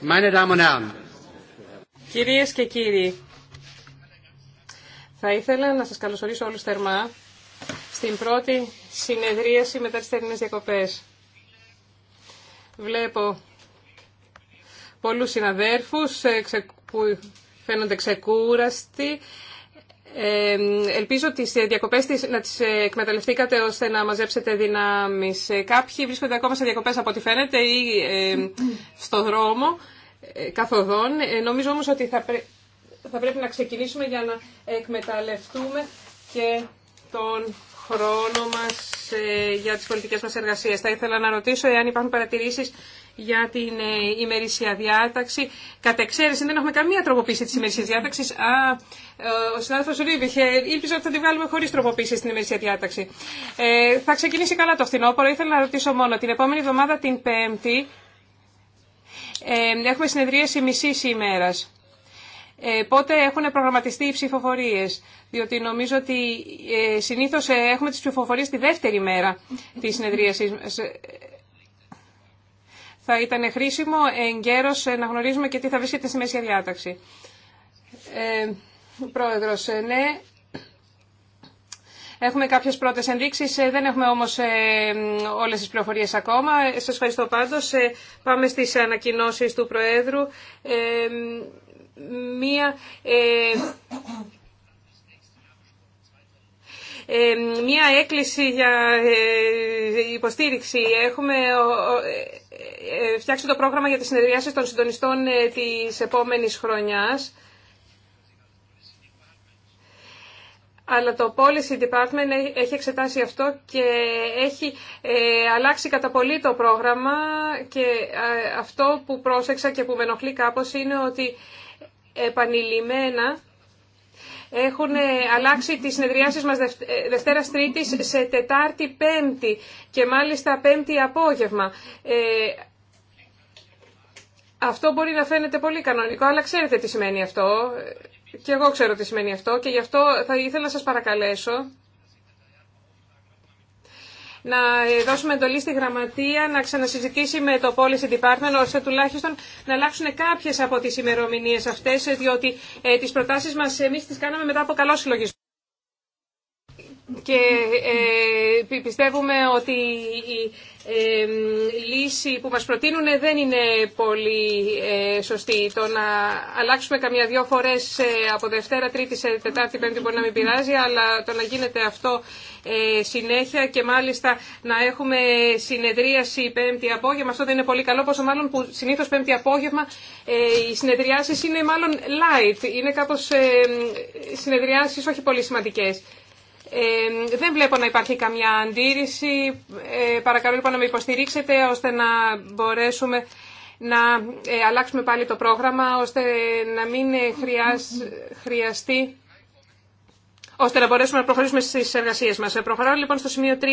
Meine Damen Κυρίες και κύριοι, θα ήθελα να σας καλωσορίσω όλους θερμά στην πρώτη συνεδρίαση μετά τις θερινές διακοπές. Βλέπω πολλούς συναδέρφους ε, που φαίνονται ξεκούραστοι ελπίζω τις διακοπές της, να τις ε, εκμεταλλευτήκατε ώστε να μαζέψετε δυνάμεις. Ε, κάποιοι βρίσκονται ακόμα σε διακοπές από ό,τι φαίνεται ή στο δρόμο ε, καθοδόν. νομίζω όμως ότι θα, πρέπει να ξεκινήσουμε για να εκμεταλλευτούμε και τον χρόνο μας για τις πολιτικές μας εργασίες. Θα ήθελα να ρωτήσω εάν υπάρχουν παρατηρήσεις για την ε, ημερήσια διάταξη. Κατ' εξαίρεση δεν έχουμε καμία τροποποίηση τη ημερήσια διάταξη. Α, ε, ο συνάδελφο Ρίβιχερ, ε, ήλπιζα ότι θα τη βγάλουμε χωρί τροποποίηση στην ημερήσια διάταξη. Ε, θα ξεκινήσει καλά το φθινόπωρο. Ήθελα να ρωτήσω μόνο την επόμενη εβδομάδα, την Πέμπτη, ε, έχουμε συνεδρίαση μισή ημέρα. Ε, πότε έχουν προγραμματιστεί οι ψηφοφορίε. Διότι νομίζω ότι ε, συνήθω έχουμε τι ψηφοφορίε τη δεύτερη μέρα τη συνεδρίαση θα ήταν χρήσιμο καιρός, να γνωρίζουμε και τι θα βρίσκεται στη μέση διάταξη. Ε, πρόεδρος, ε, ναι, Έχουμε κάποιες πρώτες ενδείξεις, ε, δεν έχουμε όμως ε, όλες τις πληροφορίες ακόμα. Σας ευχαριστώ πάντως. Πάμε στις ανακοινώσεις του Προέδρου. Ε, μία... Ε, ε, μία έκκληση για ε, υποστήριξη. Έχουμε ε, φτιάξει το πρόγραμμα για τις συνεδριάσεις των συντονιστών της επόμενης χρονιάς. αλλά το Policy Department έχει εξετάσει αυτό και έχει αλλάξει κατά πολύ το πρόγραμμα και αυτό που πρόσεξα και που με ενοχλεί κάπως είναι ότι επανειλημμένα έχουν ε, αλλάξει τις συνεδριάσεις μας δεύτερα ε, Τρίτης σε Τετάρτη Πέμπτη και μάλιστα Πέμπτη απόγευμα. Ε, αυτό μπορεί να φαίνεται πολύ κανονικό, αλλά ξέρετε τι σημαίνει αυτό. Και εγώ ξέρω τι σημαίνει αυτό και γι' αυτό θα ήθελα να σας παρακαλέσω να δώσουμε εντολή στη γραμματεία να ξανασυζητήσει με το Policy Department ώστε τουλάχιστον να αλλάξουν κάποιες από τις ημερομηνίε αυτές διότι ε, τις προτάσεις μας εμείς τις κάναμε μετά από καλό συλλογισμό και ε, πιστεύουμε ότι ε, η λύση που μας προτείνουν δεν είναι πολύ ε, σωστή. Το να αλλάξουμε καμιά δυο φορές από Δευτέρα, Τρίτη σε Τετάρτη, Πέμπτη μπορεί να μην πειράζει, αλλά το να γίνεται αυτό συνέχεια και μάλιστα να έχουμε συνεδρίαση Πέμπτη απόγευμα, αυτό δεν είναι πολύ καλό, πόσο μάλλον που συνήθως Πέμπτη απόγευμα οι συνεδριάσεις είναι μάλλον light, είναι κάπως συνεδριάσεις όχι πολύ σημαντικές. Ε, δεν βλέπω να υπάρχει καμιά αντίρρηση. Ε, παρακαλώ λοιπόν να με υποστηρίξετε ώστε να μπορέσουμε να ε, αλλάξουμε πάλι το πρόγραμμα ώστε να μην ε, χρειασ... χρειαστεί ώστε να μπορέσουμε να προχωρήσουμε στις εργασίες μας. Προχωράω λοιπόν στο σημείο 3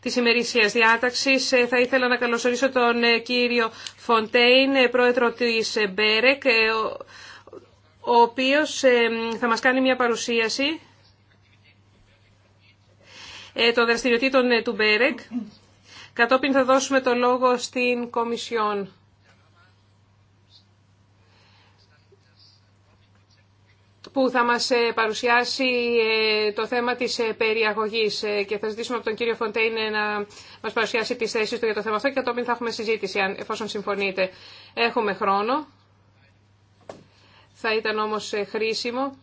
της ημερήσιας διάταξης. Θα ήθελα να καλωσορίσω τον κύριο Φοντέιν, πρόεδρο της Μπέρεκ, ο οποίος θα μας κάνει μια παρουσίαση. Ε, των δραστηριοτήτων ε, του Μπέρεκ. Κατόπιν θα δώσουμε το λόγο στην Κομισιόν. που θα μας ε, παρουσιάσει το θέμα της περιαγωγής και θα ζητήσουμε από τον κύριο Φοντέιν να μας παρουσιάσει τις θέσεις του για το θέμα αυτό και κατόπιν θα έχουμε συζήτηση, εφόσον συμφωνείτε. Έχουμε χρόνο. Θα ήταν όμως χρήσιμο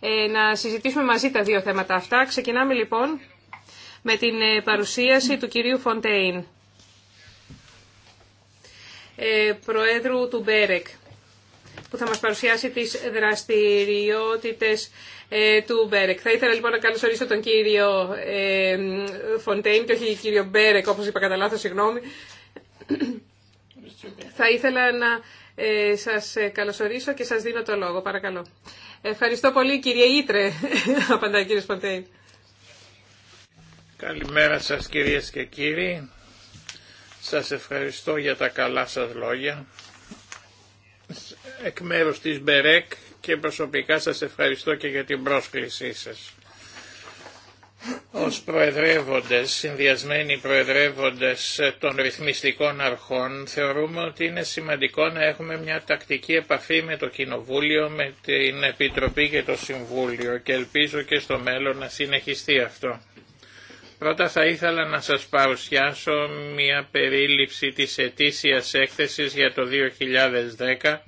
ε, να συζητήσουμε μαζί τα δύο θέματα αυτά. Ξεκινάμε λοιπόν με την ε, παρουσίαση του κυρίου Φοντέιν, ε, Προέδρου του Μπέρεκ, που θα μας παρουσιάσει τις δραστηριότητες του Μπέρεκ. Θα ήθελα λοιπόν να καλωσορίσω τον κύριο Φοντέιν και όχι κύριο Μπέρεκ, όπως είπα κατά λάθος, συγγνώμη. Θα ήθελα να σας καλωσορίσω και σας δίνω το λόγο. Παρακαλώ. Ευχαριστώ πολύ κύριε Ήτρε, απαντά κύριε Σποντέιν. Καλημέρα σας κυρίες και κύριοι. Σας ευχαριστώ για τα καλά σας λόγια. Εκ μέρους της Μπερέκ και προσωπικά σας ευχαριστώ και για την πρόσκλησή σας ως προεδρεύοντες, συνδυασμένοι προεδρεύοντες των ρυθμιστικών αρχών, θεωρούμε ότι είναι σημαντικό να έχουμε μια τακτική επαφή με το Κοινοβούλιο, με την Επιτροπή και το Συμβούλιο και ελπίζω και στο μέλλον να συνεχιστεί αυτό. Πρώτα θα ήθελα να σας παρουσιάσω μια περίληψη της ετήσιας έκθεσης για το 2010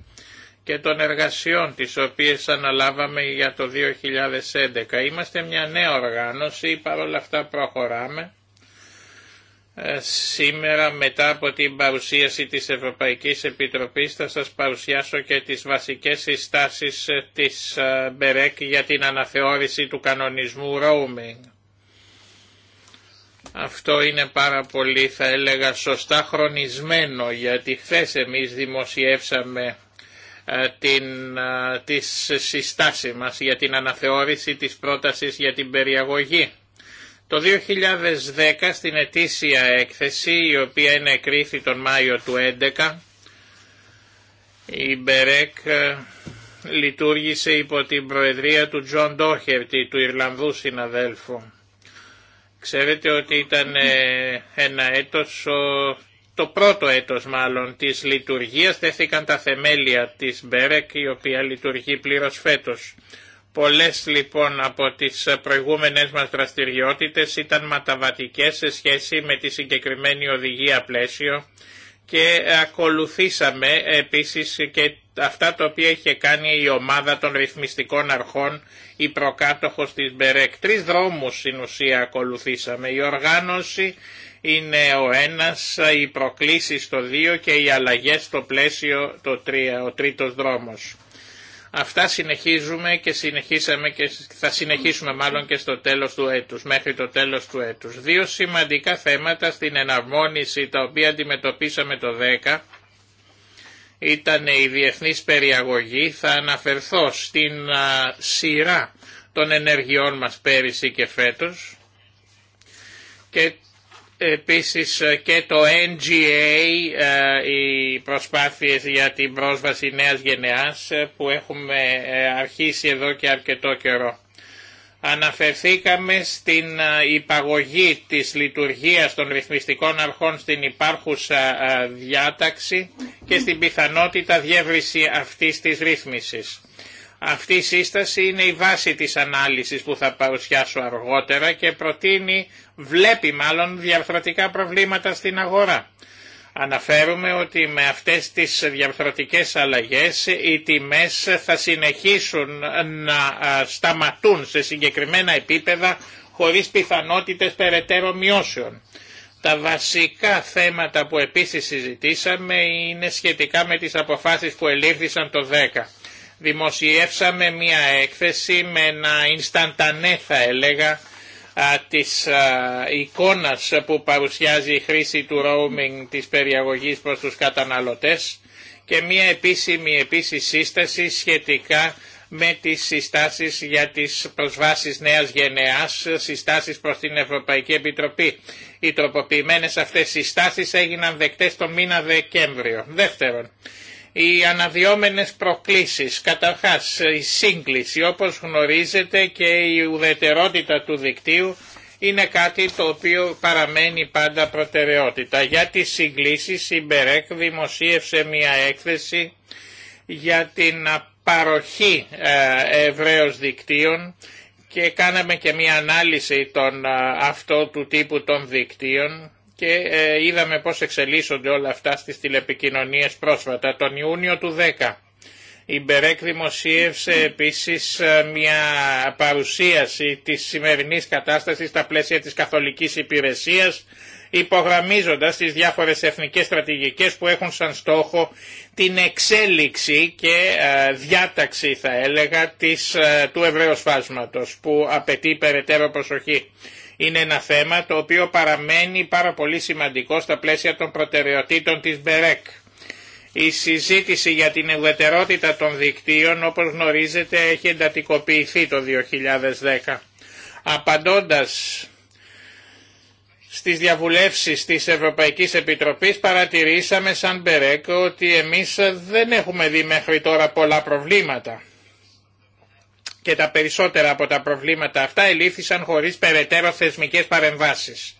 και των εργασιών τις οποίες αναλάβαμε για το 2011. Είμαστε μια νέα οργάνωση, παρόλα αυτά προχωράμε. Ε, σήμερα μετά από την παρουσίαση της Ευρωπαϊκής Επιτροπής θα σας παρουσιάσω και τις βασικές συστάσεις ε, της ε, Μπερέκ για την αναθεώρηση του κανονισμού roaming. Αυτό είναι πάρα πολύ θα έλεγα σωστά χρονισμένο γιατί χθε εμείς δημοσιεύσαμε ε, την, ε, τις συστάσεις μας για την αναθεώρηση της πρότασης για την περιαγωγή. Το 2010 στην ετήσια έκθεση η οποία είναι εκρήθη τον Μάιο του 2011 η Μπερέκ ε, λειτουργήσε υπό την προεδρία του Τζον Ντόχερτη του Ιρλανδού συναδέλφου. Ξέρετε ότι ήταν ένα έτος το πρώτο έτος μάλλον της λειτουργίας δέθηκαν τα θεμέλια της Μπερέκ η οποία λειτουργεί πλήρως φέτος. Πολλές λοιπόν από τις προηγούμενες μας δραστηριότητες ήταν ματαβατικές σε σχέση με τη συγκεκριμένη οδηγία πλαίσιο και ακολουθήσαμε επίσης και αυτά τα οποία είχε κάνει η ομάδα των ρυθμιστικών αρχών η προκάτοχος της Μπερέκ. Τρεις δρόμους στην ουσία ακολουθήσαμε. Η οργάνωση, είναι ο ένας, οι προκλήσεις το δύο και οι αλλαγές στο πλαίσιο το τρία, ο τρίτος δρόμος. Αυτά συνεχίζουμε και, συνεχίσαμε και θα συνεχίσουμε μάλλον και στο τέλος του έτους, μέχρι το τέλος του έτους. Δύο σημαντικά θέματα στην εναρμόνιση τα οποία αντιμετωπίσαμε το 10 ήταν η διεθνής περιαγωγή. Θα αναφερθώ στην σειρά των ενεργειών μας πέρυσι και φέτος και Επίσης ε, και το NGA, ε, οι προσπάθειες για την πρόσβαση νέας γενεάς ε, που έχουμε αρχίσει εδώ και αρκετό καιρό. Αναφερθήκαμε στην υπαγωγή της λειτουργίας των ρυθμιστικών αρχών στην υπάρχουσα διάταξη και στην πιθανότητα διεύρυνση αυτής της ρύθμισης. Αυτή η σύσταση είναι η βάση της ανάλυσης που θα παρουσιάσω αργότερα και προτείνει βλέπει μάλλον διαρθρωτικά προβλήματα στην αγορά. Αναφέρουμε ότι με αυτές τις διαρθρωτικές αλλαγές οι τιμές θα συνεχίσουν να σταματούν σε συγκεκριμένα επίπεδα χωρίς πιθανότητες περαιτέρω μειώσεων. Τα βασικά θέματα που επίσης συζητήσαμε είναι σχετικά με τις αποφάσεις που ελήφθησαν το 10. Δημοσιεύσαμε μία έκθεση με ένα instantane θα έλεγα της εικόνας που παρουσιάζει η χρήση του roaming της περιαγωγής προς τους καταναλωτές και μια επίσημη επίσης σύσταση σχετικά με τις συστάσεις για τις προσβάσεις νέας γενεάς, συστάσεις προς την Ευρωπαϊκή Επιτροπή. Οι τροποποιημένες αυτές συστάσεις έγιναν δεκτές το μήνα Δεκέμβριο. Δεύτερον, οι αναδυόμενες προκλήσεις, καταρχάς η σύγκληση όπως γνωρίζετε και η ουδετερότητα του δικτύου είναι κάτι το οποίο παραμένει πάντα προτεραιότητα. Για τις συγκλήσεις η Μπερέκ δημοσίευσε μια έκθεση για την παροχή ε, ευρέως δικτύων και κάναμε και μια ανάλυση των ε, αυτό του τύπου των δικτύων και ε, είδαμε πώς εξελίσσονται όλα αυτά στις τηλεπικοινωνίες πρόσφατα τον Ιούνιο του 10. Η Μπερέκ δημοσίευσε επίσης ε, μια παρουσίαση της σημερινής κατάστασης στα πλαίσια της καθολικής υπηρεσίας υπογραμμίζοντας τις διάφορες εθνικές στρατηγικές που έχουν σαν στόχο την εξέλιξη και ε, διάταξη θα έλεγα της, του ευρέως φάσματος που απαιτεί περαιτέρω προσοχή είναι ένα θέμα το οποίο παραμένει πάρα πολύ σημαντικό στα πλαίσια των προτεραιοτήτων της ΜΠΕΡΕΚ. Η συζήτηση για την ευετερότητα των δικτύων, όπως γνωρίζετε, έχει εντατικοποιηθεί το 2010. Απαντώντας στις διαβουλεύσεις της Ευρωπαϊκής Επιτροπής παρατηρήσαμε σαν Μπερέκ ότι εμείς δεν έχουμε δει μέχρι τώρα πολλά προβλήματα και τα περισσότερα από τα προβλήματα αυτά ελήφθησαν χωρίς περαιτέρω θεσμικές παρεμβάσεις.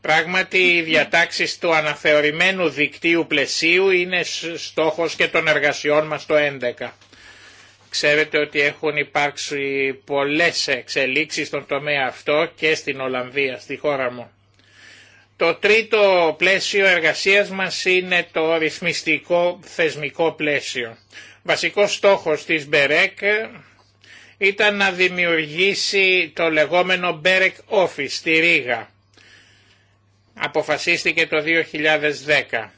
Πράγματι οι διατάξεις του αναθεωρημένου δικτύου πλαισίου είναι στόχος και των εργασιών μας το 2011. Ξέρετε ότι έχουν υπάρξει πολλές εξελίξεις στον τομέα αυτό και στην Ολλανδία, στη χώρα μου. Το τρίτο πλαίσιο εργασίας μας είναι το ρυθμιστικό θεσμικό πλαίσιο. Βασικό στόχος της Μπερέκ ήταν να δημιουργήσει το λεγόμενο Berek Office στη Ρήγα. Αποφασίστηκε το 2010.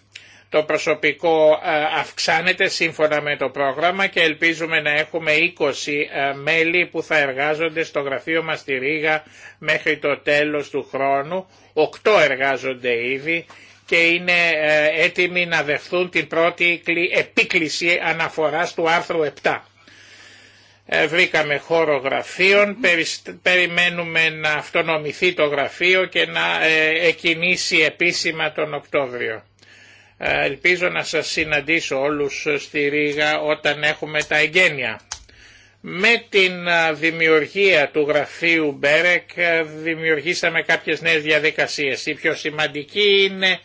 Το προσωπικό ε, αυξάνεται σύμφωνα με το πρόγραμμα και ελπίζουμε να έχουμε 20 ε, μέλη που θα εργάζονται στο γραφείο μας στη Ρήγα μέχρι το τέλος του χρόνου. Οκτώ εργάζονται ήδη και είναι ε, έτοιμοι να δεχθούν την πρώτη επίκληση αναφοράς του άρθρου 7. Ε, βρήκαμε χώρο γραφείων, περιμένουμε να αυτονομηθεί το γραφείο και να ε, εκινήσει επίσημα τον Οκτώβριο. Ε, ελπίζω να σας συναντήσω όλους στη Ρήγα όταν έχουμε τα εγγένεια. Με την δημιουργία του γραφείου Μπέρεκ δημιουργήσαμε κάποιες νέες διαδικασίες. Η πιο σημαντική είναι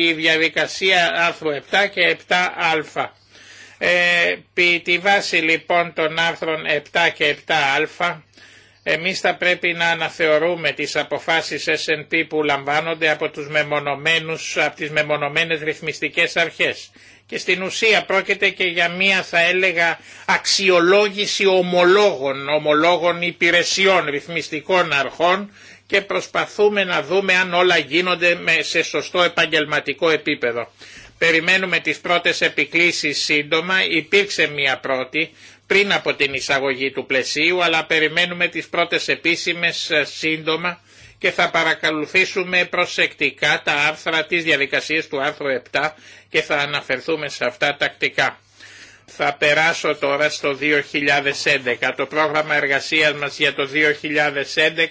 η διαδικασία άρθρου 7 και 7α Επί τη βάση λοιπόν των άρθρων 7 και 7α εμείς θα πρέπει να αναθεωρούμε τις αποφάσεις S&P που λαμβάνονται από, τους μεμονωμένους, από τις μεμονωμένες ρυθμιστικές αρχές. Και στην ουσία πρόκειται και για μία θα έλεγα αξιολόγηση ομολόγων, ομολόγων υπηρεσιών ρυθμιστικών αρχών και προσπαθούμε να δούμε αν όλα γίνονται σε σωστό επαγγελματικό επίπεδο. Περιμένουμε τις πρώτες επικλήσεις σύντομα, υπήρξε μία πρώτη πριν από την εισαγωγή του πλαισίου, αλλά περιμένουμε τις πρώτες επίσημες ε, σύντομα και θα παρακαλουθήσουμε προσεκτικά τα άρθρα της διαδικασίας του άρθρου 7 και θα αναφερθούμε σε αυτά τακτικά. Θα περάσω τώρα στο 2011. Το πρόγραμμα εργασίας μας για το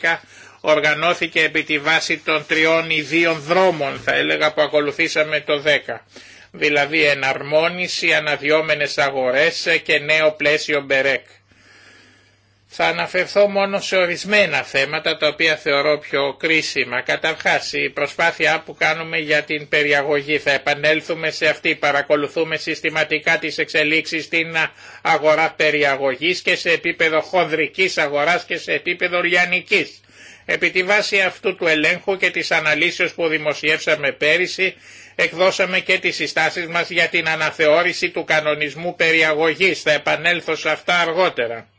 2011 οργανώθηκε επί τη βάση των τριών ιδίων δρόμων θα έλεγα που ακολουθήσαμε το 10 δηλαδή εναρμόνιση, αναδιόμενες αγορές και νέο πλαίσιο μπερέκ. Θα αναφερθώ μόνο σε ορισμένα θέματα τα οποία θεωρώ πιο κρίσιμα. Καταρχάς η προσπάθεια που κάνουμε για την περιαγωγή θα επανέλθουμε σε αυτή. Παρακολουθούμε συστηματικά τις εξελίξεις στην αγορά περιαγωγής και σε επίπεδο χονδρικής αγοράς και σε επίπεδο λιανικής. Επί τη βάση αυτού του ελέγχου και της αναλύσεως που δημοσιεύσαμε πέρυσι, εκδώσαμε και τις συστάσεις μας για την αναθεώρηση του κανονισμού περιαγωγής. Θα επανέλθω σε αυτά αργότερα.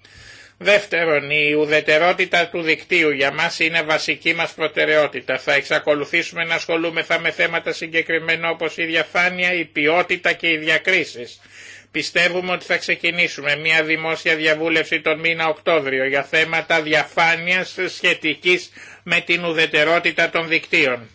Δεύτερον, η ουδετερότητα του δικτύου για μας είναι βασική μας προτεραιότητα. Θα εξακολουθήσουμε να ασχολούμεθα με θέματα συγκεκριμένα όπως η διαφάνεια, η ποιότητα και οι διακρίσεις. Πιστεύουμε ότι θα ξεκινήσουμε μια δημόσια διαβούλευση τον μήνα Οκτώβριο για θέματα διαφάνειας σχετικής με την ουδετερότητα των δικτύων.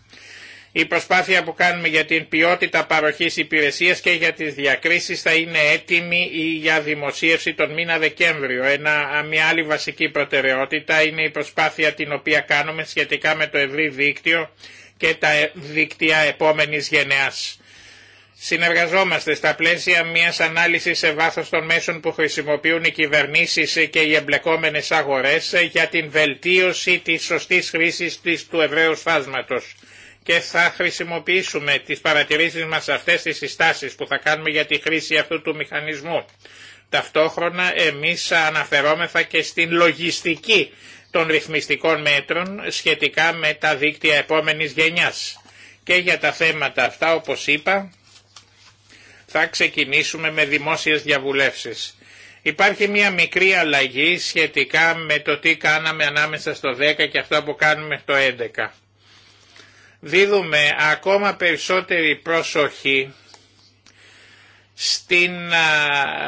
Η προσπάθεια που κάνουμε για την ποιότητα παροχής υπηρεσίας και για τις διακρίσεις θα είναι έτοιμη για δημοσίευση τον μήνα Δεκέμβριο. Ένα, μια άλλη βασική προτεραιότητα είναι η προσπάθεια την οποία κάνουμε σχετικά με το ευρύ δίκτυο και τα δίκτυα επόμενης γενεάς. Συνεργαζόμαστε στα πλαίσια μια ανάλυση σε βάθος των μέσων που χρησιμοποιούν οι κυβερνήσει και οι εμπλεκόμενε αγορέ για την βελτίωση τη σωστή χρήση του ευρέως φάσματο. και θα χρησιμοποιήσουμε τις παρατηρήσει μα αυτέ, τις συστάσει που θα κάνουμε για τη χρήση αυτού του μηχανισμού. Ταυτόχρονα εμείς αναφερόμεθα και στην λογιστική των ρυθμιστικών μέτρων σχετικά με τα δίκτυα επόμενης γενιάς. Και για τα θέματα αυτά, όπως είπα, θα ξεκινήσουμε με δημόσιες διαβουλεύσεις. Υπάρχει μια μικρή αλλαγή σχετικά με το τι κάναμε ανάμεσα στο 10 και αυτό που κάνουμε στο 11. Δίδουμε ακόμα περισσότερη προσοχή στην,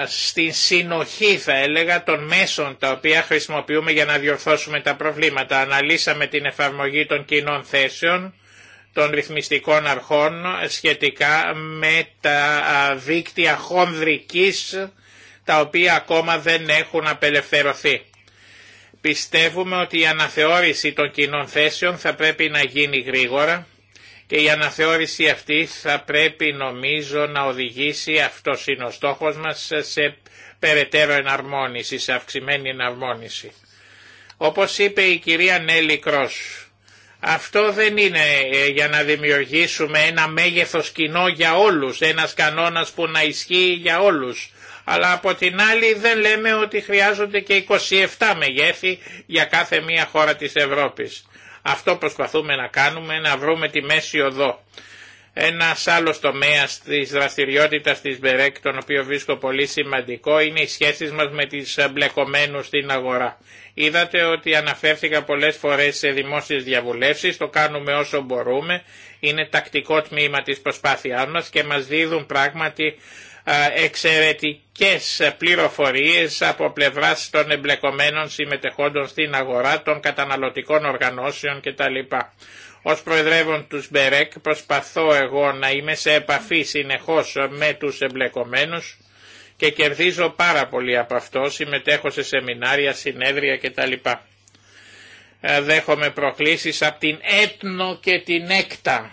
στην συνοχή θα έλεγα των μέσων τα οποία χρησιμοποιούμε για να διορθώσουμε τα προβλήματα. Αναλύσαμε την εφαρμογή των κοινών θέσεων των ρυθμιστικών αρχών σχετικά με τα δίκτυα χονδρικής τα οποία ακόμα δεν έχουν απελευθερωθεί. Πιστεύουμε ότι η αναθεώρηση των κοινών θέσεων θα πρέπει να γίνει γρήγορα και η αναθεώρηση αυτή θα πρέπει νομίζω να οδηγήσει, αυτό είναι ο στόχος μας, σε περαιτέρω εναρμόνιση, σε αυξημένη εναρμόνιση. Όπως είπε η κυρία Νέλη Κρός, αυτό δεν είναι ε, για να δημιουργήσουμε ένα μέγεθος κοινό για όλους, ένας κανόνας που να ισχύει για όλους. Αλλά από την άλλη δεν λέμε ότι χρειάζονται και 27 μεγέθη για κάθε μία χώρα της Ευρώπης. Αυτό προσπαθούμε να κάνουμε, να βρούμε τη μέση οδό ένα άλλο τομέα τη δραστηριότητας της ΜΠΕΡΕΚ, τον οποίο βρίσκω πολύ σημαντικό, είναι οι σχέσεις μας με τις μπλεκομένους στην αγορά. Είδατε ότι αναφέρθηκα πολλές φορές σε δημόσιες διαβουλεύσεις, το κάνουμε όσο μπορούμε, είναι τακτικό τμήμα της προσπάθειάς μας και μας δίδουν πράγματι εξαιρετικέ πληροφορίες από πλευράς των εμπλεκομένων συμμετεχόντων στην αγορά, των καταναλωτικών οργανώσεων κτλ. Ως προεδρεύων τους Μπερέκ προσπαθώ εγώ να είμαι σε επαφή συνεχώς με τους εμπλεκομένους και κερδίζω πάρα πολύ από αυτό, συμμετέχω σε σεμινάρια, συνέδρια κτλ. Ε, δέχομαι προκλήσεις από την Έτνο και την Έκτα,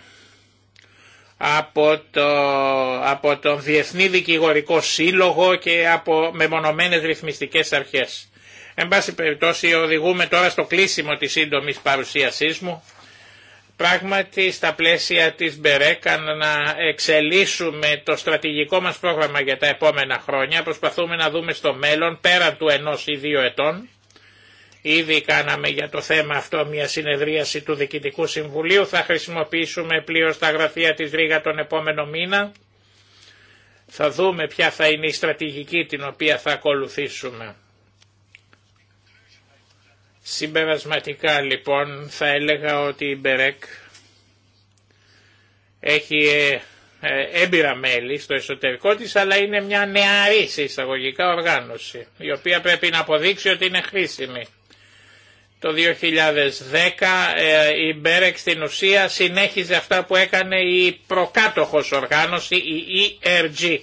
από, το, από τον Διεθνή Δικηγορικό Σύλλογο και από μεμονωμένες ρυθμιστικές αρχές. Εν πάση περιπτώσει οδηγούμε τώρα στο κλείσιμο της σύντομη παρουσίασής μου πράγματι στα πλαίσια της Μπερέκα να εξελίσσουμε το στρατηγικό μας πρόγραμμα για τα επόμενα χρόνια. Προσπαθούμε να δούμε στο μέλλον πέραν του ενός ή δύο ετών. Ήδη κάναμε για το θέμα αυτό μια συνεδρίαση του Δικητικού Συμβουλίου. Θα χρησιμοποιήσουμε πλήρως τα γραφεία της Ρήγα τον επόμενο μήνα. Θα δούμε ποια θα είναι η στρατηγική την οποία θα ακολουθήσουμε. Συμπερασματικά λοιπόν θα έλεγα ότι η Μπερέκ έχει ε, ε, έμπειρα μέλη στο εσωτερικό της αλλά είναι μια νεαρή εισαγωγικά οργάνωση η οποία πρέπει να αποδείξει ότι είναι χρήσιμη. Το 2010 ε, η Μπέρεκ στην ουσία συνέχιζε αυτά που έκανε η προκάτοχος οργάνωση, η ERG.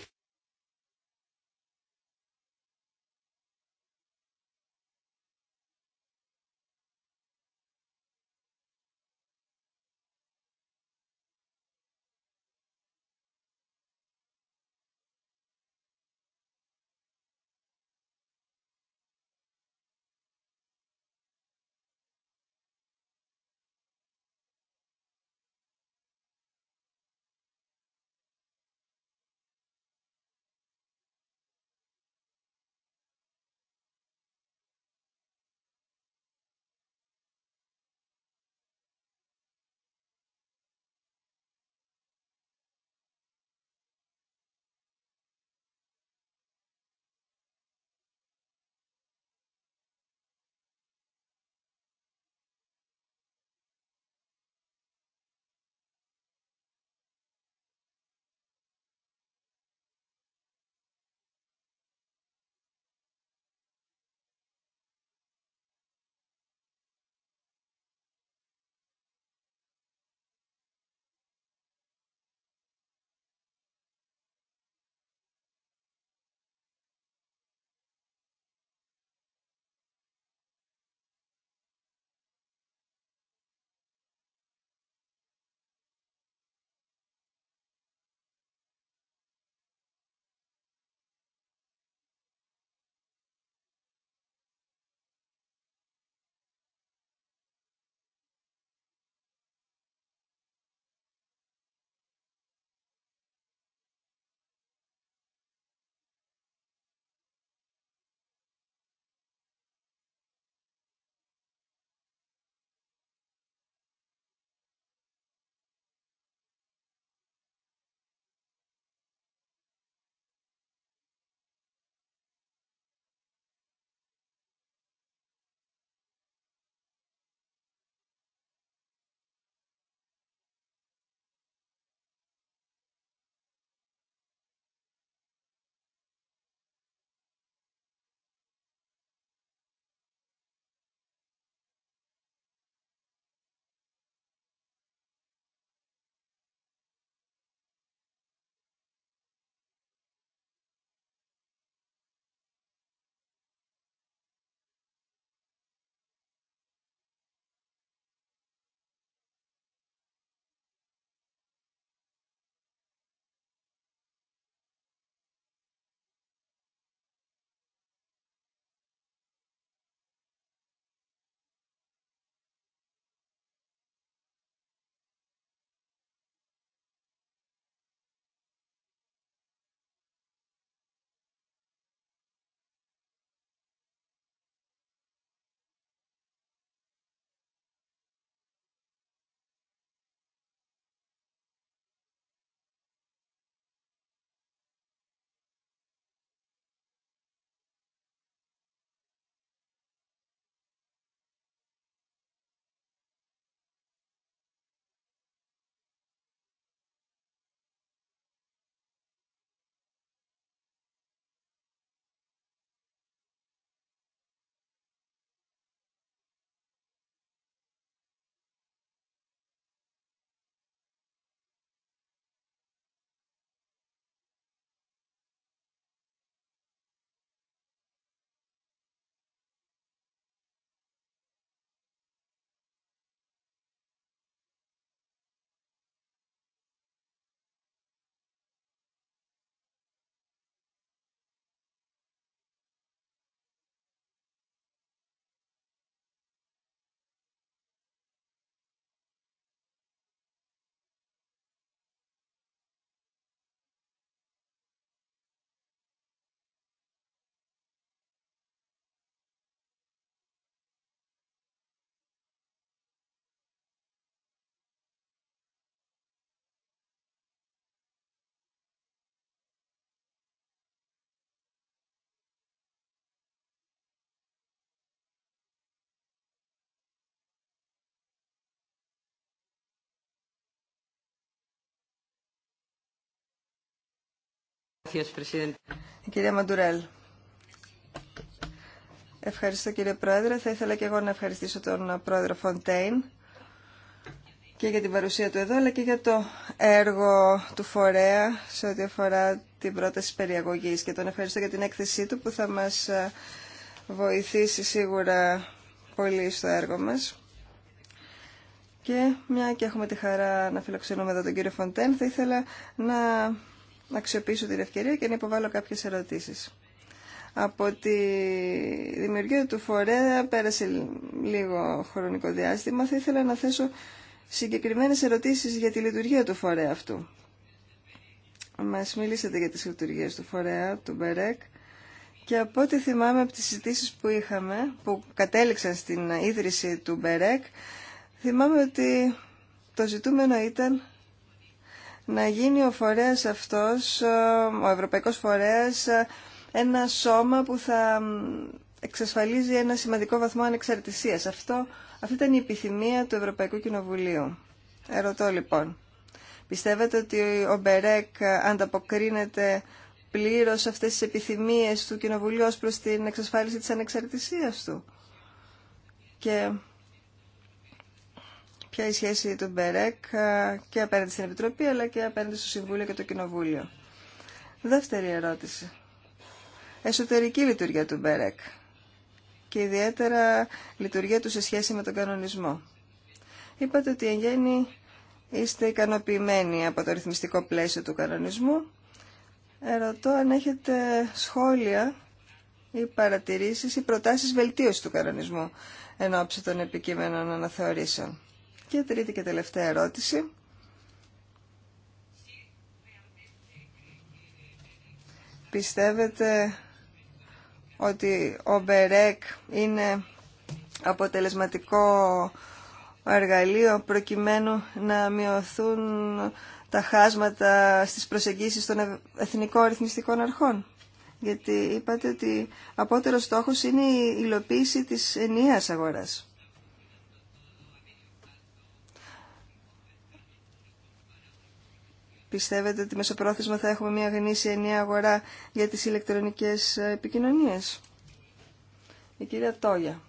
Μαντουρέλ. Ευχαριστώ κύριε Πρόεδρε. Θα ήθελα και εγώ να ευχαριστήσω τον Πρόεδρο Φοντέιν και για την παρουσία του εδώ, αλλά και για το έργο του φορέα σε ό,τι αφορά την πρόταση περιαγωγής. Και τον ευχαριστώ για την έκθεσή του που θα μας ε, βοηθήσει σίγουρα πολύ στο έργο μας. Και μια και έχουμε τη χαρά να φιλοξενούμε εδώ τον κύριο Φοντέν, θα ήθελα να να αξιοποιήσω την ευκαιρία και να υποβάλω κάποιες ερωτήσεις. Από τη δημιουργία του φορέα πέρασε λίγο χρονικό διάστημα. Θα ήθελα να θέσω συγκεκριμένες ερωτήσεις για τη λειτουργία του φορέα αυτού. Μας μιλήσατε για τις λειτουργίες του φορέα, του Μπερέκ. Και από ό,τι θυμάμαι από τις συζητήσεις που είχαμε, που κατέληξαν στην ίδρυση του Μπερέκ, θυμάμαι ότι το ζητούμενο ήταν να γίνει ο φορέας αυτός, ο Ευρωπαϊκός Φορέας, ένα σώμα που θα εξασφαλίζει ένα σημαντικό βαθμό ανεξαρτησίας. Αυτό, αυτή ήταν η επιθυμία του Ευρωπαϊκού Κοινοβουλίου. Ερωτώ λοιπόν, πιστεύετε ότι ο Μπερέκ ανταποκρίνεται πλήρως αυτές τις επιθυμίες του Κοινοβουλίου ως προς την εξασφάλιση της ανεξαρτησίας του ποια η σχέση του Μπερέκ ε, και απέναντι στην Επιτροπή αλλά και απέναντι στο Συμβούλιο και το Κοινοβούλιο. Δεύτερη ερώτηση. Εσωτερική λειτουργία του Μπερέκ και ιδιαίτερα λειτουργία του σε σχέση με τον κανονισμό. Είπατε ότι εν γέννη είστε ικανοποιημένοι από το ρυθμιστικό πλαίσιο του κανονισμού. Ερωτώ αν έχετε σχόλια ή παρατηρήσεις ή προτάσεις βελτίωσης του κανονισμού εν των επικείμενων αναθεωρήσεων. Και τρίτη και τελευταία ερώτηση. Πιστεύετε ότι ο Μπερέκ είναι αποτελεσματικό εργαλείο προκειμένου να μειωθούν τα χάσματα στις προσεγγίσεις των εθνικών ρυθμιστικών αρχών. Γιατί είπατε ότι απότερο στόχος είναι η υλοποίηση της ενιαίας αγοράς. Πιστεύετε ότι μεσοπρόθεσμα θα έχουμε μια γνήσια ενιαία αγορά για τις ηλεκτρονικές ε, επικοινωνίες. Η κυρία Τόγια.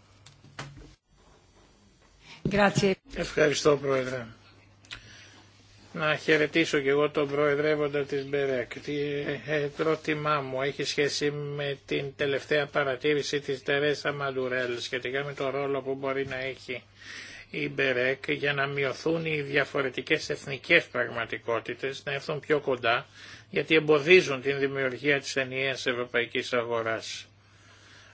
Ευχαριστώ Πρόεδρε. Να χαιρετήσω και εγώ τον Προεδρεύοντα της Μπερέκ. Το ε, ερώτημά μου έχει σχέση με την τελευταία παρατήρηση της Τερέσα Μαντουρέλ σχετικά με το ρόλο που μπορεί να έχει η Μπερέκ για να μειωθούν οι διαφορετικές εθνικές πραγματικότητες, να έρθουν πιο κοντά, γιατί εμποδίζουν την δημιουργία της ενιαίας ευρωπαϊκής αγοράς.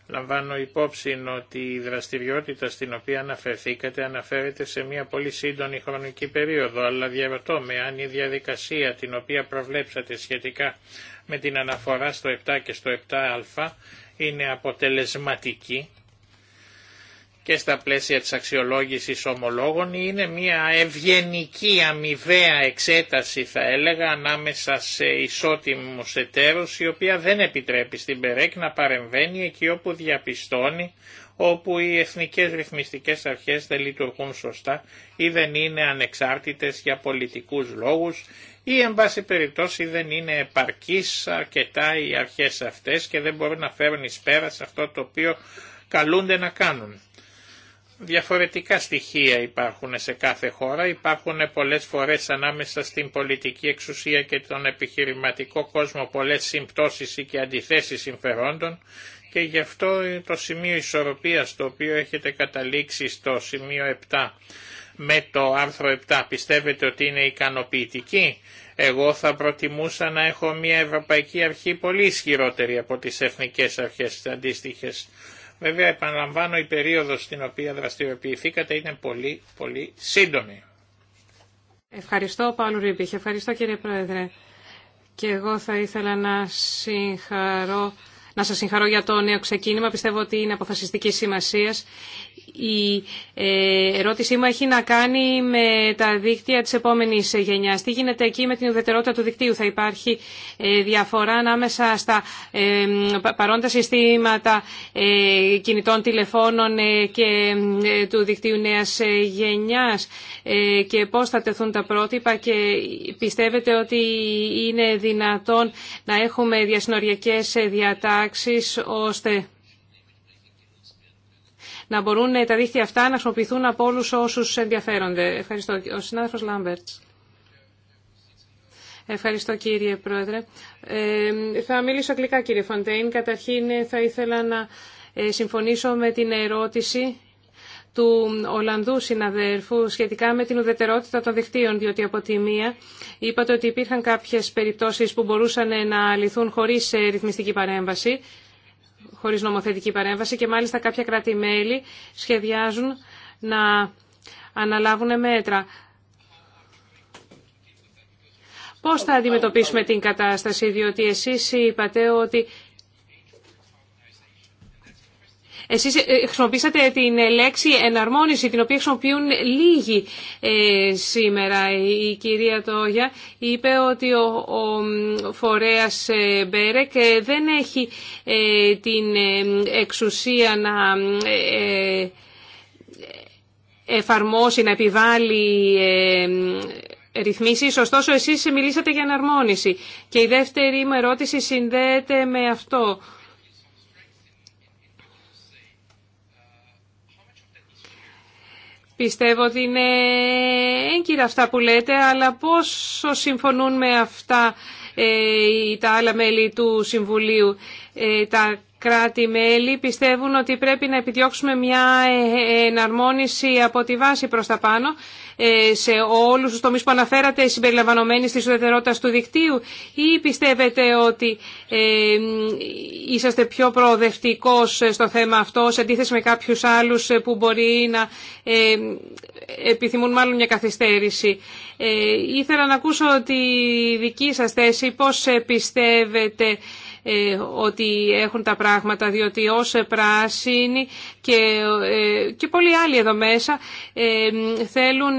Λαμβάνω υπόψη ότι η δραστηριότητα στην οποία αναφερθήκατε αναφέρεται σε μια πολύ σύντονη χρονική περίοδο, αλλά διαρωτώ με αν η διαδικασία την οποία προβλέψατε σχετικά με την αναφορά στο 7 και στο 7α είναι αποτελεσματική και στα πλαίσια της αξιολόγησης ομολόγων είναι μια ευγενική αμοιβαία εξέταση θα έλεγα ανάμεσα σε ισότιμους εταίρους η οποία δεν επιτρέπει στην ΠΕΡΕΚ να παρεμβαίνει εκεί όπου διαπιστώνει όπου οι εθνικές ρυθμιστικές αρχές δεν λειτουργούν σωστά ή δεν είναι ανεξάρτητες για πολιτικούς λόγους ή εν πάση περιπτώσει δεν είναι επαρκής αρκετά οι αρχές αυτές και δεν μπορούν να φέρουν εις πέρα σε αυτό το οποίο καλούνται να κάνουν. Διαφορετικά στοιχεία υπάρχουν σε κάθε χώρα, υπάρχουν πολλές φορές ανάμεσα στην πολιτική εξουσία και τον επιχειρηματικό κόσμο πολλές συμπτώσεις και αντιθέσεις συμφερόντων και γι' αυτό το σημείο ισορροπίας το οποίο έχετε καταλήξει στο σημείο 7 με το άρθρο 7 πιστεύετε ότι είναι ικανοποιητική. Εγώ θα προτιμούσα να έχω μια Ευρωπαϊκή Αρχή πολύ ισχυρότερη από τις εθνικές αρχές αντίστοιχες. Βέβαια επαναλαμβάνω η περίοδος στην οποία δραστηριοποιηθήκατε είναι πολύ πολύ σύντομη. Ευχαριστώ Παύλο Ρίμπιχ, ευχαριστώ κύριε Πρόεδρε. Και εγώ θα ήθελα να, συγχαρώ, να σας συγχαρώ για το νέο ξεκίνημα. Πιστεύω ότι είναι αποφασιστική σημασία η ε, ερώτησή μου έχει να κάνει με τα δίκτυα της επόμενης γενιάς. Τι γίνεται εκεί με την ουδετερότητα του δικτύου. Θα υπάρχει ε, διαφορά ανάμεσα στα ε, παρόντα συστήματα κινητών τηλεφώνων και του δικτύου νέας γενιάς και πώς θα τεθούν τα πρότυπα και πιστεύετε ότι είναι δυνατόν να έχουμε διασυνοριακές διατάξεις ώστε να μπορούν τα δίχτυα αυτά να χρησιμοποιηθούν από όλου όσου ενδιαφέρονται. Ευχαριστώ. Ο συνάδελφο Λάμπερτ. Ευχαριστώ κύριε Πρόεδρε. Ε, θα μιλήσω αγγλικά κύριε Φοντέιν. Καταρχήν θα ήθελα να ε, συμφωνήσω με την ερώτηση του Ολλανδού συναδέρφου σχετικά με την ουδετερότητα των δικτύων, διότι από τη μία είπατε ότι υπήρχαν κάποιες περιπτώσεις που μπορούσαν να λυθούν χωρίς ε, ρυθμιστική παρέμβαση χωρίς νομοθετική παρέμβαση και μάλιστα κάποια κράτη-μέλη σχεδιάζουν να αναλάβουν μέτρα. Πώς θα αντιμετωπίσουμε την κατάσταση, διότι εσείς είπατε ότι εσείς ε, χρησιμοποίησατε την ε, λέξη εναρμόνιση, την οποία χρησιμοποιούν λίγοι ε, σήμερα. Η κυρία Τόγια είπε ότι ο φορέας Μπέρεκ δεν έχει την εξουσία να εφαρμόσει, να επιβάλλει ρυθμίσεις. Ωστόσο, εσείς μιλήσατε για εναρμόνιση. Και η δεύτερη μου ερώτηση συνδέεται με αυτό. Πιστεύω ότι είναι έγκυρα αυτά που λέτε, αλλά πόσο συμφωνούν με αυτά ε, τα άλλα μέλη του Συμβουλίου. Ε, τα κράτη-μέλη πιστεύουν ότι πρέπει να επιδιώξουμε μια ε, ε, εναρμόνιση από τη βάση προς τα πάνω ε, σε όλους τους τομείς που αναφέρατε συμπεριλαμβανομένοι στη ουδετερότητας του δικτύου ή πιστεύετε ότι είσαστε πιο προοδευτικός στο θέμα αυτό σε αντίθεση με κάποιους άλλους που μπορεί να επιθυμούν μάλλον μια καθυστέρηση. ήθελα να ακούσω τη δική σας θέση, πώς πιστεύετε ε, ότι έχουν τα πράγματα, διότι ως πράσινοι και, ε, και πολλοί άλλοι εδώ μέσα ε, θέλουν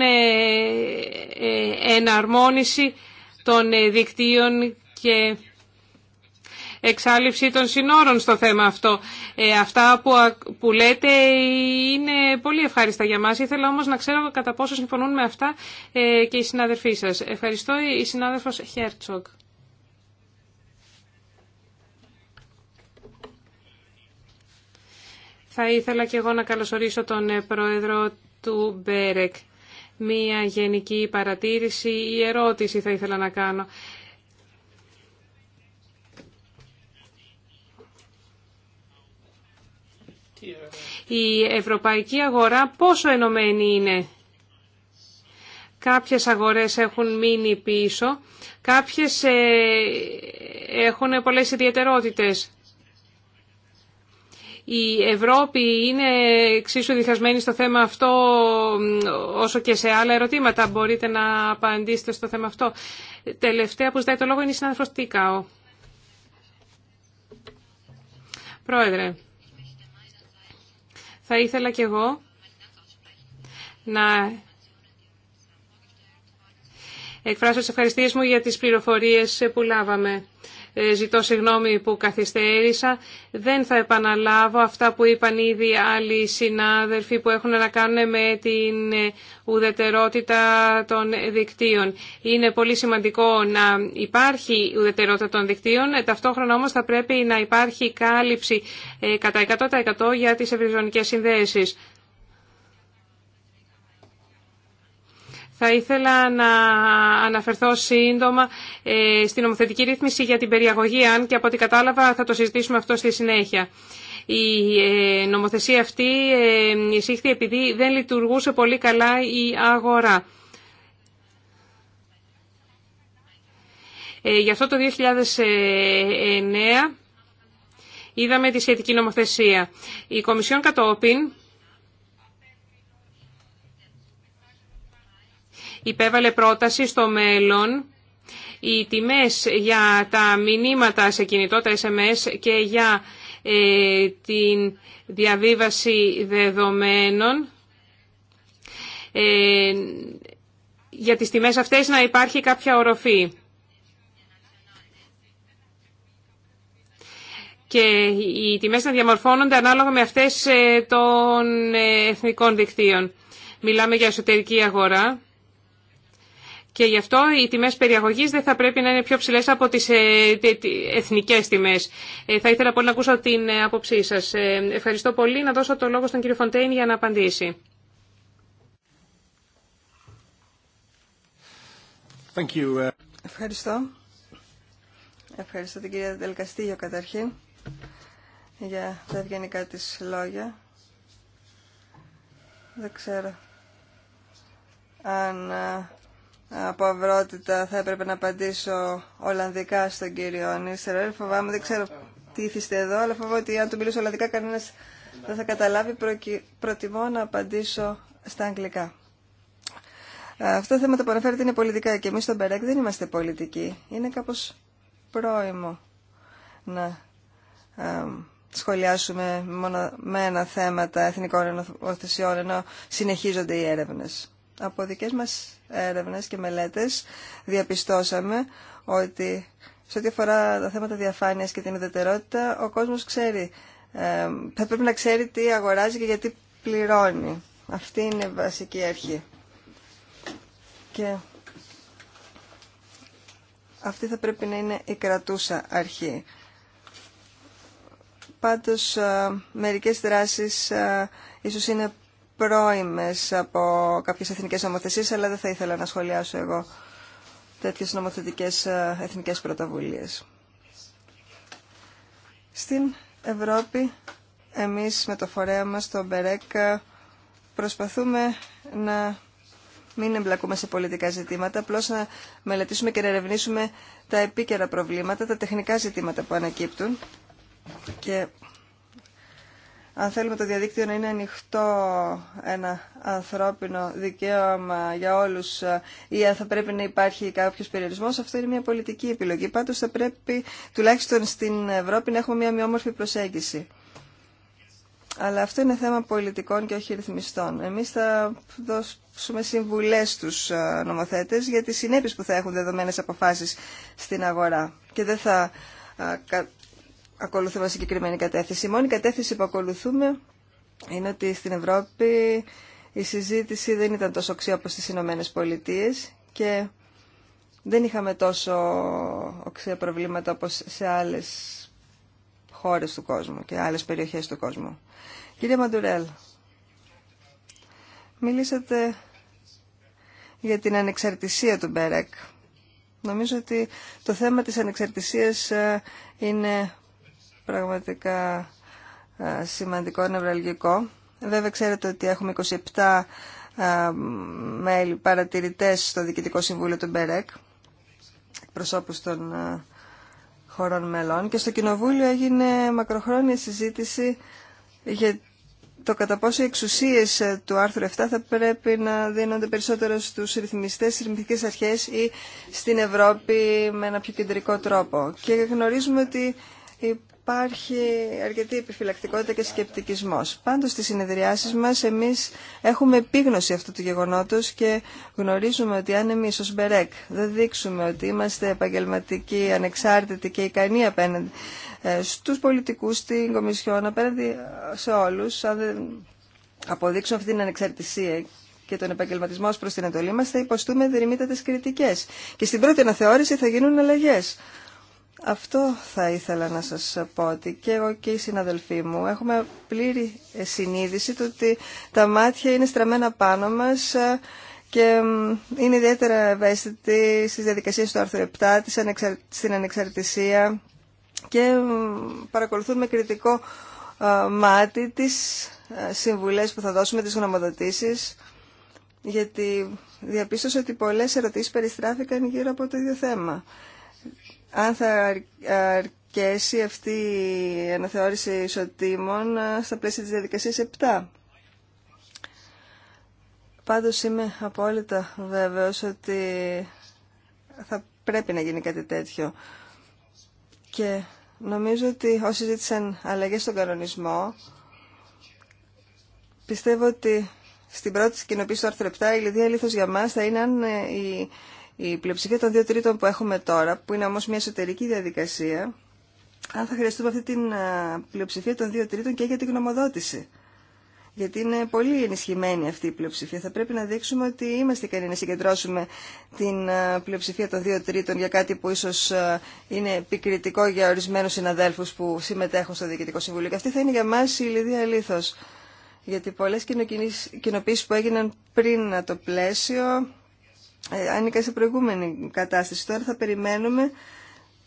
εναρμόνιση των δικτύων και εξάλληψη των συνόρων στο θέμα αυτό. αυτά που, που λέτε είναι πολύ ευχάριστα για μας. Ήθελα όμως να ξέρω κατά πόσο συμφωνούν με αυτά και οι συνάδελφοί σας. Ευχαριστώ η συνάδελφος Χέρτσοκ. Θα ήθελα και εγώ να καλωσορίσω τον ε, πρόεδρο του Μπέρεκ. Μία γενική παρατήρηση ή ερώτηση θα ήθελα να κάνω. Η ευρωπαϊκή αγορά πόσο ενωμένη είναι. Κάποιες αγορές έχουν μείνει πίσω, κάποιες ε, έχουν πολλές ιδιαιτερότητες. Η Ευρώπη είναι εξίσου διχασμένη στο θέμα αυτό όσο και σε άλλα ερωτήματα. Μπορείτε να απαντήσετε στο θέμα αυτό. Τελευταία που ζητάει το λόγο είναι η συνάδελφος Πρόεδρε, θα ήθελα κι εγώ να εκφράσω τις ευχαριστίες μου για τις πληροφορίες που λάβαμε. Ε, ζητώ συγγνώμη που καθυστέρησα. Δεν θα επαναλάβω αυτά που είπαν ήδη άλλοι συνάδελφοι που έχουν να κάνουν με την ε, ουδετερότητα των δικτύων. Είναι πολύ σημαντικό να υπάρχει ουδετερότητα των δικτύων, ε, ταυτόχρονα όμως θα πρέπει να υπάρχει κάλυψη κατά 100% για τις ευρυζωνικές συνδέσεις. Θα ήθελα να αναφερθώ σύντομα ε, στην νομοθετική ρύθμιση για την περιαγωγή, αν και από ό,τι κατάλαβα θα το συζητήσουμε αυτό στη συνέχεια. Η ε, νομοθεσία αυτή ε, εισήχθη επειδή δεν λειτουργούσε πολύ καλά η αγορά. Γι' αυτό το 2009 είδαμε τη σχετική νομοθεσία. Η Κομισιόν κατόπιν υπέβαλε πρόταση στο μέλλον οι τιμές για τα μηνύματα σε κινητό, τα SMS και για ε, την διαβίβαση δεδομένων ε, για τις τιμές αυτές να υπάρχει κάποια οροφή. Και οι τιμές να διαμορφώνονται ανάλογα με αυτές ε, των ε, εθνικών δικτύων. Μιλάμε για εσωτερική αγορά και γι' αυτό οι τιμές περιαγωγή δεν θα πρέπει να είναι πιο ψηλέ από τις ε, εθνικές τιμές. Ε, θα ήθελα πολύ να ακούσω την ε, άποψή σας. Ευχαριστώ πολύ. Να δώσω το λόγο στον κύριο Φοντέιν για να απαντήσει. Thank you. Ευχαριστώ. Ευχαριστώ την κυρία Δελκαστήγιο καταρχήν για τα ευγενικά της λόγια. Δεν ξέρω αν από αυρότητα θα έπρεπε να απαντήσω Ολλανδικά στον κύριο Νίστερ. Φοβάμαι, δεν ξέρω τι ήθιστε εδώ, αλλά φοβάμαι ότι αν του μιλήσω Ολλανδικά κανένα δεν θα καταλάβει. Προτιμώ να απαντήσω στα Αγγλικά. Ε, Αυτά τα θέματα που αναφέρετε είναι πολιτικά και εμεί στον Μπερέκ δεν είμαστε πολιτικοί. Είναι κάπω πρόημο να σχολιάσουμε μόνο με ένα θέματα εθνικών οθεσιών ενώ συνεχίζονται οι έρευνες. Από δικές μας έρευνες και μελέτες διαπιστώσαμε ότι σε ό,τι αφορά τα θέματα διαφάνειας και την ιδιαιτερότητα ο κόσμος ξέρει, ε, θα πρέπει να ξέρει τι αγοράζει και γιατί πληρώνει. Αυτή είναι η βασική αρχή. Και αυτή θα πρέπει να είναι η κρατούσα αρχή. Πάντως, ε, μερικές δράσεις ε, ίσως είναι πρώιμες από κάποιες εθνικές νομοθεσίες, αλλά δεν θα ήθελα να σχολιάσω εγώ τέτοιες νομοθετικές ε, εθνικές πρωτοβουλίες. Στην Ευρώπη, εμείς με το φορέα μας, το Μπερέκ, ε, προσπαθούμε να μην εμπλακούμε σε πολιτικά ζητήματα, απλώ να μελετήσουμε και να ερευνήσουμε τα επίκαιρα προβλήματα, τα τεχνικά ζητήματα που ανακύπτουν. Και αν θέλουμε το διαδίκτυο να είναι ανοιχτό ένα ανθρώπινο δικαίωμα για όλους ή αν θα πρέπει να υπάρχει κάποιος περιορισμός, αυτό είναι μια πολιτική επιλογή. Πάντως θα πρέπει τουλάχιστον στην Ευρώπη να έχουμε μια μειόμορφη προσέγγιση. Αλλά αυτό είναι θέμα πολιτικών και όχι ρυθμιστών. Εμείς θα δώσουμε συμβουλές στους ε, νομοθέτες για τις συνέπειες που θα έχουν δεδομένες αποφάσεις στην αγορά. Και δεν θα ε, ακολουθούμε συγκεκριμένη κατεύθυνση. Η μόνη κατεύθυνση που ακολουθούμε είναι ότι στην Ευρώπη η συζήτηση δεν ήταν τόσο οξύ όπως στις Ηνωμένε Πολιτείε και δεν είχαμε τόσο οξέα προβλήματα όπως σε άλλες χώρες του κόσμου και άλλες περιοχές του κόσμου. Κύριε Μαντουρέλ, μίλησατε για την ανεξαρτησία του Μπέρεκ. Νομίζω ότι το θέμα της ανεξαρτησίας ε, είναι πραγματικά ε, σημαντικό, νευραλγικό. Βέβαια ξέρετε ότι έχουμε 27 ε, μέλη παρατηρητές στο Διοικητικό Συμβούλιο του Μπερέκ, προσώπους των ε, χωρών μελών και στο Κοινοβούλιο έγινε μακροχρόνια συζήτηση για το κατά πόσο οι εξουσίες του άρθρου 7 θα πρέπει να δίνονται περισσότερο στους ρυθμιστές, στις ρυθμιστικές αρχές ή στην Ευρώπη με ένα πιο κεντρικό τρόπο. Και γνωρίζουμε ότι υπάρχει αρκετή επιφυλακτικότητα και σκεπτικισμό. Πάντως στις συνεδριάσεις μας εμείς έχουμε επίγνωση αυτού του γεγονότος και γνωρίζουμε ότι αν εμεί ως Μπερέκ δεν δείξουμε ότι είμαστε επαγγελματικοί, ανεξάρτητοι και ικανοί απέναντι ε, στου πολιτικού στην Κομισιόν, απέναντι ε, σε όλου. αν δεν αποδείξουμε αυτή την ανεξαρτησία και τον επαγγελματισμό προ την εντολή μα, θα υποστούμε δερμήτατε κριτικέ. Και στην πρώτη αναθεώρηση θα γίνουν αλλαγέ. Αυτό θα ήθελα να σας πω ότι και εγώ και οι συναδελφοί μου έχουμε πλήρη συνείδηση του ότι τα μάτια είναι στραμμένα πάνω μας ε, και είναι ιδιαίτερα ευαίσθητοι στις διαδικασίες του άρθρου 7, στην ανεξαρτησία και παρακολουθούμε κριτικό ε, μάτι τις ε, συμβουλές που θα δώσουμε, τις γνωμοδοτήσεις γιατί διαπίστωσα ότι πολλές ερωτήσεις περιστράφηκαν γύρω από το ίδιο θέμα αν θα αρκέσει αυτή η αναθεώρηση ισοτήμων στα πλαίσια της διαδικασίας 7. Πάντως είμαι απόλυτα βέβαιος ότι θα πρέπει να γίνει κάτι τέτοιο. Και νομίζω ότι όσοι ζήτησαν αλλαγές στον κανονισμό, πιστεύω ότι στην πρώτη σκηνοποίηση του άρθρου 7 η λιδία λήθος για μας θα είναι αν ε, η πλειοψηφία των δύο τρίτων που έχουμε τώρα, που είναι όμω μια εσωτερική διαδικασία, αν θα χρειαστούμε αυτή την πλειοψηφία των δύο τρίτων και για την γνωμοδότηση. Γιατί είναι πολύ ενισχυμένη αυτή η πλειοψηφία. Θα πρέπει να δείξουμε ότι είμαστε ικανοί να συγκεντρώσουμε την πλειοψηφία των δύο τρίτων για κάτι που ίσω είναι επικριτικό για ορισμένου συναδέλφου που συμμετέχουν στο Διοικητικό Συμβούλιο. Και αυτή θα είναι για μα η λιδία λήθο. Γιατί πολλέ κοινοποιήσει που έγιναν πριν το πλαίσιο Άνοικα ε, σε προηγούμενη κατάσταση. Τώρα θα περιμένουμε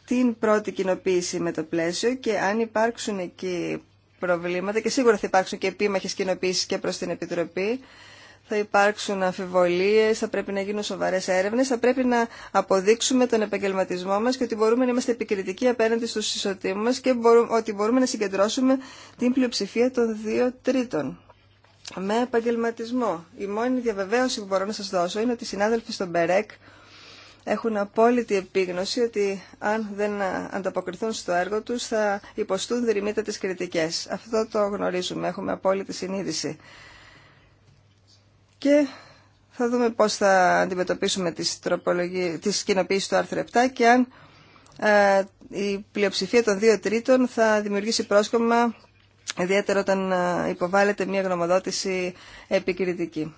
την πρώτη κοινοποίηση με το πλαίσιο και αν υπάρξουν εκεί προβλήματα και σίγουρα θα υπάρξουν και επίμαχες κοινοποίησεις και προς την Επιτροπή, θα υπάρξουν αμφιβολίες, θα πρέπει να γίνουν σοβαρές έρευνες, θα πρέπει να αποδείξουμε τον επαγγελματισμό μας και ότι μπορούμε να είμαστε επικριτικοί απέναντι στους ισοτήμους μας και ότι μπορούμε να συγκεντρώσουμε την πλειοψηφία των δύο τρίτων με επαγγελματισμό. Η μόνη διαβεβαίωση που μπορώ να σας δώσω είναι ότι οι συνάδελφοι στον ΠΕΡΕΚ έχουν απόλυτη επίγνωση ότι αν δεν ανταποκριθούν στο έργο τους θα υποστούν δρυμύτα τις κριτικές. Αυτό το γνωρίζουμε, έχουμε απόλυτη συνείδηση. Και θα δούμε πώς θα αντιμετωπίσουμε τις, τροπολογι... τις κοινοποίησεις του άρθρου 7 και αν ε, η πλειοψηφία των δύο τρίτων θα δημιουργήσει πρόσκομα ιδιαίτερα όταν ε, υποβάλλεται μια γνωμοδότηση επικριτική.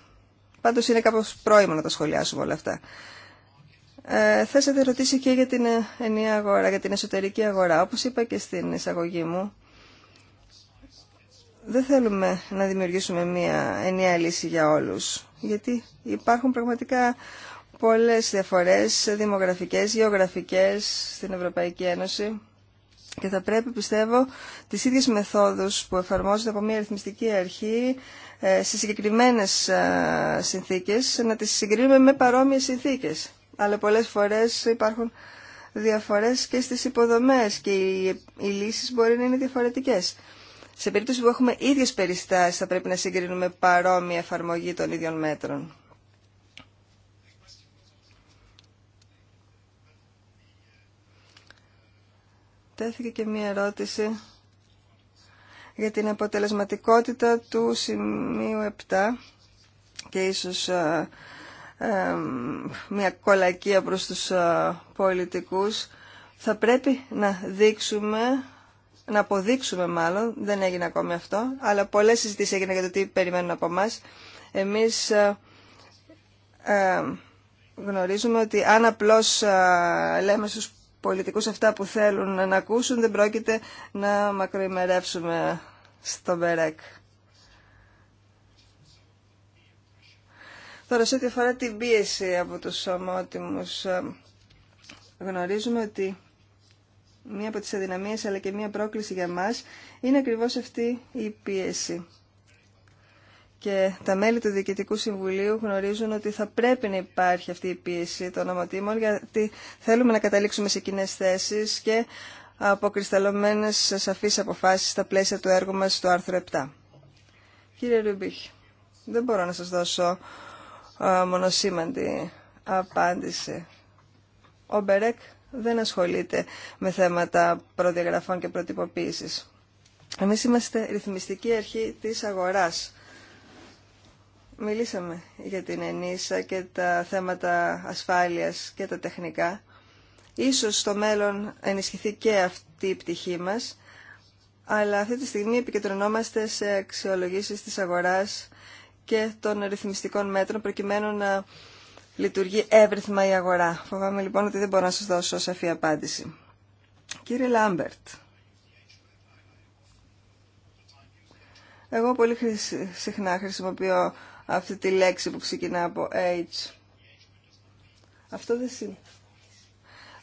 Πάντως είναι κάπως πρόημο να τα σχολιάσουμε όλα αυτά. Ε, θέσατε ρωτήσει και για την ε, ενιαία αγορά, για την εσωτερική αγορά. Όπως είπα και στην εισαγωγή μου, δεν θέλουμε να δημιουργήσουμε μια ενιαία λύση για όλους, γιατί υπάρχουν πραγματικά πολλές διαφορές δημογραφικές, γεωγραφικές στην Ευρωπαϊκή Ένωση και θα πρέπει, πιστεύω, τις ίδιες μεθόδους που εφαρμόζονται από μια ρυθμιστική αρχή σε συγκεκριμένες ε, συνθήκες, να τις συγκρίνουμε με παρόμοιες συνθήκες. Αλλά πολλές φορές υπάρχουν διαφορές και στις υποδομές και οι λύσεις μπορεί να είναι διαφορετικές. Σε περίπτωση που έχουμε ίδιες περιστάσεις θα πρέπει να συγκρίνουμε παρόμοια εφαρμογή των ίδιων μέτρων. τέθηκε και μία ερώτηση για την αποτελεσματικότητα του σημείου 7 και ίσως ε, ε, μια κολακία προς τους ε, πολιτικούς. Θα πρέπει να δείξουμε, να αποδείξουμε μάλλον, δεν έγινε ακόμη αυτό, αλλά πολλές συζητήσεις έγιναν για το τι περιμένουν από εμά. Εμείς γνωρίζουμε ότι αν απλώς λέμε στους πολιτικούς αυτά που θέλουν να ακούσουν, δεν πρόκειται να μακροημερεύσουμε στο ΜΕΡΕΚ. Τώρα, σε ό,τι αφορά την πίεση από τους ομότιμους, ε, γνωρίζουμε ότι μία από τις αδυναμίες αλλά και μία πρόκληση για μας είναι ακριβώς αυτή η πίεση και τα μέλη του Διοικητικού Συμβουλίου γνωρίζουν ότι θα πρέπει να υπάρχει αυτή η πίεση των νομοτήμων γιατί θέλουμε να καταλήξουμε σε κοινέ θέσει και αποκρισταλωμένε σαφεί αποφάσει στα πλαίσια του έργου μα στο άρθρο 7. Κύριε Ρουμπίχ, δεν μπορώ να σα δώσω μονοσήμαντη απάντηση. Ο Μπερέκ δεν ασχολείται με θέματα προδιαγραφών και προτυποποίησης. Εμείς είμαστε ρυθμιστική αρχή της αγοράς μιλήσαμε για την ενίσα και τα θέματα ασφάλειας και τα τεχνικά. Ίσως στο μέλλον ενισχυθεί και αυτή η πτυχή μας, αλλά αυτή τη στιγμή επικεντρωνόμαστε σε αξιολογήσεις της αγοράς και των ρυθμιστικών μέτρων προκειμένου να λειτουργεί εύρυθμα η αγορά. Φοβάμαι λοιπόν ότι δεν μπορώ να σας δώσω σαφή απάντηση. Κύριε Λάμπερτ, εγώ πολύ συχνά χρησιμοποιώ αυτή τη λέξη που ξεκινά από H. Αυτό δεν είναι.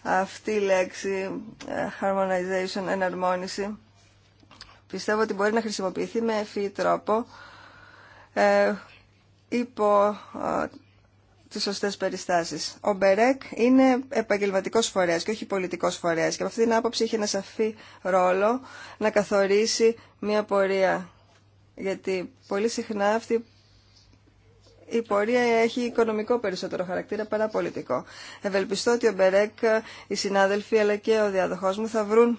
Αυτή η λέξη, ε, harmonization, εναρμόνιση, πιστεύω ότι μπορεί να χρησιμοποιηθεί με ευφύ τρόπο ε, υπό ε, τις σωστές περιστάσεις. Ο Μπερέκ είναι επαγγελματικός φορέας και όχι πολιτικός φορέας και από αυτή την άποψη έχει ένα σαφή ρόλο να καθορίσει μια πορεία. Γιατί πολύ συχνά η πορεία έχει οικονομικό περισσότερο χαρακτήρα παρά πολιτικό. Ευελπιστώ ότι ο Μπερέκ, οι συνάδελφοι αλλά και ο διαδοχός μου θα βρουν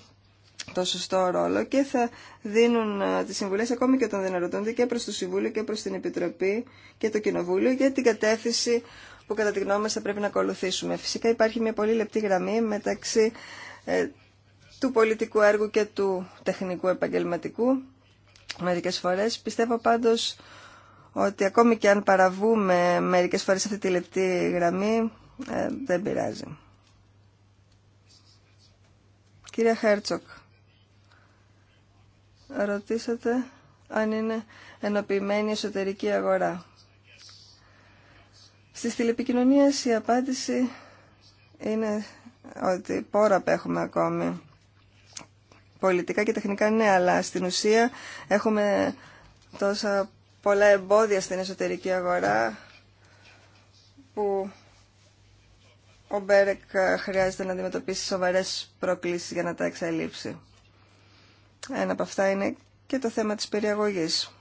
το σωστό ρόλο και θα δίνουν ε, τις συμβουλές ακόμη και όταν δεν ερωτώνται και προς το Συμβούλιο και προς την Επιτροπή και το Κοινοβούλιο για την κατεύθυνση που κατά τη γνώμη μας θα πρέπει να ακολουθήσουμε. Φυσικά υπάρχει μια πολύ λεπτή γραμμή μεταξύ ε, του πολιτικού έργου και του τεχνικού επαγγελματικού Μερικέ φορές. Πιστεύω πάντως ότι ακόμη και αν παραβούμε μερικές φορές αυτή τη λεπτή γραμμή, ε, δεν πειράζει. Κύριε Χέρτσοκ, ρωτήσατε αν είναι ενοποιημένη η εσωτερική αγορά. Στις τηλεπικοινωνίες η απάντηση είναι ότι πόρα απέχουμε ακόμη. Πολιτικά και τεχνικά ναι, αλλά στην ουσία έχουμε τόσα πολλά εμπόδια στην εσωτερική αγορά που ο Μπέρεκ ε, χρειάζεται να αντιμετωπίσει σοβαρές προκλήσεις για να τα εξαλείψει. Ένα από αυτά είναι και το θέμα της περιαγωγής.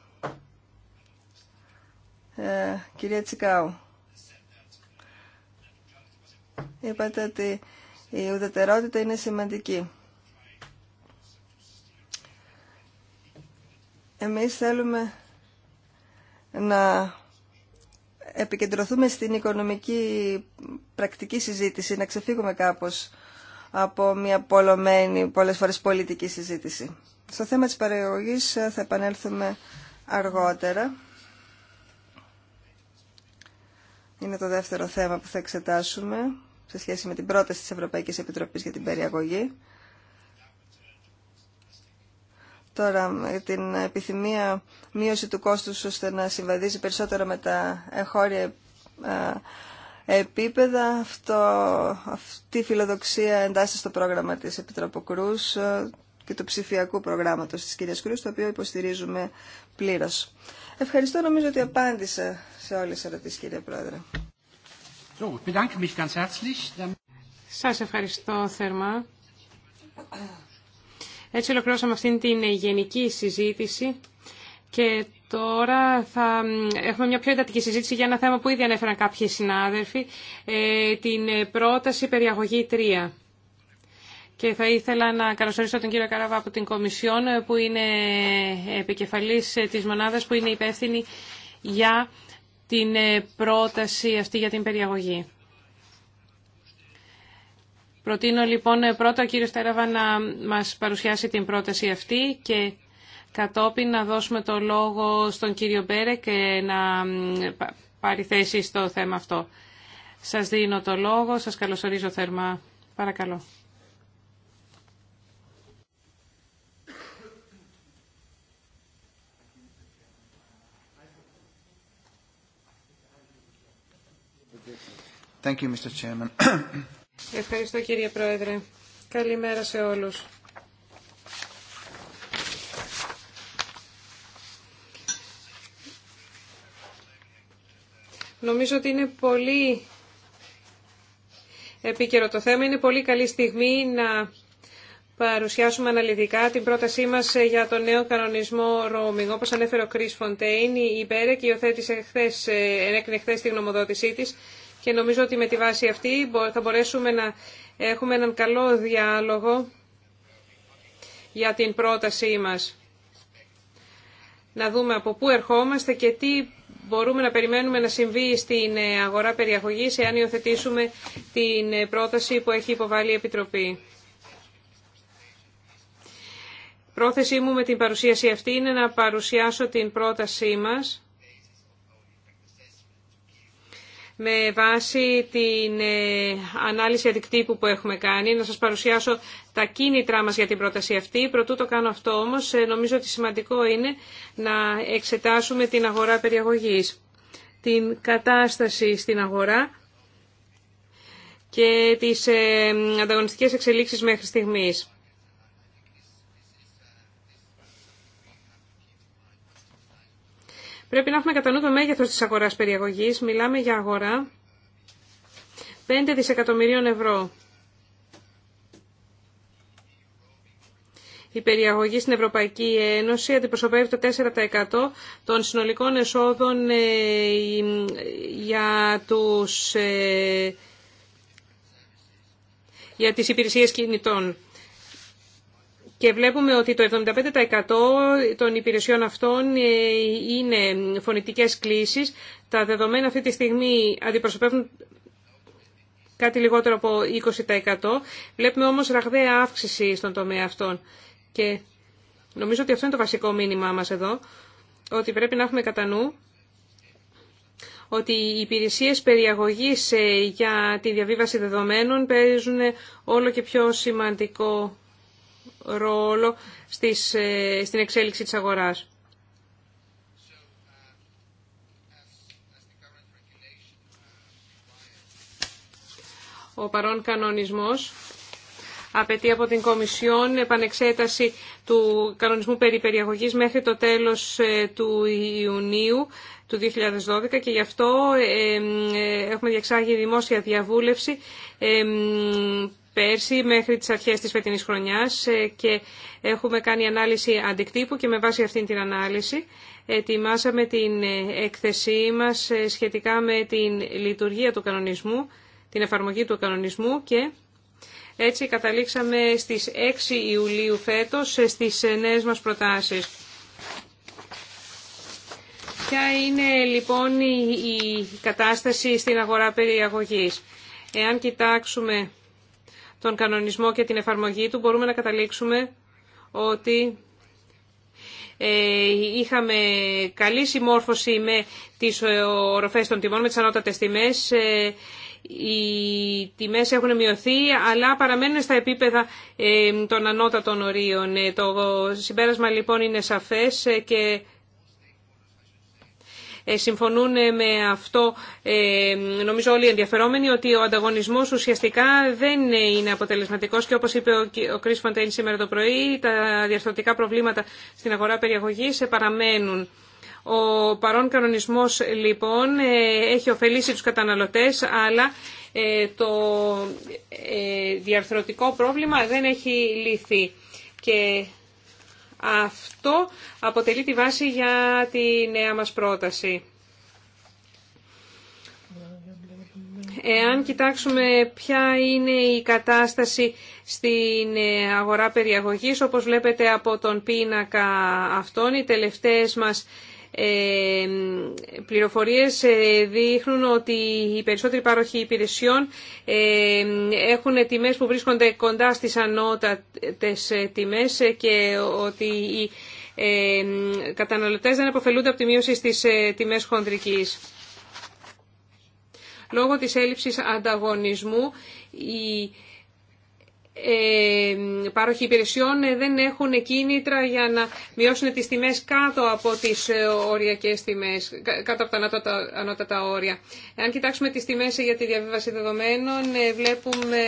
Ε, κυρία Τσικάου, είπατε ότι η ουδετερότητα είναι σημαντική. Εμείς θέλουμε να επικεντρωθούμε στην οικονομική πρακτική συζήτηση, να ξεφύγουμε κάπως από μια πολλωμένη, πολλές φορές πολιτική συζήτηση. Στο θέμα της παραγωγής θα επανέλθουμε αργότερα. Είναι το δεύτερο θέμα που θα εξετάσουμε σε σχέση με την πρόταση της Ευρωπαϊκής Επιτροπής για την περιαγωγή. Τώρα, την επιθυμία μείωση του κόστους ώστε να συμβαδίζει περισσότερο με τα εγχώρια ε, επίπεδα, αυτό, αυτή η φιλοδοξία εντάσσεται στο πρόγραμμα της Επιτροποκρούς ε, και του ψηφιακού προγράμματος της κυρίας Κρούς, το οποίο υποστηρίζουμε πλήρως. Ευχαριστώ, νομίζω ότι απάντησα σε όλες τις ερωτήσεις, κύριε Πρόεδρε. Σας ευχαριστώ θερμά. Έτσι ολοκληρώσαμε αυτήν την γενική συζήτηση και τώρα θα έχουμε μια πιο εντατική συζήτηση για ένα θέμα που ήδη ανέφεραν κάποιοι συνάδελφοι, ε, την πρόταση περιαγωγή 3. Και θα ήθελα να καλωσορίσω τον κύριο Καράβα από την Κομισιόν, ε, που είναι επικεφαλής ε, της μονάδας, που είναι υπεύθυνη για την πρόταση αυτή για την περιαγωγή. Προτείνω λοιπόν ε, πρώτα ο κύριος Τέραβα να μας παρουσιάσει την πρόταση αυτή και κατόπιν να δώσουμε το λόγο στον κύριο Μπέρε και ε, να πάρει θέση στο θέμα αυτό. Σας δίνω το λόγο, σας καλωσορίζω θερμά. Παρακαλώ. Thank you, Mr. Chairman. Ευχαριστώ κύριε Πρόεδρε. Καλημέρα σε όλους. Νομίζω ότι είναι πολύ επίκαιρο το θέμα. Είναι πολύ καλή στιγμή να παρουσιάσουμε αναλυτικά την πρότασή μας για το νέο κανονισμό roaming. Όπως ανέφερε ο Κρίς Φοντέιν, η ΠΕΡΕΚ υιοθέτησε χθες, ε, ενέκρινε χθες τη γνωμοδότησή της και νομίζω ότι με τη βάση αυτή θα μπορέσουμε να έχουμε έναν καλό διάλογο για την πρότασή μας. Να δούμε από πού ερχόμαστε και τι μπορούμε να περιμένουμε να συμβεί στην ε, αγορά περιαγωγής εάν υιοθετήσουμε την ε, πρόταση που έχει υποβάλει η Επιτροπή. Πρόθεσή μου με την παρουσίαση αυτή είναι να παρουσιάσω την πρότασή μας με βάση την ε, ανάλυση αδικτύπου που έχουμε κάνει. Να σας παρουσιάσω τα κίνητρά μας για την πρόταση αυτή. Προτού το κάνω αυτό όμως, ε, νομίζω ότι σημαντικό είναι να εξετάσουμε την αγορά περιαγωγής, την κατάσταση στην αγορά και τις ε, ανταγωνιστικές εξελίξεις μέχρι στιγμής. Πρέπει να έχουμε κατά νου το μέγεθος της αγοράς περιαγωγής. Μιλάμε για αγορά 5 δισεκατομμυρίων ευρώ. Η περιαγωγή στην Ευρωπαϊκή Ένωση αντιπροσωπεύει το 4% των συνολικών εσόδων ε, για, τους, ε, για τις υπηρεσίες κινητών. Και βλέπουμε ότι το 75% των υπηρεσιών αυτών ε, είναι φωνητικές κλήσεις. Τα δεδομένα αυτή τη στιγμή αντιπροσωπεύουν κάτι λιγότερο από 20%. Βλέπουμε όμως ραγδαία αύξηση στον τομέα αυτών. Και νομίζω ότι αυτό είναι το βασικό μήνυμά μας εδώ, ότι πρέπει να έχουμε κατά νου ότι οι υπηρεσίες περιαγωγής ε, για τη διαβίβαση δεδομένων παίζουν όλο και πιο σημαντικό ρόλο στις, ε, στην εξέλιξη της αγοράς. Ο παρόν κανονισμός απαιτεί από την Κομισιόν επανεξέταση του κανονισμού περί μέχρι το τέλος ε, του Ιουνίου του 2012 και γι' αυτό ε, έχουμε διεξάγει δημόσια διαβούλευση πέρσι μέχρι τις αρχές της φετινής χρονιάς ε, και έχουμε κάνει ανάλυση αντικτύπου και με βάση αυτή την ανάλυση ετοιμάσαμε την ε, έκθεσή μας ε, σχετικά με την λειτουργία του κανονισμού, την εφαρμογή του κανονισμού και έτσι καταλήξαμε στις 6 Ιουλίου φέτος στις νέες μας προτάσεις. Ποια είναι λοιπόν η κατάσταση στην αγορά περιαγωγής. Εάν κοιτάξουμε τον κανονισμό και την εφαρμογή του, μπορούμε να καταλήξουμε ότι ε, είχαμε καλή συμμόρφωση με τις ε, οροφές των τιμών, με τις ανώτατες τιμές. Ε, οι τιμές έχουν μειωθεί, αλλά παραμένουν στα επίπεδα των ανώτατων ορίων. Το συμπέρασμα λοιπόν είναι σαφές και ε, συμφωνούν ε, με αυτό ε, νομίζω όλοι οι ενδιαφερόμενοι ότι ο ανταγωνισμός ουσιαστικά δεν είναι αποτελεσματικός και όπως είπε ο Κρίς Φοντέιν σήμερα το πρωί τα διαρθρωτικά προβλήματα στην αγορά περιαγωγής παραμένουν. Ο παρόν κανονισμός λοιπόν έχει ωφελήσει τους καταναλωτές αλλά το διαρθρωτικό πρόβλημα δεν έχει λυθεί. Αυτό αποτελεί τη βάση για τη νέα μας πρόταση. Εάν κοιτάξουμε ποια είναι η κατάσταση στην ε, αγορά περιαγωγής, όπως βλέπετε από τον πίνακα αυτών, οι τελευταίες μας πληροφορίες ε, δείχνουν ότι οι περισσότεροι πάροχοι υπηρεσιών έχουν τιμές που βρίσκονται κοντά στις ανώτατες ε, τιμές ε, και ότι οι καταναλωτές δεν αποφελούνται από τη μείωση στις τιμές χοντρικής. Λόγω της έλλειψης ανταγωνισμού, οι ε, πάροχοι υπηρεσιών ε, δεν έχουν κίνητρα για να μειώσουν τις τιμές κάτω από τις ε, οριακές τιμές, κάτω από τα ανώτατα, όρια. Αν κοιτάξουμε τις τιμές για τη διαβίβαση δεδομένων, βλέπουμε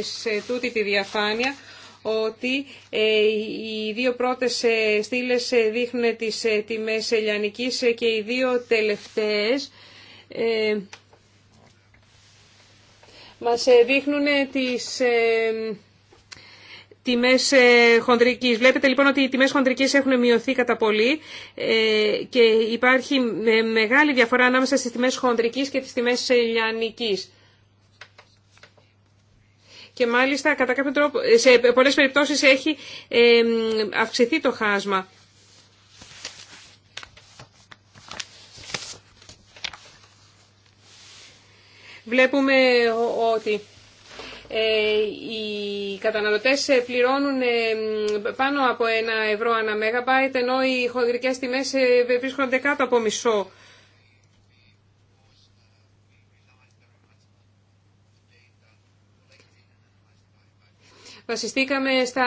σε τούτη τη διαφάνεια ότι οι δύο πρώτες στήλες δείχνουν τις τιμές ελληνική και οι δύο τελευταίες μας ε, δείχνουν τις ε, τιμές ε, χοντρικής. Βλέπετε λοιπόν ότι οι τιμές χοντρικής έχουν μειωθεί κατά πολύ και υπάρχει μεγάλη διαφορά ανάμεσα στις τιμές χοντρικής και τις τιμές λιανικής. Και μάλιστα κατά κάποιο τρόπο σε πολλές περιπτώσεις έχει αυξηθεί το χάσμα. βλέπουμε ότι ε, οι καταναλωτές ε, πληρώνουν ε, πάνω από ένα ευρώ ανά μέγαμπάιτ, ενώ οι χοντρικές τιμές βρίσκονται κάτω από μισό Βασιστήκαμε στα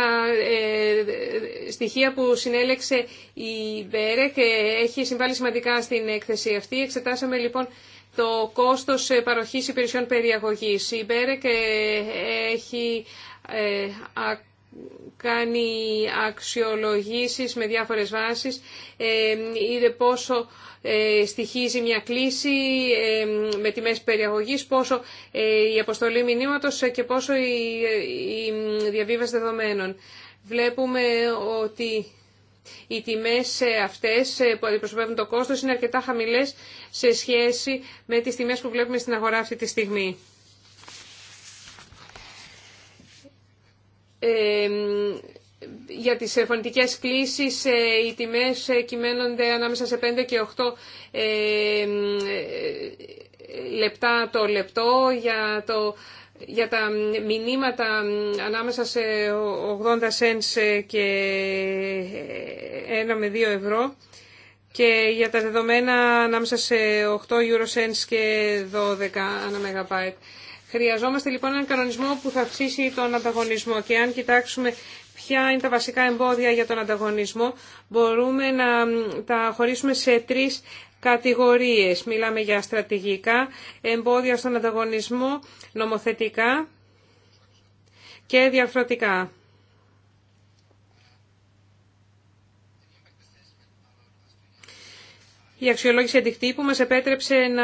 ε, στοιχεία που συνέλεξε η και ε, Έχει συμβάλει σημαντικά στην έκθεση αυτή. Εξετάσαμε λοιπόν το κόστος ε, παροχής υπηρεσιών περιαγωγής. Η ΜΠΕΡΕ έχει κάνει αξιολογήσεις με διάφορες βάσεις, ε, είδε πόσο ε, στοιχίζει μια κλίση ε, με τιμές περιαγωγής, πόσο η αποστολή μηνύματος και πόσο η διαβίβαση δεδομένων. Βλέπουμε ότι οι τιμές αυτές που αντιπροσωπεύουν το κόστος είναι αρκετά χαμηλές σε σχέση με τις τιμές που βλέπουμε στην αγορά αυτή τη στιγμή. για τις φωνητικές κλήσεις ε, οι τιμές ε, κυμαίνονται ανάμεσα σε 5 και 8 ε, λεπτά το λεπτό για, το, για τα μηνύματα ανάμεσα σε 80 cents και 1 με 2 ευρώ και για τα δεδομένα ανάμεσα σε 8 euro cents και 12 ανά Χρειαζόμαστε λοιπόν έναν κανονισμό που θα αυξήσει τον ανταγωνισμό και αν κοιτάξουμε ποια είναι τα βασικά εμπόδια για τον ανταγωνισμό μπορούμε να τα χωρίσουμε σε τρεις κατηγορίες. Μιλάμε για στρατηγικά, εμπόδια στον ανταγωνισμό, νομοθετικά και διαφορετικά. Η αξιολόγηση αντικτύπου μας επέτρεψε να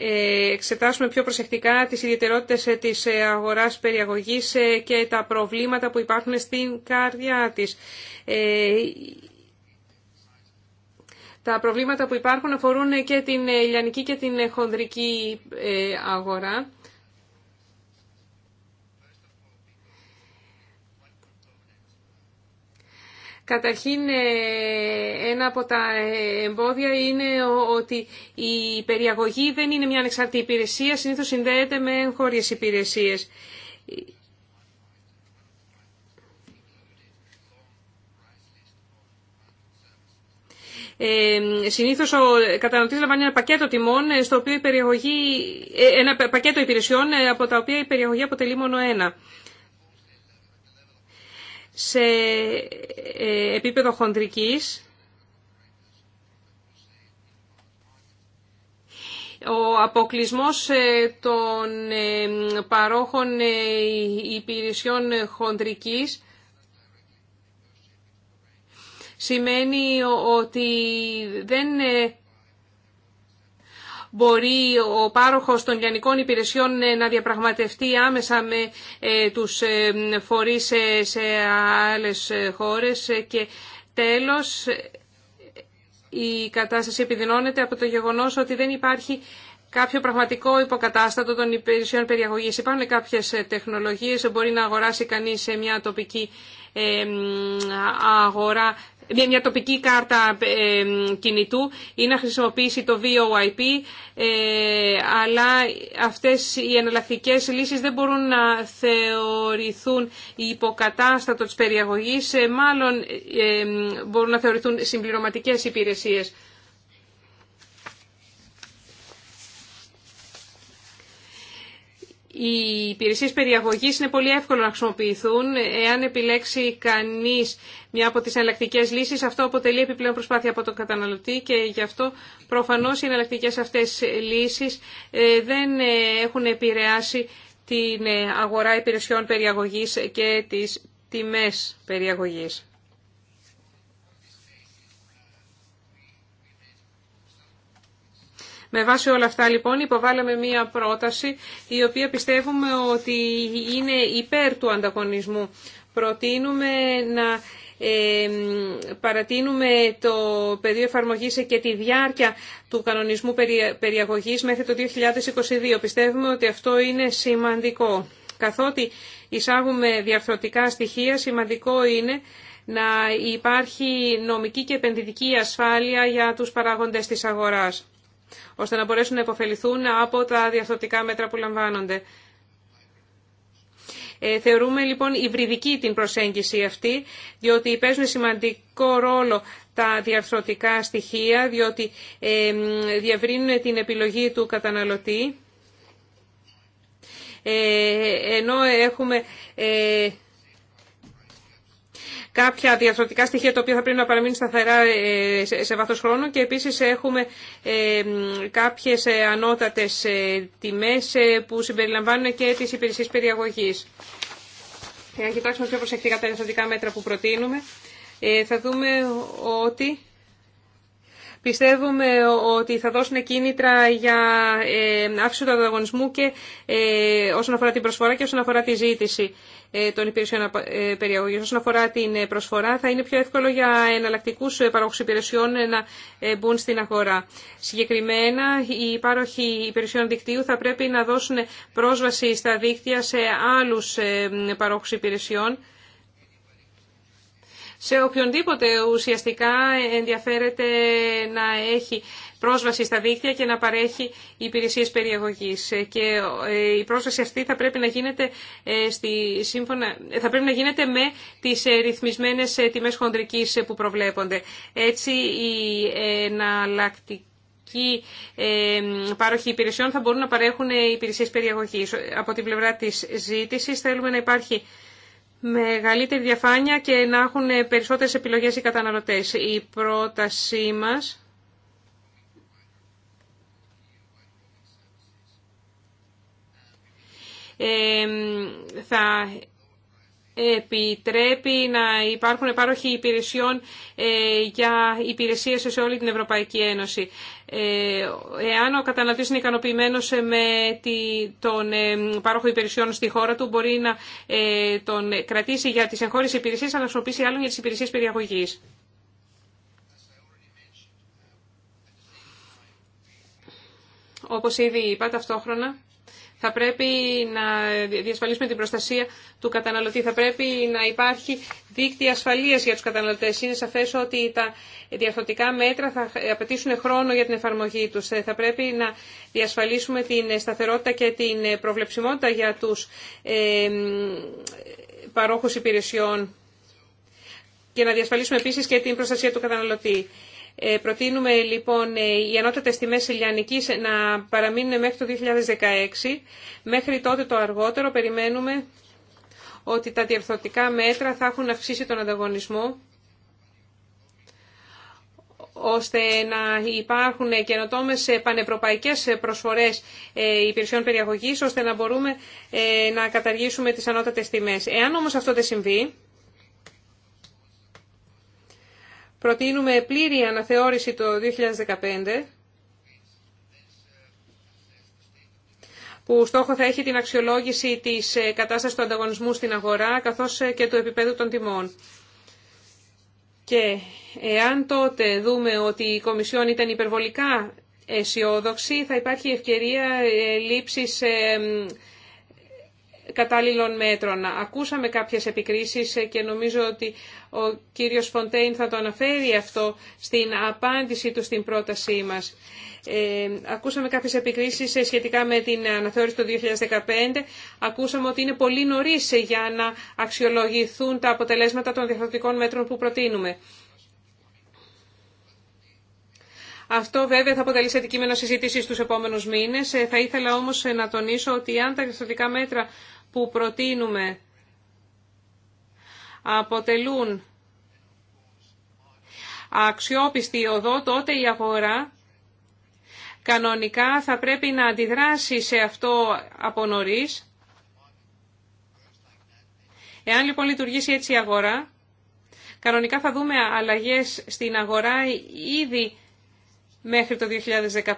ε, εξετάσουμε πιο προσεκτικά τις ιδιαιτερότητες ε, της ε, αγοράς περιαγωγής και τα προβλήματα που υπάρχουν στην καρδιά της. Τα προβλήματα που υπάρχουν αφορούν και την ηλιανική και την χονδρική αγορά. Καταρχήν, ε, ένα από τα ε, εμπόδια είναι ότι η περιαγωγή δεν είναι μια ανεξάρτητη υπηρεσία, συνήθως συνδέεται με χώριες υπηρεσίες. Ε, συνήθως ο κατανοτής λαμβάνει ένα πακέτο τιμών, ε, στο οποίο η ένα πακέτο υπηρεσιών, από τα οποία η περιαγωγή αποτελεί μόνο ένα σε ε, επίπεδο χοντρικής, Ο αποκλεισμός ε, των ε, παρόχων υπηρεσιών χοντρικής σημαίνει ότι δεν μπορεί ο πάροχος των λιανικών υπηρεσιών ε, να διαπραγματευτεί άμεσα με ε, τους ε, φορείς σε άλλες χώρες και τέλος η κατάσταση επιδεινώνεται από το γεγονός ότι δεν υπάρχει κάποιο πραγματικό υποκατάστατο των υπηρεσιών περιαγωγής. Υπάρχουν κάποιες τεχνολογίες, μπορεί να αγοράσει κανείς σε μια τοπική αγορά μια τοπική κάρτα ε, κινητού ή να χρησιμοποιήσει το VOIP, ε, αλλά αυτές οι εναλλακτικές λύσεις δεν μπορούν να θεωρηθούν υποκατάστατο της περιαγωγής, ε, μάλλον μπορούν να θεωρηθούν συμπληρωματικές υπηρεσίες. Οι υπηρεσίε περιαγωγής είναι πολύ εύκολο να χρησιμοποιηθούν. Εάν επιλέξει κανείς μια από τις εναλλακτικέ λύσεις, αυτό αποτελεί επιπλέον προσπάθεια από τον καταναλωτή και γι' αυτό προφανώς οι εναλλακτικέ αυτές λύσεις ε, δεν ε, έχουν επηρεάσει την ε, αγορά υπηρεσιών περιαγωγής και τις τιμές περιαγωγής. Με βάση όλα αυτά λοιπόν υποβάλαμε μία πρόταση η οποία πιστεύουμε ότι είναι υπέρ του ανταγωνισμού. Προτείνουμε να ε, παρατείνουμε το πεδίο εφαρμογής και τη διάρκεια του κανονισμού περιαγωγής μέχρι το 2022. Πιστεύουμε ότι αυτό είναι σημαντικό. Καθότι εισάγουμε διαρθρωτικά στοιχεία, σημαντικό είναι να υπάρχει νομική και επενδυτική ασφάλεια για τους παράγοντες της αγοράς ώστε να μπορέσουν να υποφεληθούν από τα διαφθορτικά μέτρα που λαμβάνονται. Ε, θεωρούμε λοιπόν υβριδική την προσέγγιση αυτή, διότι παίζουν σημαντικό ρόλο τα διαρθρωτικά στοιχεία, διότι ε, διαβρύνουν την επιλογή του καταναλωτή, ε, ενώ έχουμε κάποια διαθροτικά στοιχεία τα οποία θα πρέπει να παραμείνουν σταθερά ε, σε βάθος χρόνου και επίσης έχουμε ε, κάποιες ε, ανώτατες τιμές που συμπεριλαμβάνουν και τις υπηρεσίες περιαγωγής. Για να κοιτάξουμε πιο προσεκτικά τα διαθροτικά μέτρα που προτείνουμε, θα δούμε ότι Πιστεύουμε ότι θα δώσουν κίνητρα για ε, αύξηση του ανταγωνισμού και ε, όσον αφορά την προσφορά και όσον αφορά τη ζήτηση ε, των υπηρεσιών περιαγωγή. Όσον αφορά την προσφορά, θα είναι πιο εύκολο για εναλλακτικού παρόχου υπηρεσιών να μπουν στην αγορά. Συγκεκριμένα, οι υπάρχοι υπηρεσιών δικτύου θα πρέπει να δώσουν πρόσβαση στα δίκτυα σε άλλου παρόχου υπηρεσιών σε οποιονδήποτε ουσιαστικά ενδιαφέρεται να έχει πρόσβαση στα δίκτυα και να παρέχει υπηρεσίες περιεγωγής. Και ε, η πρόσβαση αυτή θα πρέπει να γίνεται, ε, στη, σύμφωνα, ε, θα πρέπει να γίνεται με τις ρυθμισμένες τιμές χοντρικής που προβλέπονται. Έτσι η εναλλακτική οι πάροχοι υπηρεσιών θα μπορούν να παρέχουν υπηρεσίες περιεγωγής. Από την πλευρά της ζήτησης θέλουμε να υπάρχει μεγαλύτερη διαφάνεια και να έχουν περισσότερες επιλογές οι καταναλωτές. Η πρότασή μας... Ε, θα επιτρέπει να υπάρχουν επάροχοι υπηρεσιών ε, για υπηρεσίες σε όλη την Ευρωπαϊκή Ένωση. Ε, εάν ο καταναλωτής είναι ικανοποιημένος με τον ε, πάροχο υπηρεσιών στη χώρα του, μπορεί να τον κρατήσει για τις εγχώριες υπηρεσίες, αλλά να χρησιμοποιήσει άλλον για τις υπηρεσίες περιαγωγής. Όπως ήδη είπα ταυτόχρονα, θα πρέπει να διασφαλίσουμε την προστασία του καταναλωτή. Θα πρέπει να υπάρχει δίκτυα ασφαλείας για τους καταναλωτές. Είναι σαφές ότι τα διαφορετικά μέτρα θα απαιτήσουν χρόνο για την εφαρμογή τους. Θα πρέπει να διασφαλίσουμε την σταθερότητα και την προβλεψιμότητα για τους ε, παρόχους υπηρεσιών και να διασφαλίσουμε επίσης και την προστασία του καταναλωτή. Ε, προτείνουμε λοιπόν ε, οι ανώτατε τιμέ ηλιανική να παραμείνουν μέχρι το 2016. Μέχρι τότε το αργότερο περιμένουμε ότι τα διερθωτικά μέτρα θα έχουν αυξήσει τον ανταγωνισμό ώστε να υπάρχουν καινοτόμε πανευρωπαϊκέ προσφορέ ε, υπηρεσιών περιαγωγή, ώστε να μπορούμε να καταργήσουμε τι ανώτατε τιμέ. Εάν όμω αυτό δεν συμβεί, Προτείνουμε πλήρη αναθεώρηση το 2015 που στόχο θα έχει την αξιολόγηση της ε, κατάστασης του ανταγωνισμού στην αγορά καθώς ε, και του επίπεδου των τιμών. Και εάν τότε δούμε ότι η Κομισιόν ήταν υπερβολικά αισιόδοξη, θα υπάρχει ευκαιρία ε, λήψης κατάλληλων μέτρων. Ακούσαμε κάποιες επικρίσεις και νομίζω ότι ο κύριος Φοντέιν θα το αναφέρει αυτό στην απάντησή του στην πρότασή μας. Ε, ακούσαμε κάποιες επικρίσεις σχετικά με την αναθεώρηση του 2015. Ακούσαμε ότι είναι πολύ νωρίς για να αξιολογηθούν τα αποτελέσματα των διαφορετικών μέτρων που προτείνουμε. Αυτό βέβαια θα αποτελεί σε αντικείμενο συζήτηση στους επόμενους μήνες. Ε, θα ήθελα όμως να τονίσω ότι αν τα διαφορετικά μέτρα που προτείνουμε αποτελούν αξιόπιστη οδό, τότε η αγορά κανονικά θα πρέπει να αντιδράσει σε αυτό από νωρίς. Εάν λοιπόν λειτουργήσει έτσι η αγορά, κανονικά θα δούμε αλλαγές στην αγορά ήδη μέχρι το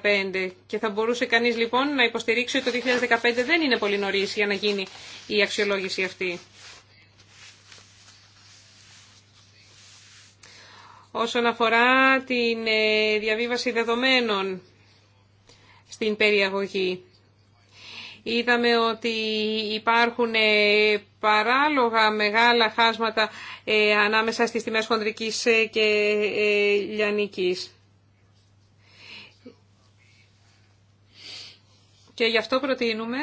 2015. Και θα μπορούσε κανείς λοιπόν να υποστηρίξει ότι το 2015 δεν είναι πολύ νωρίς για να γίνει η αξιολόγηση αυτή. Όσον αφορά την ε, διαβίβαση δεδομένων στην περιαγωγή. Είδαμε ότι υπάρχουν ε, παράλογα μεγάλα χάσματα ε, ανάμεσα στις τιμές χοντρικής και λιανικής. Και γι' αυτό προτείνουμε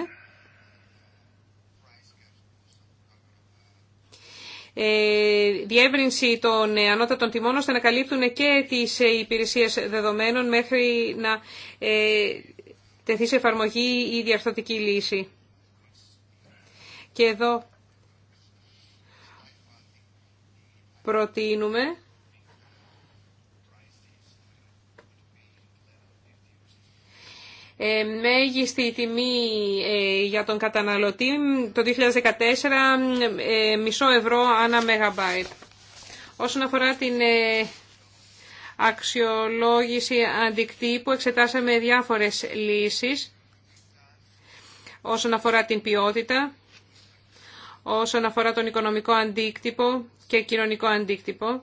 ε, διεύρυνση των ανώτατων τιμών ώστε να καλύπτουν και τις υπηρεσίες δεδομένων μέχρι να ε, τεθεί σε εφαρμογή η διαρθρωτική λύση. Και εδώ προτείνουμε Ε, μέγιστη τιμή ε, για τον καταναλωτή το 2014 ε, μισό ευρώ ανά μεγαμπάιτ. Όσον αφορά την αξιολόγηση αντικτύπου εξετάσαμε διάφορες λύσεις όσον αφορά την ποιότητα, όσον αφορά τον οικονομικό αντίκτυπο και κοινωνικό αντίκτυπο.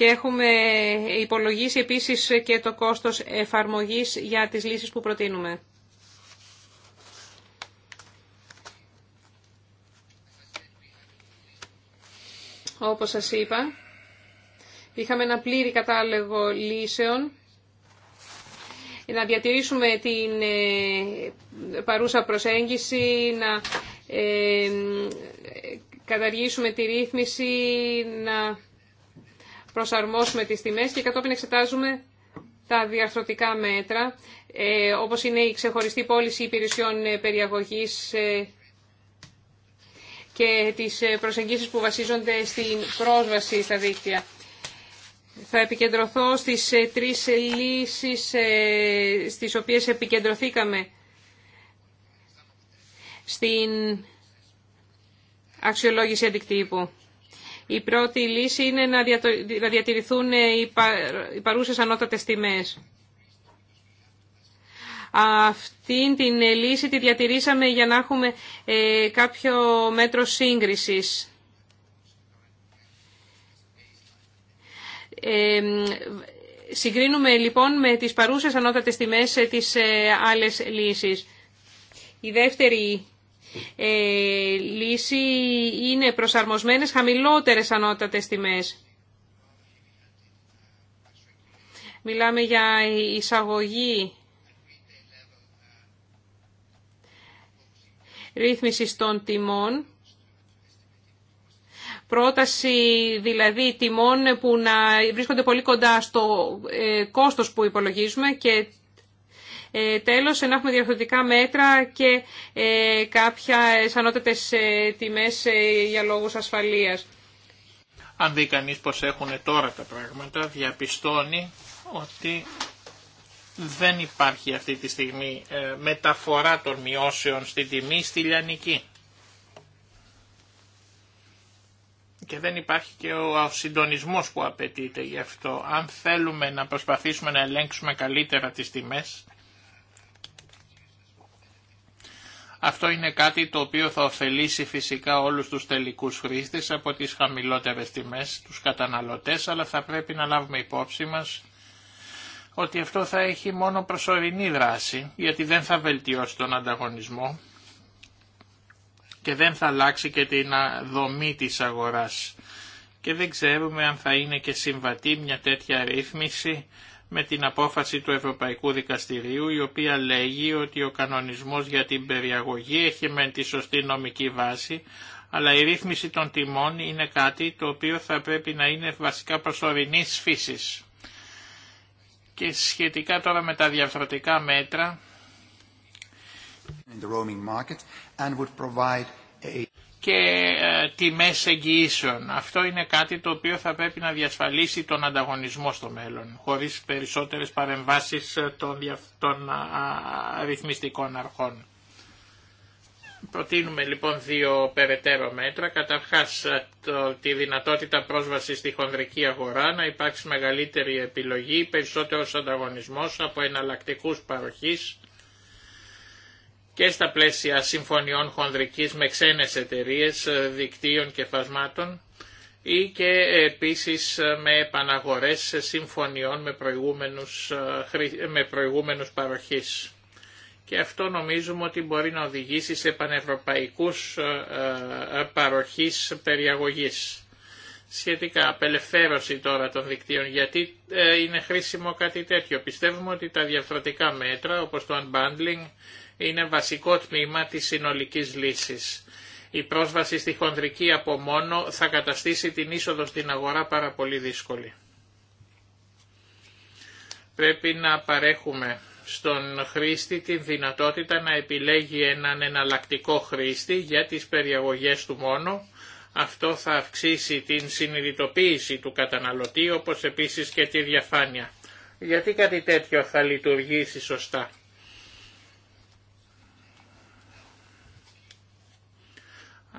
και έχουμε υπολογίσει επίσης και το κόστος εφαρμογής για τις λύσεις που προτείνουμε. Όπως σας είπα, είχαμε ένα πλήρη κατάλογο λύσεων να διατηρήσουμε την ε, παρούσα προσέγγιση, να ε, καταργήσουμε τη ρύθμιση, να προσαρμόσουμε τις τιμές και κατόπιν εξετάζουμε τα διαρθρωτικά μέτρα, ε, όπως είναι η ξεχωριστή πώληση υπηρεσιών ε, περιαγωγής ε, και τις προσεγγίσεις που βασίζονται στην πρόσβαση στα δίκτυα. Θα επικεντρωθώ στις τρεις λύσεις στις οποίες επικεντρωθήκαμε στην αξιολόγηση αντικτύπου. Η πρώτη λύση είναι να διατηρηθούν ε, οι παρούσες ανώτατες τιμές. Αυτήν την ε, λύση τη διατηρήσαμε για να έχουμε ε, κάποιο μέτρο σύγκρισης. Συγκρίνουμε λοιπόν με τις παρούσες ανώτατες τιμές τις άλλες λύσεις. Η δεύτερη ε, λύση είναι προσαρμοσμένες χαμηλότερες ανώτατες τιμές. Μιλάμε για εισαγωγή ρύθμιση των τιμών. Πρόταση δηλαδή τιμών που να βρίσκονται πολύ κοντά στο ε, κόστος που υπολογίζουμε και ε, τέλος, να έχουμε διαρθρωτικά μέτρα και ε, κάποια σανότετες ε, τιμές για λόγους ασφαλείας. Αν δει κανείς πως έχουν τώρα τα πράγματα, διαπιστώνει ότι δεν υπάρχει αυτή τη στιγμή μεταφορά των μειώσεων στην τιμή στη λιανική. Και δεν υπάρχει και ο συντονισμός που απαιτείται γι' αυτό. Αν θέλουμε να προσπαθήσουμε να ελέγξουμε καλύτερα τις τιμές, Αυτό είναι κάτι το οποίο θα ωφελήσει φυσικά όλους τους τελικούς χρήστες από τις χαμηλότερες τιμές, τους καταναλωτές, αλλά θα πρέπει να λάβουμε υπόψη μας ότι αυτό θα έχει μόνο προσωρινή δράση, γιατί δεν θα βελτιώσει τον ανταγωνισμό και δεν θα αλλάξει και την δομή της αγοράς. Και δεν ξέρουμε αν θα είναι και συμβατή μια τέτοια ρύθμιση με την απόφαση του Ευρωπαϊκού Δικαστηρίου η οποία λέγει ότι ο κανονισμός για την περιαγωγή έχει με τη σωστή νομική βάση αλλά η ρύθμιση των τιμών είναι κάτι το οποίο θα πρέπει να είναι βασικά προσωρινής φύσης. Και σχετικά τώρα με τα διαφορετικά μέτρα In the και ε, τιμές εγγυήσεων. Αυτό είναι κάτι το οποίο θα πρέπει να διασφαλίσει τον ανταγωνισμό στο μέλλον, χωρίς περισσότερες παρεμβάσεις ε, των ρυθμιστικών αρχών. Προτείνουμε λοιπόν δύο περαιτέρω μέτρα. Καταρχάς ε, τη δυνατότητα πρόσβασης στη χονδρική αγορά, να υπάρξει μεγαλύτερη επιλογή, περισσότερος ανταγωνισμός από εναλλακτικού παροχής και στα πλαίσια συμφωνιών χονδρικής με ξένες εταιρείες, ε, δικτύων και φασμάτων ή και επίσης ε, με επαναγορές συμφωνιών με προηγούμενους, ε, με προηγούμενους παροχής. Και αυτό νομίζουμε ότι μπορεί να οδηγήσει σε πανευρωπαϊκούς παροχής περιαγωγής. Σχετικά απελευθέρωση τώρα των δικτύων, γιατί είναι χρήσιμο κάτι τέτοιο. Πιστεύουμε ότι τα διαφορετικά μέτρα όπως το unbundling είναι βασικό τμήμα της συνολικής λύσης. Η πρόσβαση στη χονδρική από μόνο θα καταστήσει την είσοδο στην αγορά πάρα πολύ δύσκολη. Πρέπει να παρέχουμε στον χρήστη την δυνατότητα να επιλέγει έναν εναλλακτικό χρήστη για τις περιαγωγές του μόνο. Αυτό θα αυξήσει την συνειδητοποίηση του καταναλωτή όπως επίσης και τη διαφάνεια. Γιατί κάτι τέτοιο θα λειτουργήσει σωστά.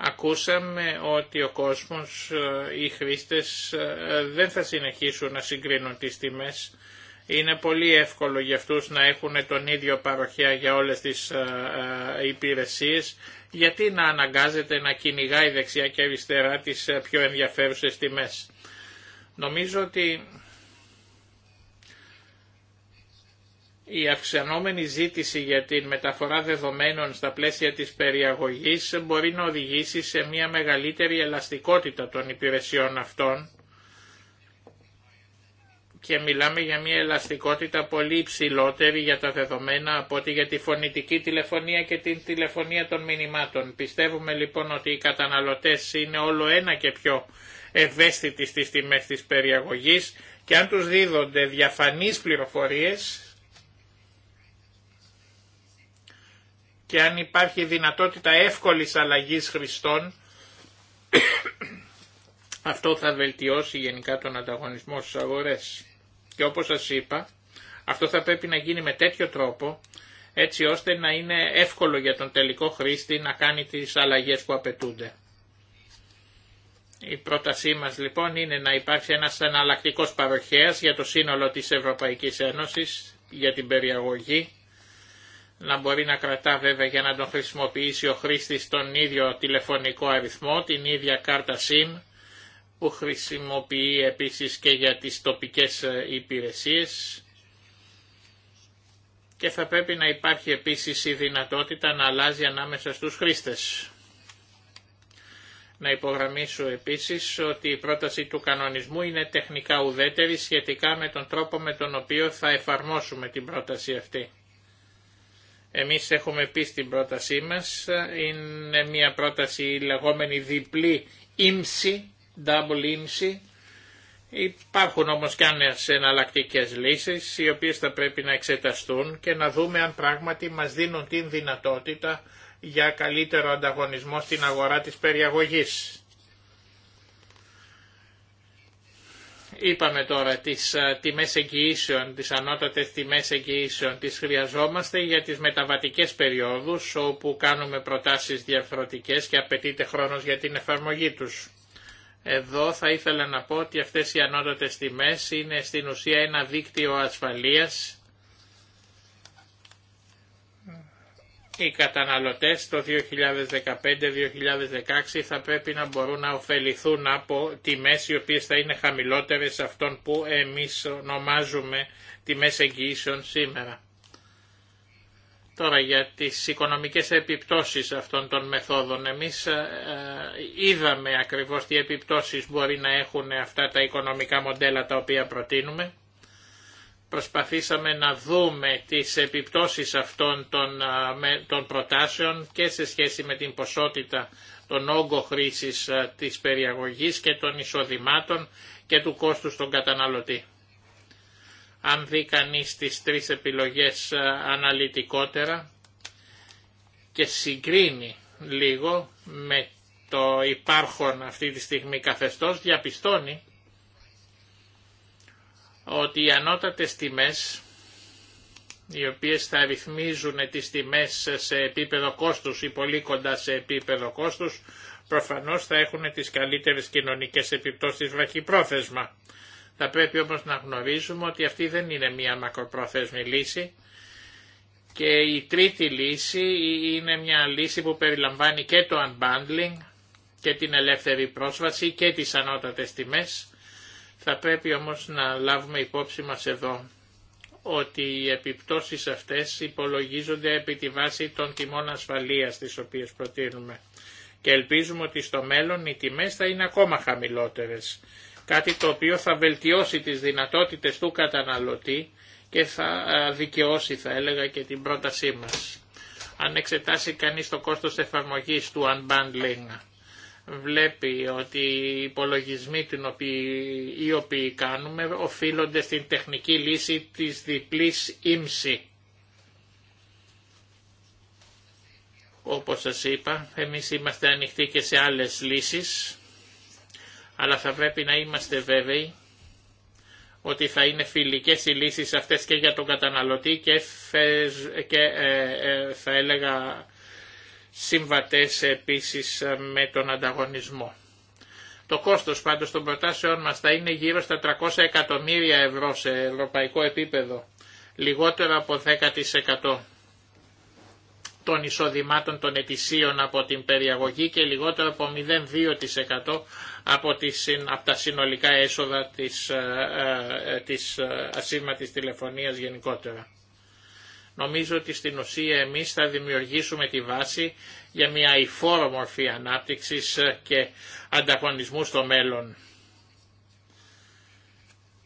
Ακούσαμε ότι ο κόσμος, ε, οι χρήστες ε, δεν θα συνεχίσουν να συγκρίνουν τις τιμές. Είναι πολύ εύκολο για αυτούς να έχουν τον ίδιο παροχέα για όλες τις ε, υπηρεσίες. Γιατί να αναγκάζεται να κυνηγάει δεξιά και αριστερά τις πιο ενδιαφέρουσες τιμές. Νομίζω ότι η αυξανόμενη ζήτηση για την μεταφορά δεδομένων στα πλαίσια της περιαγωγής μπορεί να οδηγήσει σε μια μεγαλύτερη ελαστικότητα των υπηρεσιών αυτών και μιλάμε για μια ελαστικότητα πολύ υψηλότερη για τα δεδομένα από ότι για τη φωνητική τηλεφωνία και την τηλεφωνία των μηνυμάτων. Πιστεύουμε λοιπόν ότι οι καταναλωτές είναι όλο ένα και πιο ευαίσθητοι στις τιμές της περιαγωγής και αν τους δίδονται διαφανείς πληροφορίες και αν υπάρχει δυνατότητα εύκολης αλλαγής χρηστών, αυτό θα βελτιώσει γενικά τον ανταγωνισμό στις αγορές. Και όπως σας είπα, αυτό θα πρέπει να γίνει με τέτοιο τρόπο, έτσι ώστε να είναι εύκολο για τον τελικό χρήστη να κάνει τις αλλαγές που απαιτούνται. Η πρότασή μας λοιπόν είναι να υπάρξει ένας εναλλακτικός παροχέας για το σύνολο της Ευρωπαϊκής Ένωσης για την περιαγωγή να μπορεί να κρατά βέβαια για να τον χρησιμοποιήσει ο χρήστης τον ίδιο τηλεφωνικό αριθμό, την ίδια κάρτα SIM που χρησιμοποιεί επίσης και για τις τοπικές ε, υπηρεσίες και θα πρέπει να υπάρχει επίσης η δυνατότητα να αλλάζει ανάμεσα στους χρήστες. Να υπογραμμίσω επίσης ότι η πρόταση του κανονισμού είναι τεχνικά ουδέτερη σχετικά με τον τρόπο με τον οποίο θα εφαρμόσουμε την πρόταση αυτή. Εμείς έχουμε πει στην πρότασή μας, είναι μια πρόταση λεγόμενη διπλή ύμση, double ύμση. Υπάρχουν όμως και άλλες εναλλακτικές λύσεις οι οποίες θα πρέπει να εξεταστούν και να δούμε αν πράγματι μας δίνουν την δυνατότητα για καλύτερο ανταγωνισμό στην αγορά της περιαγωγής. Είπαμε τώρα τις ε, τιμές εγγυήσεων, τις ανώτατες τιμές εγγυήσεων, τις χρειαζόμαστε για τις μεταβατικές περιόδους όπου κάνουμε προτάσεις διαφορετικές και απαιτείται χρόνος για την εφαρμογή τους. Εδώ θα ήθελα να πω ότι αυτές οι ανώτατες τιμές είναι στην ουσία ένα δίκτυο ασφαλείας οι καταναλωτές το 2015-2016 θα πρέπει να μπορούν να ωφεληθούν από τιμές οι οποίες θα είναι χαμηλότερες αυτών που εμείς ονομάζουμε τιμές εγγυήσεων σήμερα. Τώρα για τις οικονομικές επιπτώσεις αυτών των μεθόδων. Εμείς ε, ε, είδαμε ακριβώς τι επιπτώσεις μπορεί να έχουν αυτά τα οικονομικά μοντέλα τα οποία προτείνουμε. Προσπαθήσαμε να δούμε τις επιπτώσεις αυτών των, προτάσεων και σε σχέση με την ποσότητα των όγκο χρήσης της περιαγωγής και των εισοδημάτων και του κόστου στον καταναλωτή. Αν δει κανεί τις τρεις επιλογές αναλυτικότερα και συγκρίνει λίγο με το υπάρχον αυτή τη στιγμή καθεστώς, διαπιστώνει ότι οι ανώτατες τιμές οι οποίες θα ρυθμίζουν τις τιμές σε επίπεδο κόστους ή πολύ κοντά σε επίπεδο κόστους, προφανώς θα έχουν τις καλύτερες κοινωνικές επιπτώσεις βαχυπρόθεσμα. Θα πρέπει όμως να γνωρίζουμε ότι αυτή δεν είναι μια μακροπρόθεσμη λύση και η τρίτη λύση είναι μια λύση που περιλαμβάνει και το unbundling και την ελεύθερη πρόσβαση και τις ανώτατες τιμές θα πρέπει όμως να λάβουμε υπόψη μας εδώ ότι οι επιπτώσεις αυτές υπολογίζονται επί τη βάση των τιμών ασφαλείας τις οποίες προτείνουμε και ελπίζουμε ότι στο μέλλον οι τιμές θα είναι ακόμα χαμηλότερες, κάτι το οποίο θα βελτιώσει τις δυνατότητες του καταναλωτή και θα δικαιώσει θα έλεγα και την πρότασή μας. Αν εξετάσει κανείς το κόστος εφαρμογής του unbundling βλέπει ότι οι υπολογισμοί οι οποίοι κάνουμε οφείλονται στην τεχνική λύση της διπλής ύμση. Όπως σας είπα, εμείς είμαστε ανοιχτοί και σε άλλες λύσεις, αλλά θα πρέπει να είμαστε βέβαιοι ότι θα είναι φιλικές οι λύσεις αυτές και για τον καταναλωτή και ε, ε, θα έλεγα συμβατές επίσης ε, με τον ανταγωνισμό. Το κόστος πάντως των προτάσεων μας θα είναι γύρω στα 300 εκατομμύρια ευρώ σε ευρωπαϊκό επίπεδο, λιγότερο από 10% των εισοδημάτων των ετησίων από την περιαγωγή και λιγότερο από 0,2% από, τις, από τα συνολικά έσοδα της, ε, ε, της ασύρματης τηλεφωνίας γενικότερα. Νομίζω ότι στην ουσία εμείς θα δημιουργήσουμε τη βάση για μια υφόρο μορφή ανάπτυξης ε, και ανταγωνισμού στο μέλλον.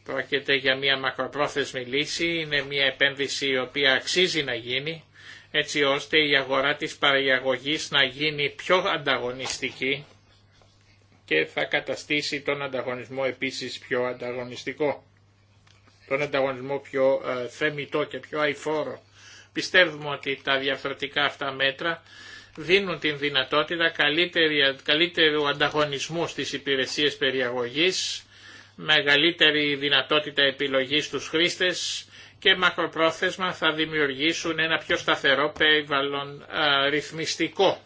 Πρόκειται για μια μακροπρόθεσμη λύση, είναι μια επένδυση η οποία αξίζει να γίνει, έτσι ώστε η αγορά της παραγωγής να γίνει πιο ανταγωνιστική και θα καταστήσει τον ανταγωνισμό επίσης πιο ανταγωνιστικό, τον ανταγωνισμό πιο ε, θεμητό και πιο αηφόρο. Πιστεύουμε ότι τα διαφορετικά αυτά μέτρα δίνουν την δυνατότητα καλύτερου ανταγωνισμού στις υπηρεσίες περιαγωγής, μεγαλύτερη δυνατότητα επιλογής στους χρήστες και μακροπρόθεσμα θα δημιουργήσουν ένα πιο σταθερό περιβαλλον ρυθμιστικό.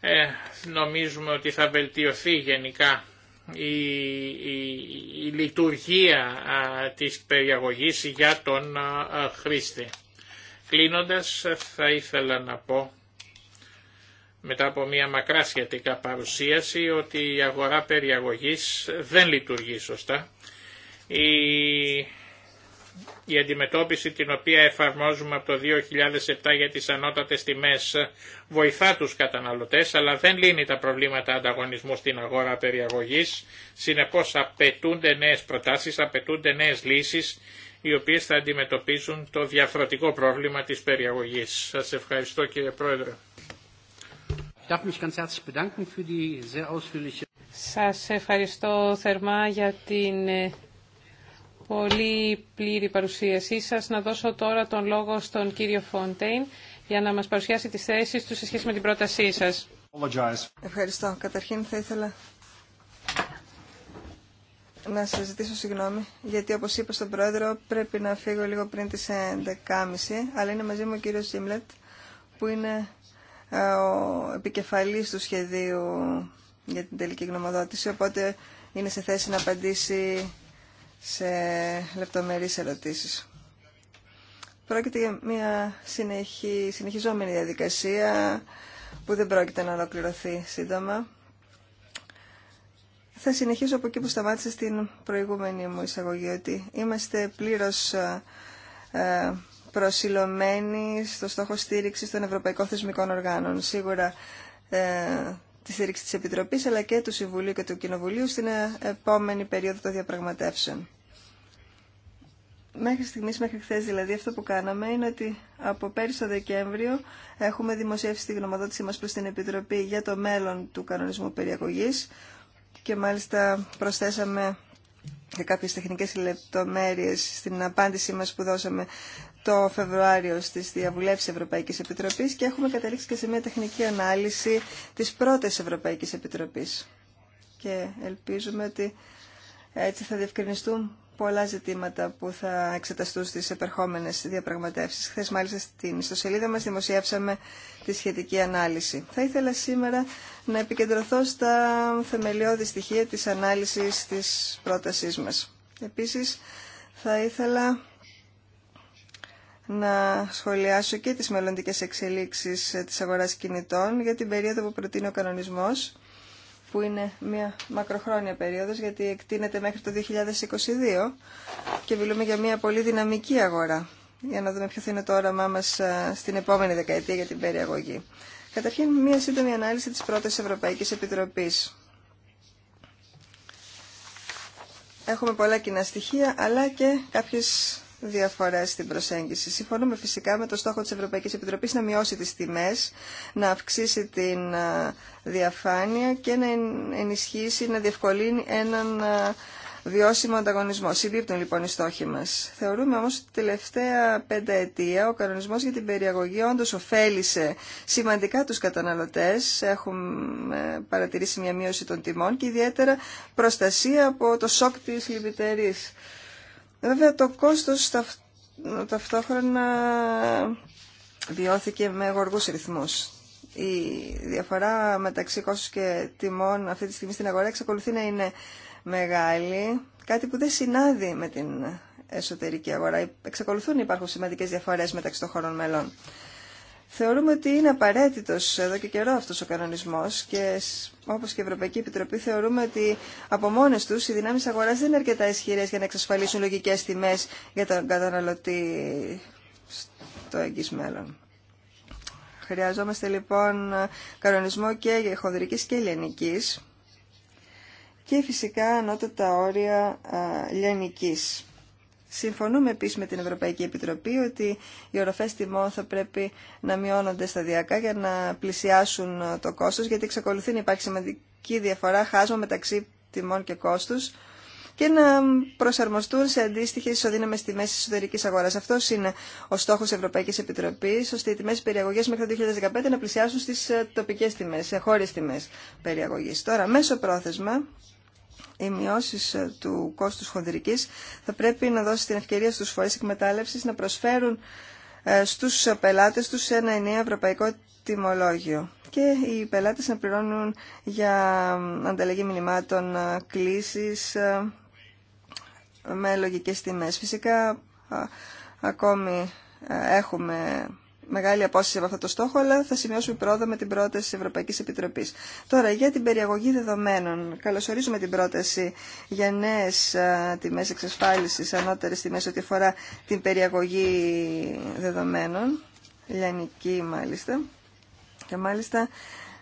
Ε, νομίζουμε ότι θα βελτιωθεί γενικά η, η, λειτουργία της περιαγωγής για τον χρήστη. Κλείνοντας θα ήθελα να πω μετά από μια μακρά σχετικά παρουσίαση ότι η αγορά περιαγωγής δεν λειτουργεί σωστά. Η, η αντιμετώπιση την οποία εφαρμόζουμε από το 2007 για τις ανώτατες τιμές βοηθά τους καταναλωτές αλλά δεν λύνει τα προβλήματα ανταγωνισμού στην αγορά περιαγωγής. Συνεπώς απαιτούνται νέες προτάσεις, απαιτούνται νέες λύσεις οι οποίες θα αντιμετωπίσουν το διαφορετικό πρόβλημα της περιαγωγής. Σας ευχαριστώ κύριε Πρόεδρε. Σας ευχαριστώ θερμά για την ε, πολύ πλήρη παρουσίασή σας. Να δώσω τώρα τον λόγο στον κύριο Φοντέιν για να μας παρουσιάσει τις θέσεις του σε σχέση με την πρότασή σας. Ευχαριστώ. Καταρχήν θα ήθελα να σας ζητήσω συγγνώμη, γιατί όπως είπα στον πρόεδρο πρέπει να φύγω λίγο πριν τις 11.30, αλλά είναι μαζί μου ο κύριος Σίμλετ, που είναι ε, ο επικεφαλής του σχεδίου για την τελική γνωμοδότηση, οπότε είναι σε θέση να απαντήσει σε λεπτομερείς ερωτήσεις. Πρόκειται για μια συνεχιζόμενη διαδικασία που δεν πρόκειται να ολοκληρωθεί σύντομα. Θα συνεχίσω από εκεί που σταμάτησα στην προηγούμενη μου εισαγωγή, ότι είμαστε πλήρως ε, ε, προσιλωμένοι στο στόχο στήριξης των Ευρωπαϊκών Θεσμικών Οργάνων. Σίγουρα ε, τη στήριξη της Επιτροπής, αλλά και του Συμβουλίου και του Κοινοβουλίου στην επόμενη περίοδο των διαπραγματεύσεων. Μέχρι στιγμής, μέχρι χθε δηλαδή, αυτό που κάναμε είναι ότι από πέρυσι το Δεκέμβριο έχουμε δημοσιεύσει τη γνωμοδότησή μας προς την Επιτροπή για το μέλλον του κανονισμού περιαγωγής, και μάλιστα προσθέσαμε και κάποιες τεχνικές λεπτομέρειες στην απάντησή μας που δώσαμε το Φεβρουάριο στις διαβουλεύσεις Ευρωπαϊκής Επιτροπής και έχουμε καταλήξει και σε μια τεχνική ανάλυση της πρώτης Ευρωπαϊκής Επιτροπής. Και ελπίζουμε ότι έτσι θα διευκρινιστούν πολλά ζητήματα που θα εξεταστούν στις επερχόμενες διαπραγματεύσεις. Χθες μάλιστα στην ιστοσελίδα μας δημοσιεύσαμε τη σχετική ανάλυση. Θα ήθελα σήμερα να επικεντρωθώ στα θεμελιώδη στοιχεία της ανάλυσης της πρότασής μας. Επίσης θα ήθελα να σχολιάσω και τις μελλοντικές εξελίξεις ε, της αγοράς κινητών για την περίοδο που προτείνει ο κανονισμός που είναι μια μακροχρόνια περίοδος γιατί εκτείνεται μέχρι το 2022 και μιλούμε για μια πολύ δυναμική αγορά. Για να δούμε ποιο θα είναι το όραμά μας ε, στην επόμενη δεκαετία για την περιαγωγή. Καταρχήν μια σύντομη ανάλυση της πρώτης Ευρωπαϊκής Επιτροπής. Έχουμε πολλά κοινά στοιχεία αλλά και κάποιες Διαφορέ στην προσέγγιση. Συμφωνούμε φυσικά με το στόχο τη Ευρωπαϊκή Επιτροπή να μειώσει τι τιμέ, να αυξήσει την διαφάνεια και να ενισχύσει, να διευκολύνει έναν βιώσιμο ανταγωνισμό. Συμπίπτουν λοιπόν οι στόχοι μα. Θεωρούμε όμω ότι τελευταία πέντε ετία ο κανονισμό για την περιαγωγή όντω ωφέλησε σημαντικά του καταναλωτέ. Έχουμε παρατηρήσει μια μείωση των τιμών και ιδιαίτερα προστασία από το σοκ τη λιμπητερή. Βέβαια το κόστος ταυτόχρονα βιώθηκε με γοργούς ρυθμούς. Η διαφορά μεταξύ κόστος και τιμών αυτή τη στιγμή στην αγορά εξακολουθεί να είναι μεγάλη, κάτι που δεν συνάδει με την εσωτερική αγορά. Εξακολουθούν να υπάρχουν σημαντικές διαφορές μεταξύ των χωρών μελών. Θεωρούμε ότι είναι απαραίτητος εδώ και καιρό αυτός ο κανονισμό. και όπως και η Ευρωπαϊκή Επιτροπή θεωρούμε ότι από μόνε τους οι δυνάμει αγοράς δεν είναι αρκετά ισχυρέ για να εξασφαλίσουν λογικές τιμέ για τον καταναλωτή στο εγγύ μέλλον. Χρειαζόμαστε λοιπόν κανονισμό και χονδρική και ελληνικής και φυσικά ανώτατα όρια λιανικής. Συμφωνούμε επίσης με την Ευρωπαϊκή Επιτροπή ότι οι οροφές τιμών θα πρέπει να μειώνονται σταδιακά για να πλησιάσουν το κόστος, γιατί εξακολουθεί να υπάρχει σημαντική διαφορά χάσμα μεταξύ τιμών και κόστους και να προσαρμοστούν σε αντίστοιχε ισοδύναμε τιμέ τη εσωτερική αγορά. Αυτό είναι ο στόχο Ευρωπαϊκή Επιτροπή, ώστε οι τιμέ περιαγωγή μέχρι το 2015 να πλησιάσουν στι ε, τοπικέ τιμέ, σε χώρε τιμέ περιαγωγή. Τώρα, μέσω πρόθεσμα, οι μειώσει ε, του κόστου χονδρικής θα πρέπει να δώσει την ευκαιρία στους φορείς εκμετάλλευση να προσφέρουν ε, στους πελάτες τους ένα ενιαίο ευρωπαϊκό τιμολόγιο και οι πελάτες να πληρώνουν για ανταλλαγή μηνυμάτων ε, κλήσεις με λογικές τιμές. Φυσικά ακόμη έχουμε μεγάλη απόσταση από αυτό το στόχο, αλλά θα σημειώσουμε πρόοδο με την πρόταση τη Ευρωπαϊκή Επιτροπή. Τώρα, για την περιαγωγή δεδομένων. Καλωσορίζουμε την πρόταση για νέε τιμέ εξασφάλιση, ανώτερε τιμέ ό,τι αφορά την περιαγωγή δεδομένων. Λιανική, μάλιστα. Και μάλιστα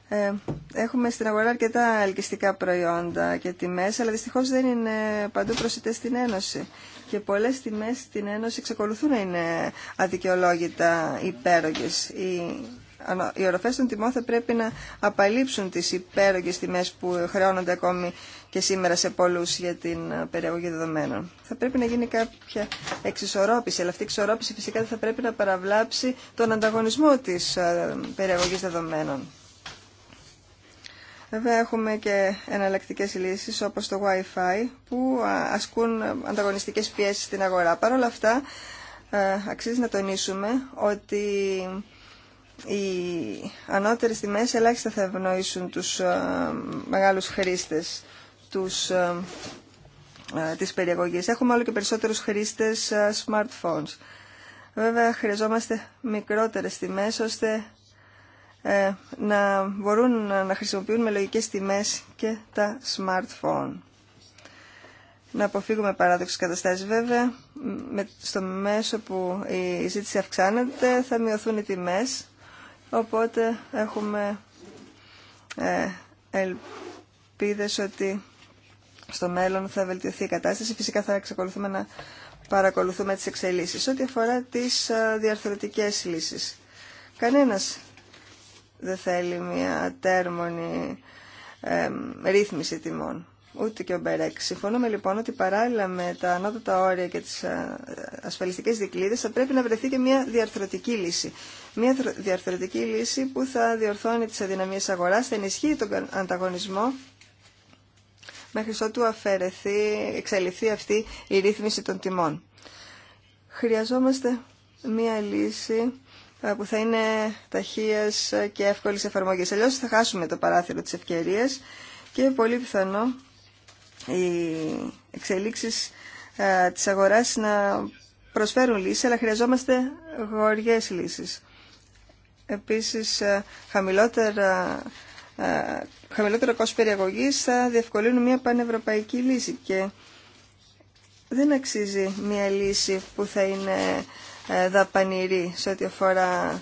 ε, έχουμε στην αγορά αρκετά ελκυστικά προϊόντα και τιμές, αλλά δυστυχώς δεν είναι παντού προσιτές στην Ένωση και πολλές τιμές στην Ένωση εξακολουθούν να είναι αδικαιολόγητα υπέρογες. Οι, οι οροφές των τιμών θα πρέπει να απαλείψουν τις υπέρογες τιμές που χρεώνονται ακόμη και σήμερα σε πολλούς για την περιαγωγή δεδομένων. Θα πρέπει να γίνει κάποια εξισορρόπηση, αλλά αυτή η εξισορρόπηση φυσικά θα πρέπει να παραβλάψει τον ανταγωνισμό της ε, περιαγωγής δεδομένων. Βέβαια έχουμε και εναλλακτικέ λύσεις όπως το Wi-Fi που ασκούν ανταγωνιστικές πιέσεις στην αγορά. Παρ' όλα αυτά ε, αξίζει να τονίσουμε ότι οι ανώτερες τιμές ελάχιστα θα ευνοήσουν τους ε, μεγάλους χρήστες τους, ε, της Έχουμε όλο και περισσότερους χρήστες smartphones. Βέβαια χρειαζόμαστε μικρότερες τιμές ώστε ε, να μπορούν να χρησιμοποιούν με λογικές τιμές και τα smartphone. Να αποφύγουμε παράδοξες καταστάσεις βέβαια. Με, στο μέσο που η ζήτηση αυξάνεται θα μειωθούν οι τιμές. Οπότε έχουμε ε, ελπίδες ότι στο μέλλον θα βελτιωθεί η κατάσταση. Φυσικά θα εξακολουθούμε να παρακολουθούμε τις εξελίσεις. Ό,τι αφορά τις ε, διαρθρωτικές λύσεις. Κανένας δεν θέλει μια τέρμονη ρύθμιση τιμών. Ούτε και ο Μπερέκ. Συμφωνούμε λοιπόν ότι παράλληλα με τα ανώτατα όρια και τις ε, ασφαλιστικές δικλείδε θα πρέπει να βρεθεί και μια διαρθρωτική λύση. Μια διαρθρωτική λύση που θα διορθώνει τις αδυναμίες αγοράς, θα ενισχύει τον ανταγωνισμό μέχρι ότου αφαιρεθεί, εξαλειφθεί αυτή η ρύθμιση των τιμών. Χρειαζόμαστε μια λύση ε, που θα είναι ταχεία και εύκολη εφαρμογή. Αλλιώ θα χάσουμε το παράθυρο τη ευκαιρία και πολύ πιθανό οι εξελίξεις ε, της αγοράς να προσφέρουν λύσεις, αλλά χρειαζόμαστε γοργές λύσεις. Επίση, ε, χαμηλότερα, χαμηλότερο κόστος περιαγωγής θα διευκολύνουν μια πανευρωπαϊκή λύση και δεν αξίζει μια λύση που θα είναι ε, δαπανηρή σε ό,τι αφορά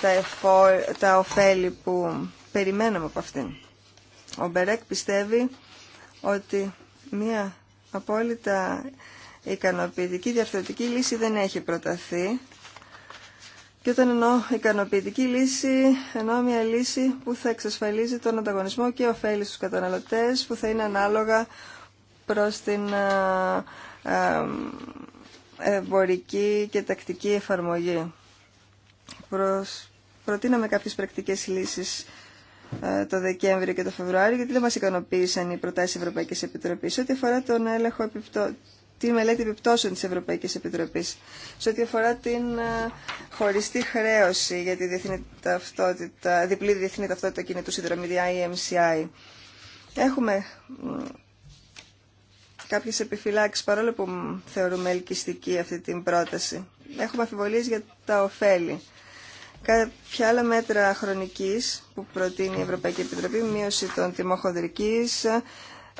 τα, τα ωφέλη που περιμέναμε από αυτήν. Ο Μπερέκ πιστεύει ότι μία απόλυτα ικανοποιητική διαρθρωτική λύση δεν έχει προταθεί και όταν εννοώ ικανοποιητική λύση, εννοώ μια λύση που θα εξασφαλίζει τον ανταγωνισμό και ωφέλη στους καταναλωτές που θα είναι ανάλογα προς την ε, ε, εμπορική και τακτική εφαρμογή. Προς... Προτείναμε κάποιες πρακτικές λύσεις ε, το Δεκέμβριο και το Φεβρουάριο, γιατί δεν μας ικανοποίησαν οι προτάσεις Ευρωπαϊκής Επιτροπής. Ό,τι αφορά τον έλεγχο επιπτώ... τη μελέτη επιπτώσεων της Ευρωπαϊκής Επιτροπής, σε ό,τι αφορά την ε, χωριστή χρέωση για τη διεθνή ταυτότητα, διπλή διεθνή ταυτότητα κινητού η IMCI. Έχουμε κάποιες επιφυλάξεις, παρόλο που θεωρούμε ελκυστική αυτή την πρόταση. Έχουμε αφιβολίες για τα ωφέλη. Κάποια άλλα μέτρα χρονικής που προτείνει η Ευρωπαϊκή Επιτροπή, μείωση των τιμοχονδρικής,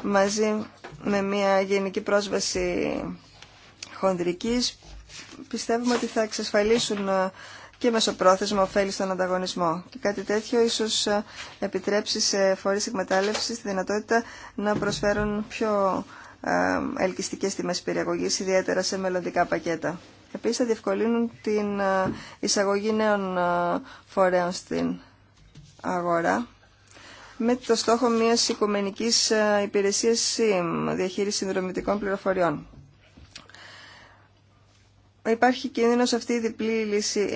μαζί με μια γενική πρόσβαση χονδρικής, πιστεύουμε ότι θα εξασφαλίσουν ε, και μεσοπρόθεσμα ωφέλη στον ανταγωνισμό. Και κάτι τέτοιο ίσως ε, επιτρέψει σε φορείς εκμετάλλευσης τη δυνατότητα να προσφέρουν πιο ε, ελκυστικές τιμές περιαγωγής, ιδιαίτερα σε μελλοντικά πακέτα. Επίσης θα διευκολύνουν την ε, εισαγωγή νέων ε, φορέων στην αγορά με το στόχο μιας οικουμενικής υπηρεσίας SIM, διαχείριση συνδρομητικών πληροφοριών. Υπάρχει κίνδυνος αυτή η διπλή λύση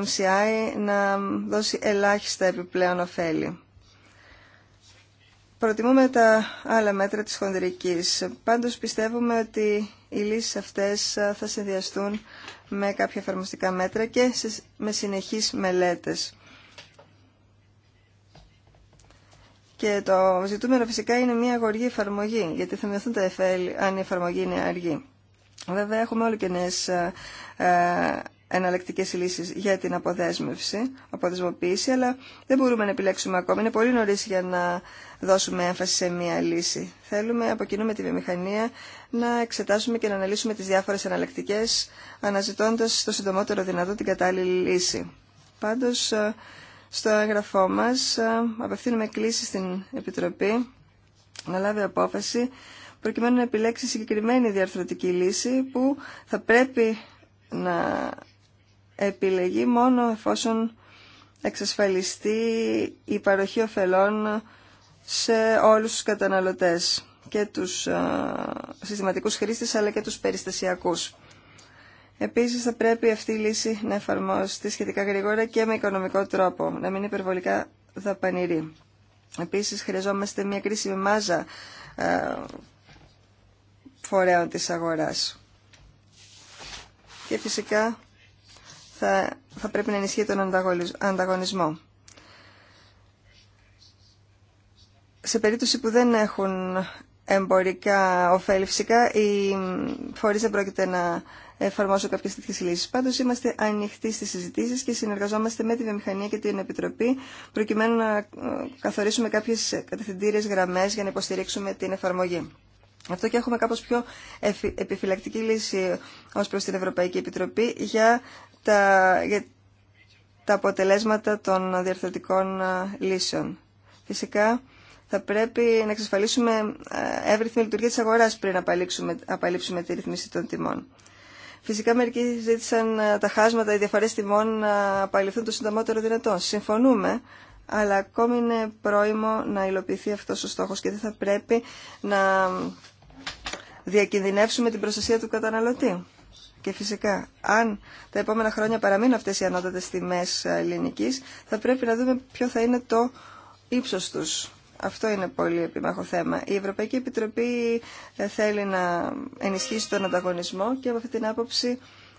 MCI να δώσει ελάχιστα επιπλέον ωφέλη. Προτιμούμε τα άλλα μέτρα της χονδρικής. Πάντως πιστεύουμε ότι οι λύσεις αυτές θα συνδυαστούν με κάποια εφαρμοστικά μέτρα και με συνεχείς μελέτες. Και το ζητούμενο φυσικά είναι μια αγοργή εφαρμογή, γιατί θα μειωθούν τα εφέλη αν η εφαρμογή είναι αργή. Βέβαια έχουμε όλο και νέες ε, ε, εναλλακτικέ λύσει για την αποδέσμευση, αποδεσμοποίηση, αλλά δεν μπορούμε να επιλέξουμε ακόμα. Είναι πολύ για να δώσουμε έμφαση σε μία λύση. Θέλουμε από κοινού με τη βιομηχανία να εξετάσουμε και να αναλύσουμε τις διάφορες αναλεκτικές αναζητώντας το συντομότερο δυνατό την κατάλληλη λύση. Πάντως, ε, στο έγγραφό μας ε, απευθύνουμε κλίση στην Επιτροπή να λάβει απόφαση προκειμένου να επιλέξει συγκεκριμένη διαρθρωτική λύση που θα πρέπει να επιλεγεί μόνο εφόσον εξασφαλιστεί η παροχή ωφελών σε όλους τους καταναλωτές και τους ε, συστηματικούς χρήστες αλλά και τους περιστασιακούς. Επίσης θα πρέπει αυτή η λύση να εφαρμόσει σχετικά γρήγορα και με οικονομικό τρόπο, να μην είναι υπερβολικά δαπανηρή. Επίσης χρειαζόμαστε μια κρίσιμη μάζα ε, φορέων της αγοράς. Και φυσικά θα, θα πρέπει να ενισχύει τον ανταγωνισμό. σε περίπτωση που δεν έχουν εμπορικά ωφέλη φυσικά, οι φορεί δεν πρόκειται να εφαρμόσουν κάποιε τέτοιε λύσει. Πάντω, είμαστε ανοιχτοί στι συζητήσει και συνεργαζόμαστε με τη βιομηχανία και την Επιτροπή προκειμένου να ε, καθορίσουμε κάποιε κατευθυντήριε γραμμέ για να υποστηρίξουμε την εφαρμογή. Αυτό και έχουμε κάπως πιο επιφυλακτική λύση ως προς την Ευρωπαϊκή Επιτροπή για τα, τα αποτελέσματα των διαρθρωτικών ε, λύσεων. Φυσικά θα πρέπει να εξασφαλίσουμε ε, εύρυθμη λειτουργία της αγοράς πριν απαλείψουμε, τη ρυθμίση των τιμών. Φυσικά μερικοί ζήτησαν ε, τα χάσματα, οι διαφορές τιμών να απαλληφθούν το συντομότερο δυνατόν. Συμφωνούμε, αλλά ακόμη είναι πρόημο να υλοποιηθεί αυτός ο στόχος και δεν θα πρέπει να διακινδυνεύσουμε την προστασία του καταναλωτή. Και φυσικά, αν τα επόμενα χρόνια παραμείνουν αυτές οι ανώτατες τιμές ε, ελληνικής, θα πρέπει να δούμε ποιο θα είναι το ύψος τους. Αυτό είναι πολύ επιμαχό θέμα. Η Ευρωπαϊκή Επιτροπή ε, θέλει να ενισχύσει τον ανταγωνισμό και από αυτή την άποψη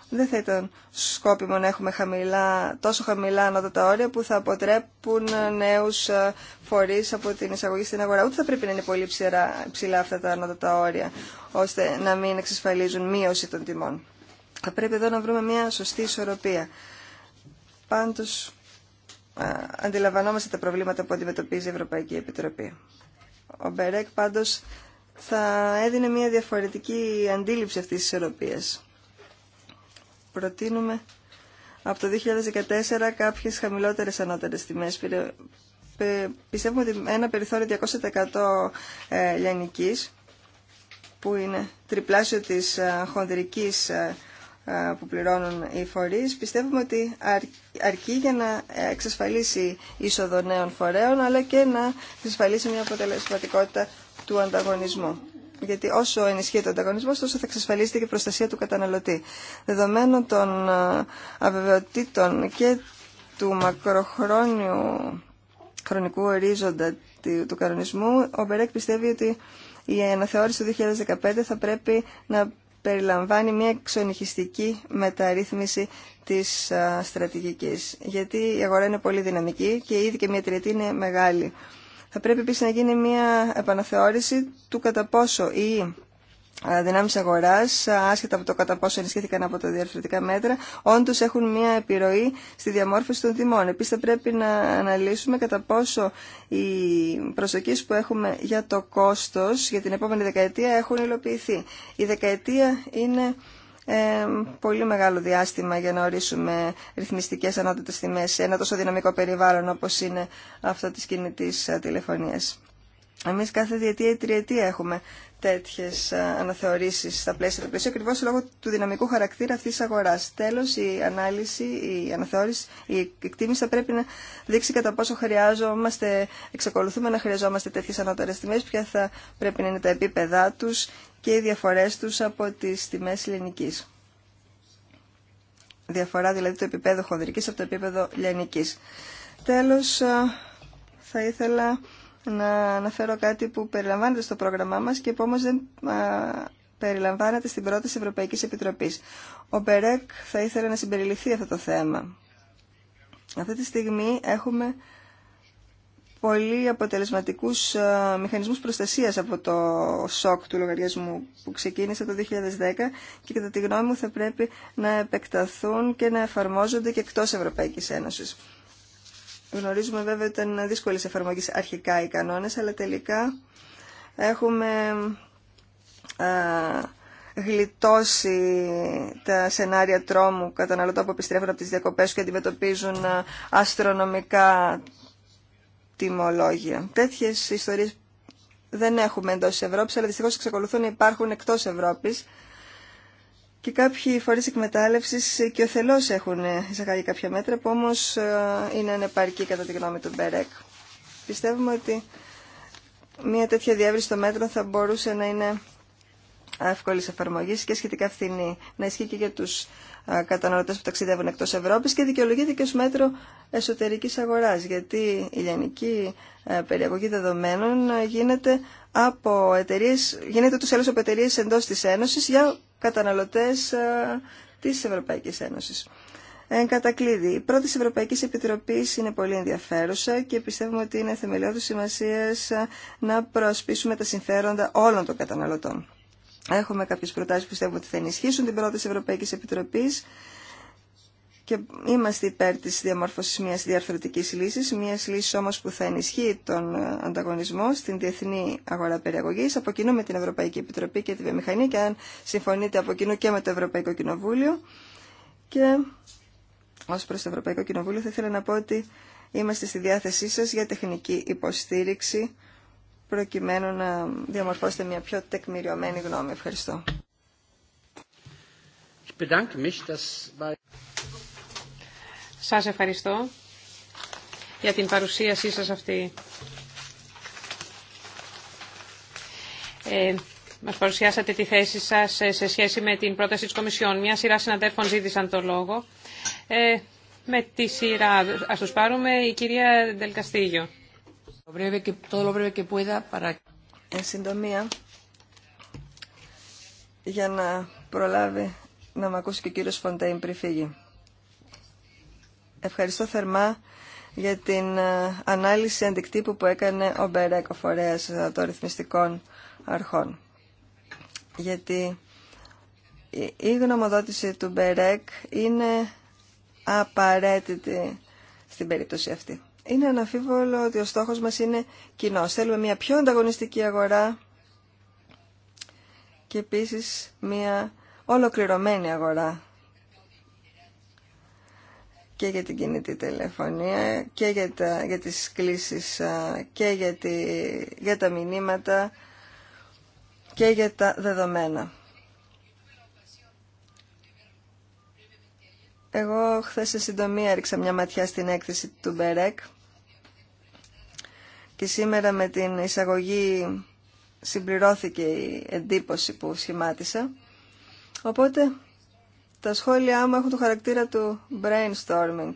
δεν θα ήταν σκόπιμο να έχουμε χαμηλά, τόσο χαμηλά ανώτατα όρια που θα αποτρέπουν ε, νέους ε, φορεί από την εισαγωγή στην αγορά. Ούτε θα πρέπει να είναι πολύ ψηλά, ψηλά αυτά τα ανώτατα όρια, ώστε να μην εξασφαλίζουν μείωση των τιμών. Θα πρέπει εδώ να βρούμε μια σωστή ισορροπία. Πάντως, αντιλαμβανόμαστε τα προβλήματα που αντιμετωπίζει η Ευρωπαϊκή Επιτροπή. Ο Μπερέκ πάντως θα έδινε μια διαφορετική αντίληψη αυτής της ισορροπίας. Προτείνουμε από το 2014 κάποιες χαμηλότερες ανώτερες τιμές. Πιστεύουμε ότι ένα περιθώριο 200% ε, λιανικής, που είναι τριπλάσιο της ε, χονδρικής ε, ε, που πληρώνουν οι φορείς πιστεύουμε ότι αρκεί για να εξασφαλίσει είσοδο νέων φορέων αλλά και να εξασφαλίσει μια αποτελεσματικότητα του ανταγωνισμού. Γιατί όσο ενισχύεται ο ανταγωνισμό, τόσο θα εξασφαλίσει και η προστασία του καταναλωτή. Δεδομένων των ε, αβεβαιοτήτων και του μακροχρόνιου χρονικού ορίζοντα του κανονισμού, ο Μπερέκ πιστεύει ότι η αναθεώρηση του 2015 θα πρέπει να περιλαμβάνει μια ξενυχιστική μεταρρύθμιση της στρατηγικής. Γιατί η αγορά είναι πολύ δυναμική και ήδη και μια τριετή είναι μεγάλη. Θα πρέπει επίσης να γίνει μια επαναθεώρηση του κατά πόσο η ε, δυνάμει αγορά, ε, άσχετα από το κατά πόσο ενισχύθηκαν από τα διαρθρωτικά μέτρα, όντω έχουν μια επιρροή στη διαμόρφωση των τιμών. Επίση θα πρέπει να αναλύσουμε κατά πόσο οι προσδοκίε που έχουμε για το κόστος για την επόμενη δεκαετία έχουν υλοποιηθεί. Η δεκαετία είναι ε, πολύ μεγάλο διάστημα για να ορίσουμε ρυθμιστικέ ανώτατε τιμέ σε ένα τόσο δυναμικό περιβάλλον όπω είναι αυτό τη κινητή ε, τηλεφωνία. Εμείς κάθε διετία ή τριετία έχουμε τέτοιες ε, αναθεωρήσεις στα πλαίσια του πλαίσιου, ακριβώ λόγω του δυναμικού χαρακτήρα αυτής της αγοράς. Τέλος, η ανάλυση, η αναθεώρηση, η εκτίμηση θα πρέπει να δείξει κατά πόσο χρειάζομαστε, εξακολουθούμε να χρειαζόμαστε τέτοιες ανώτερες τιμές, ποια θα πρέπει να είναι τα επίπεδά τους και οι διαφορές τους από τις τιμές ελληνικής. Διαφορά δηλαδή του επίπεδου χονδρικής από το επίπεδο λιανικής. Τέλος, ε, θα ήθελα να αναφέρω κάτι που περιλαμβάνεται στο πρόγραμμά μας και που όμως δεν περιλαμβάνεται στην πρόταση Ευρωπαϊκής Επιτροπής. Ο Μπερέκ θα ήθελε να συμπεριληφθεί αυτό το θέμα. Αυτή τη στιγμή έχουμε πολύ αποτελεσματικούς μηχανισμούς προστασίας από το σοκ του λογαριασμού που ξεκίνησε το 2010 και κατά τη γνώμη μου θα πρέπει να επεκταθούν και να εφαρμόζονται και εκτός Ευρωπαϊκής Ένωσης. Γνωρίζουμε βέβαια ότι ήταν δύσκολη εφαρμογή αρχικά οι κανόνες, αλλά τελικά έχουμε α, γλιτώσει τα σενάρια τρόμου καταναλωτών που επιστρέφουν από τις διακοπές και αντιμετωπίζουν αστρονομικά τιμολόγια. Τέτοιες ιστορίες δεν έχουμε εντός της Ευρώπης, αλλά δυστυχώς εξακολουθούν να υπάρχουν εκτός Ευρώπης και κάποιοι φορείς εκμετάλλευσης και ο θελό έχουν εισαγάγει κάποια μέτρα που όμως ε, είναι ανεπαρκή κατά τη γνώμη του Μπερέκ. Πιστεύουμε ότι μια τέτοια διεύρυνση των μέτρων θα μπορούσε να είναι εύκολη εφαρμογή και σχετικά φθηνή. Να ισχύει και για του ε, καταναλωτέ που ταξιδεύουν εκτό Ευρώπη και δικαιολογείται και ω μέτρο εσωτερική αγορά. Γιατί η λιανική ε, περιαγωγή δεδομένων γίνεται από εταιρείε, γίνεται του άλλου από εταιρείε εντό τη Ένωση για καταναλωτές ε, της Ευρωπαϊκής Ένωσης. Εν κατακλείδη, η πρώτη Ευρωπαϊκή Επιτροπή είναι πολύ ενδιαφέρουσα και πιστεύουμε ότι είναι θεμελιώδη σημασία ε, να προασπίσουμε τα συμφέροντα όλων των καταναλωτών. Έχουμε κάποιε προτάσει που πιστεύουμε ότι θα ενισχύσουν την πρώτη Ευρωπαϊκή Επιτροπή και είμαστε υπέρ της διαμόρφωσης μιας διαρθρωτικής λύσης, μιας λύσης όμως που θα ενισχύει τον ε, ανταγωνισμό στην διεθνή αγορά περιαγωγής, από κοινού με την Ευρωπαϊκή Επιτροπή και τη Βιομηχανία και αν συμφωνείτε από κοινού και με το Ευρωπαϊκό Κοινοβούλιο. Και ως προς το Ευρωπαϊκό Κοινοβούλιο θα ήθελα να πω ότι είμαστε στη διάθεσή σας για τεχνική υποστήριξη προκειμένου να διαμορφώσετε μια πιο τεκμηριωμένη γνώμη. Ευχαριστώ. Σας ευχαριστώ για την παρουσίασή σας αυτή. Ε, μας παρουσιάσατε τη θέση σας ε, σε σχέση με την πρόταση της Κομισιόν. Μια σειρά συναντέρφων ζήτησαν το λόγο. Ε, με τη σειρά, ας τους πάρουμε, η κυρία Δελκαστήγιο. Εν συντομία, για να προλάβει να μ' ακούσει και ο κύριος Φοντέιν πριν φύγει ευχαριστώ θερμά για την ε, ανάλυση αντικτύπου που έκανε ο ο Φορέας ε, των Ρυθμιστικών Αρχών. Γιατί η γνωμοδότηση του Μπερέκ είναι απαραίτητη στην περίπτωση αυτή. Είναι αναφίβολο ότι ο στόχος μας είναι κοινό. Θέλουμε μια πιο ανταγωνιστική αγορά και επίσης μια ολοκληρωμένη αγορά και για την κινητή τηλεφωνία και για, τα, για τις κλήσεις και για, τη, για τα μηνύματα και για τα δεδομένα. Εγώ χθε σε συντομία έριξα μια ματιά στην έκθεση του Μπερέκ και σήμερα με την εισαγωγή συμπληρώθηκε η εντύπωση που σχημάτισα. Οπότε τα σχόλιά μου έχουν το χαρακτήρα του brainstorming.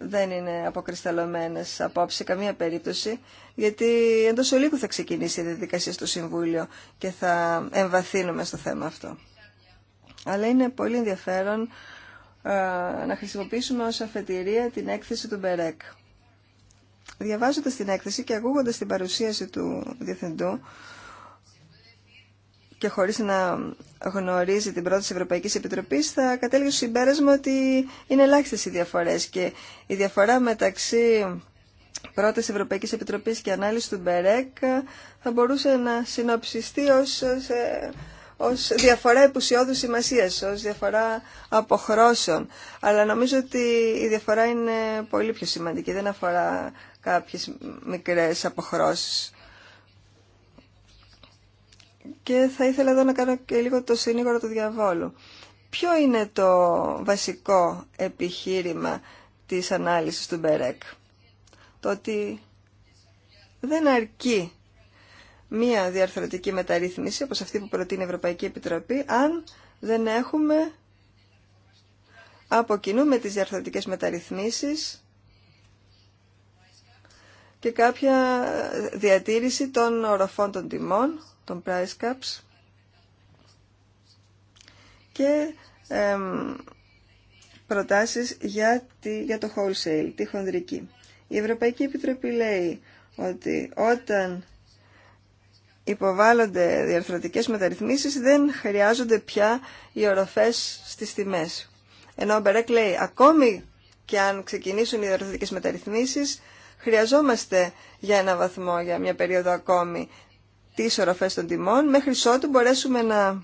Δεν είναι αποκρισταλωμένες απόψε, καμία περίπτωση, γιατί εντός ολίγου θα ξεκινήσει η διαδικασία στο Συμβούλιο και θα εμβαθύνουμε στο θέμα αυτό. Αλλά είναι πολύ ενδιαφέρον να χρησιμοποιήσουμε ως αφετηρία την έκθεση του Μπερέκ. Διαβάζοντας την έκθεση και ακούγοντας την παρουσίαση του Διευθυντού, και χωρίς να γνωρίζει την πρόταση Ευρωπαϊκής Επιτροπής θα κατέληγε στο συμπέρασμα ότι είναι ελάχιστε οι διαφορές και η διαφορά μεταξύ πρόταση Ευρωπαϊκής Επιτροπής και ανάλυση του Μπερέκ θα μπορούσε να συνοψιστεί ως, ως διαφορά επουσιώδου σημασία, ως διαφορά αποχρώσεων. Αλλά νομίζω ότι η διαφορά είναι πολύ πιο σημαντική, δεν αφορά κάποιες μικρές αποχρώσεις. Και θα ήθελα εδώ να κάνω και λίγο το συνήγορο του διαβόλου. Ποιο είναι το βασικό επιχείρημα της ανάλυσης του Μπερέκ. Το ότι δεν αρκεί μία διαρθρωτική μεταρρύθμιση, όπως αυτή που προτείνει η Ευρωπαϊκή Επιτροπή, αν δεν έχουμε από κοινού με τις διαρθρωτικές μεταρρυθμίσεις και κάποια διατήρηση των οροφών των τιμών, των price caps και ε, προτάσεις για, τη, για το wholesale, τη χονδρική. Η Ευρωπαϊκή Επιτροπή λέει ότι όταν υποβάλλονται διαρθρωτικές μεταρρυθμίσεις δεν χρειάζονται πια οι οροφές στις τιμές. Ενώ ο Μπερέκ λέει ακόμη και αν ξεκινήσουν οι διαρθρωτικές μεταρρυθμίσεις χρειαζόμαστε για ένα βαθμό, για μια περίοδο ακόμη τις οροφές των τιμών, μέχρι ότου μπορέσουμε να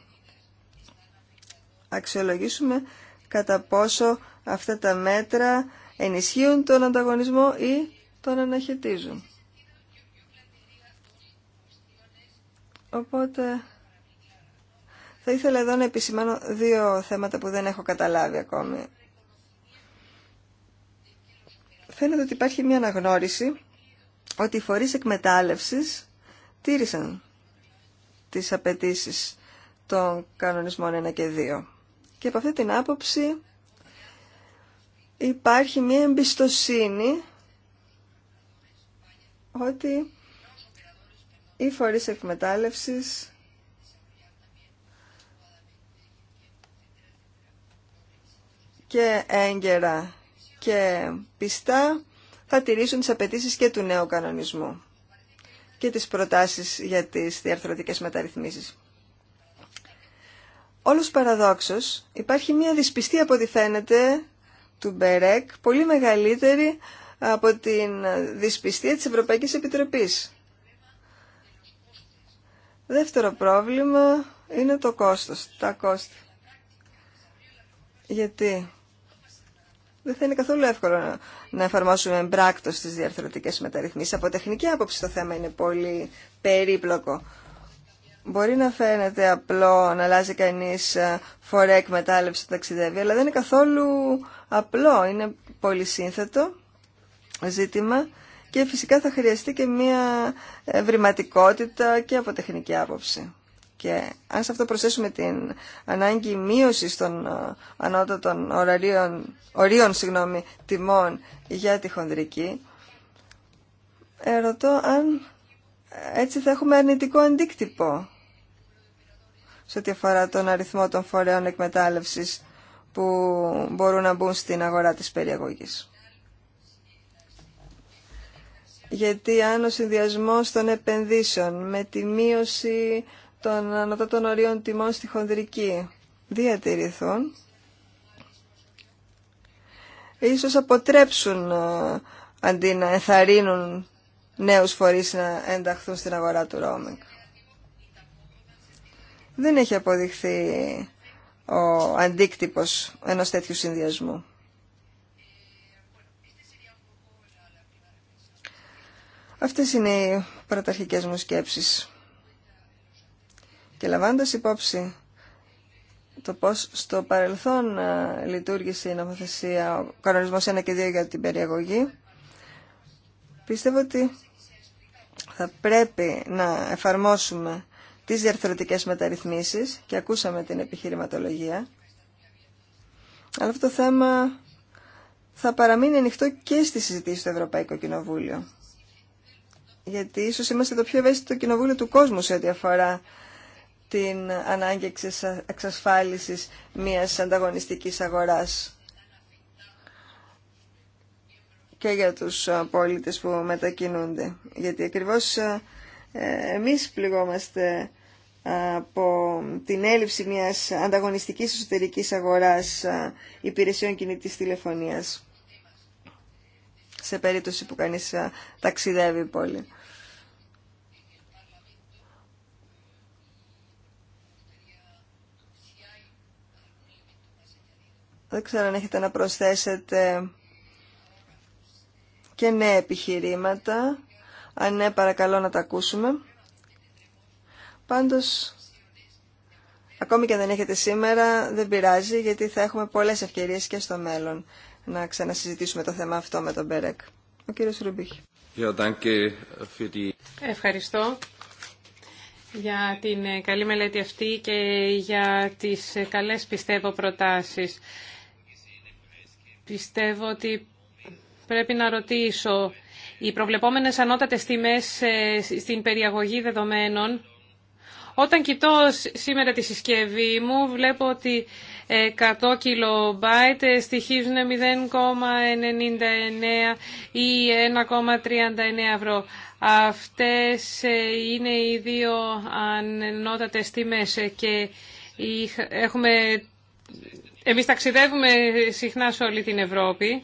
αξιολογήσουμε κατά πόσο αυτά τα μέτρα ενισχύουν τον ανταγωνισμό ή τον αναχαιτίζουν. Οπότε θα ήθελα εδώ να επισημάνω δύο θέματα που δεν έχω καταλάβει ακόμη. Φαίνεται ότι υπάρχει μια αναγνώριση ότι οι φορείς εκμετάλλευσης τήρησαν τις απαιτήσει των κανονισμών 1 και 2. Και από αυτή την άποψη υπάρχει μια εμπιστοσύνη ότι οι φορείς εκμετάλλευσης και έγκαιρα και πιστά θα τηρήσουν τις απαιτήσεις και του νέου κανονισμού και τις προτάσεις για τις διαρθρωτικές μεταρρυθμίσεις. Όλος παραδόξως υπάρχει μια δυσπιστία από ό,τι φαίνεται του Μπερέκ πολύ μεγαλύτερη από την δυσπιστία της Ευρωπαϊκής Επιτροπής. Δεύτερο πρόβλημα είναι το κόστος, τα κόστη. Γιατί δεν θα είναι καθόλου εύκολο να εφαρμόσουμε εμπράκτο στις διαρθρωτικές μεταρρυθμίσεις. Από τεχνική άποψη το θέμα είναι πολύ περίπλοκο. Μπορεί να φαίνεται απλό να αλλάζει κανείς ε, φορέ εκμετάλλευση που ταξιδεύει, αλλά δεν είναι καθόλου απλό. Είναι πολύ σύνθετο ζήτημα και φυσικά θα χρειαστεί και μια ευρηματικότητα και από τεχνική άποψη. Και αν σε αυτό προσθέσουμε την ανάγκη μείωση των ε, ανώτατων ωραρίων, ορίων συγγνώμη, τιμών για τη χονδρική, ερωτώ αν έτσι θα έχουμε αρνητικό αντίκτυπο σε ό,τι αφορά τον αριθμό των φορέων εκμετάλλευσης που μπορούν να μπουν στην αγορά της περιαγωγής. Γιατί αν ο συνδυασμός των επενδύσεων με τη μείωση των ανωτάτων ορίων τιμών στη χονδρική διατηρηθούν, ίσως αποτρέψουν αντί να ενθαρρύνουν νέους φορείς να ενταχθούν στην αγορά του ρόμικ. Δεν έχει αποδειχθεί ο αντίκτυπος ενός τέτοιου συνδυασμού. Αυτές είναι οι πρωταρχικές μου σκέψεις. Και λαμβάνοντας υπόψη το πώς στο παρελθόν ε, λειτουργήσε η νομοθεσία, ο κανονισμός 1 και 2 για την περιαγωγή, πιστεύω ότι θα πρέπει να εφαρμόσουμε τις διαρθρωτικές μεταρρυθμίσεις και ακούσαμε την επιχειρηματολογία. Αλλά αυτό το θέμα θα παραμείνει ανοιχτό και στη συζήτηση του Ευρωπαϊκό Κοινοβούλιο. Γιατί ίσως είμαστε το πιο ευαίσθητο κοινοβούλιο του κόσμου σε ό,τι αφορά την ανάγκη εξασφάλισης μιας ανταγωνιστικής αγοράς και για τους ε, πολίτες που μετακινούνται. Γιατί ακριβώς ε, ε, εμείς πληγόμαστε από την έλλειψη μιας ανταγωνιστικής εσωτερικής αγοράς υπηρεσιών κινητής τηλεφωνίας σε περίπτωση που κανείς ταξιδεύει πολύ. Δεν ξέρω αν έχετε να προσθέσετε και νέα επιχειρήματα. Αν ναι, παρακαλώ να τα ακούσουμε. Πάντως, ακόμη και αν δεν έχετε σήμερα, δεν πειράζει, γιατί θα έχουμε πολλές ευκαιρίες και στο μέλλον να ξανασυζητήσουμε το θέμα αυτό με τον Μπερέκ. Ο κύριος Ρουμπίχ. Ευχαριστώ για την καλή μελέτη αυτή και για τις καλές πιστεύω προτάσεις. Πιστεύω ότι πρέπει να ρωτήσω, οι προβλεπόμενες ανώτατες τιμές ε, στην περιαγωγή δεδομένων, όταν κοιτώ σήμερα τη συσκευή μου, βλέπω ότι 100 ε, κιλομπάιτ ε, στοιχίζουν 0,99 ή 1,39 ευρώ. Αυτές είναι οι δύο ανώτατες τιμές και έχουμε εμείς ταξιδεύουμε συχνά σε όλη την Ευρώπη.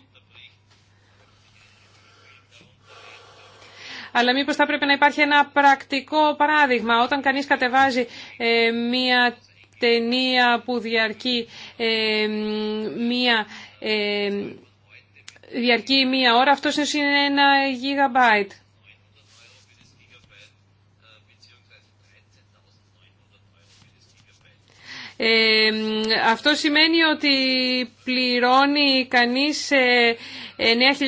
Αλλά μήπως θα πρέπει να υπάρχει ένα πρακτικό παράδειγμα. Όταν κανείς κατεβάζει ε, μία ταινία που διαρκεί ε, μία... Ε, διαρκεί μία ώρα, αυτό είναι ένα γιγαμπάιτ. αυτό σημαίνει ότι πληρώνει κανείς 9.900 ε,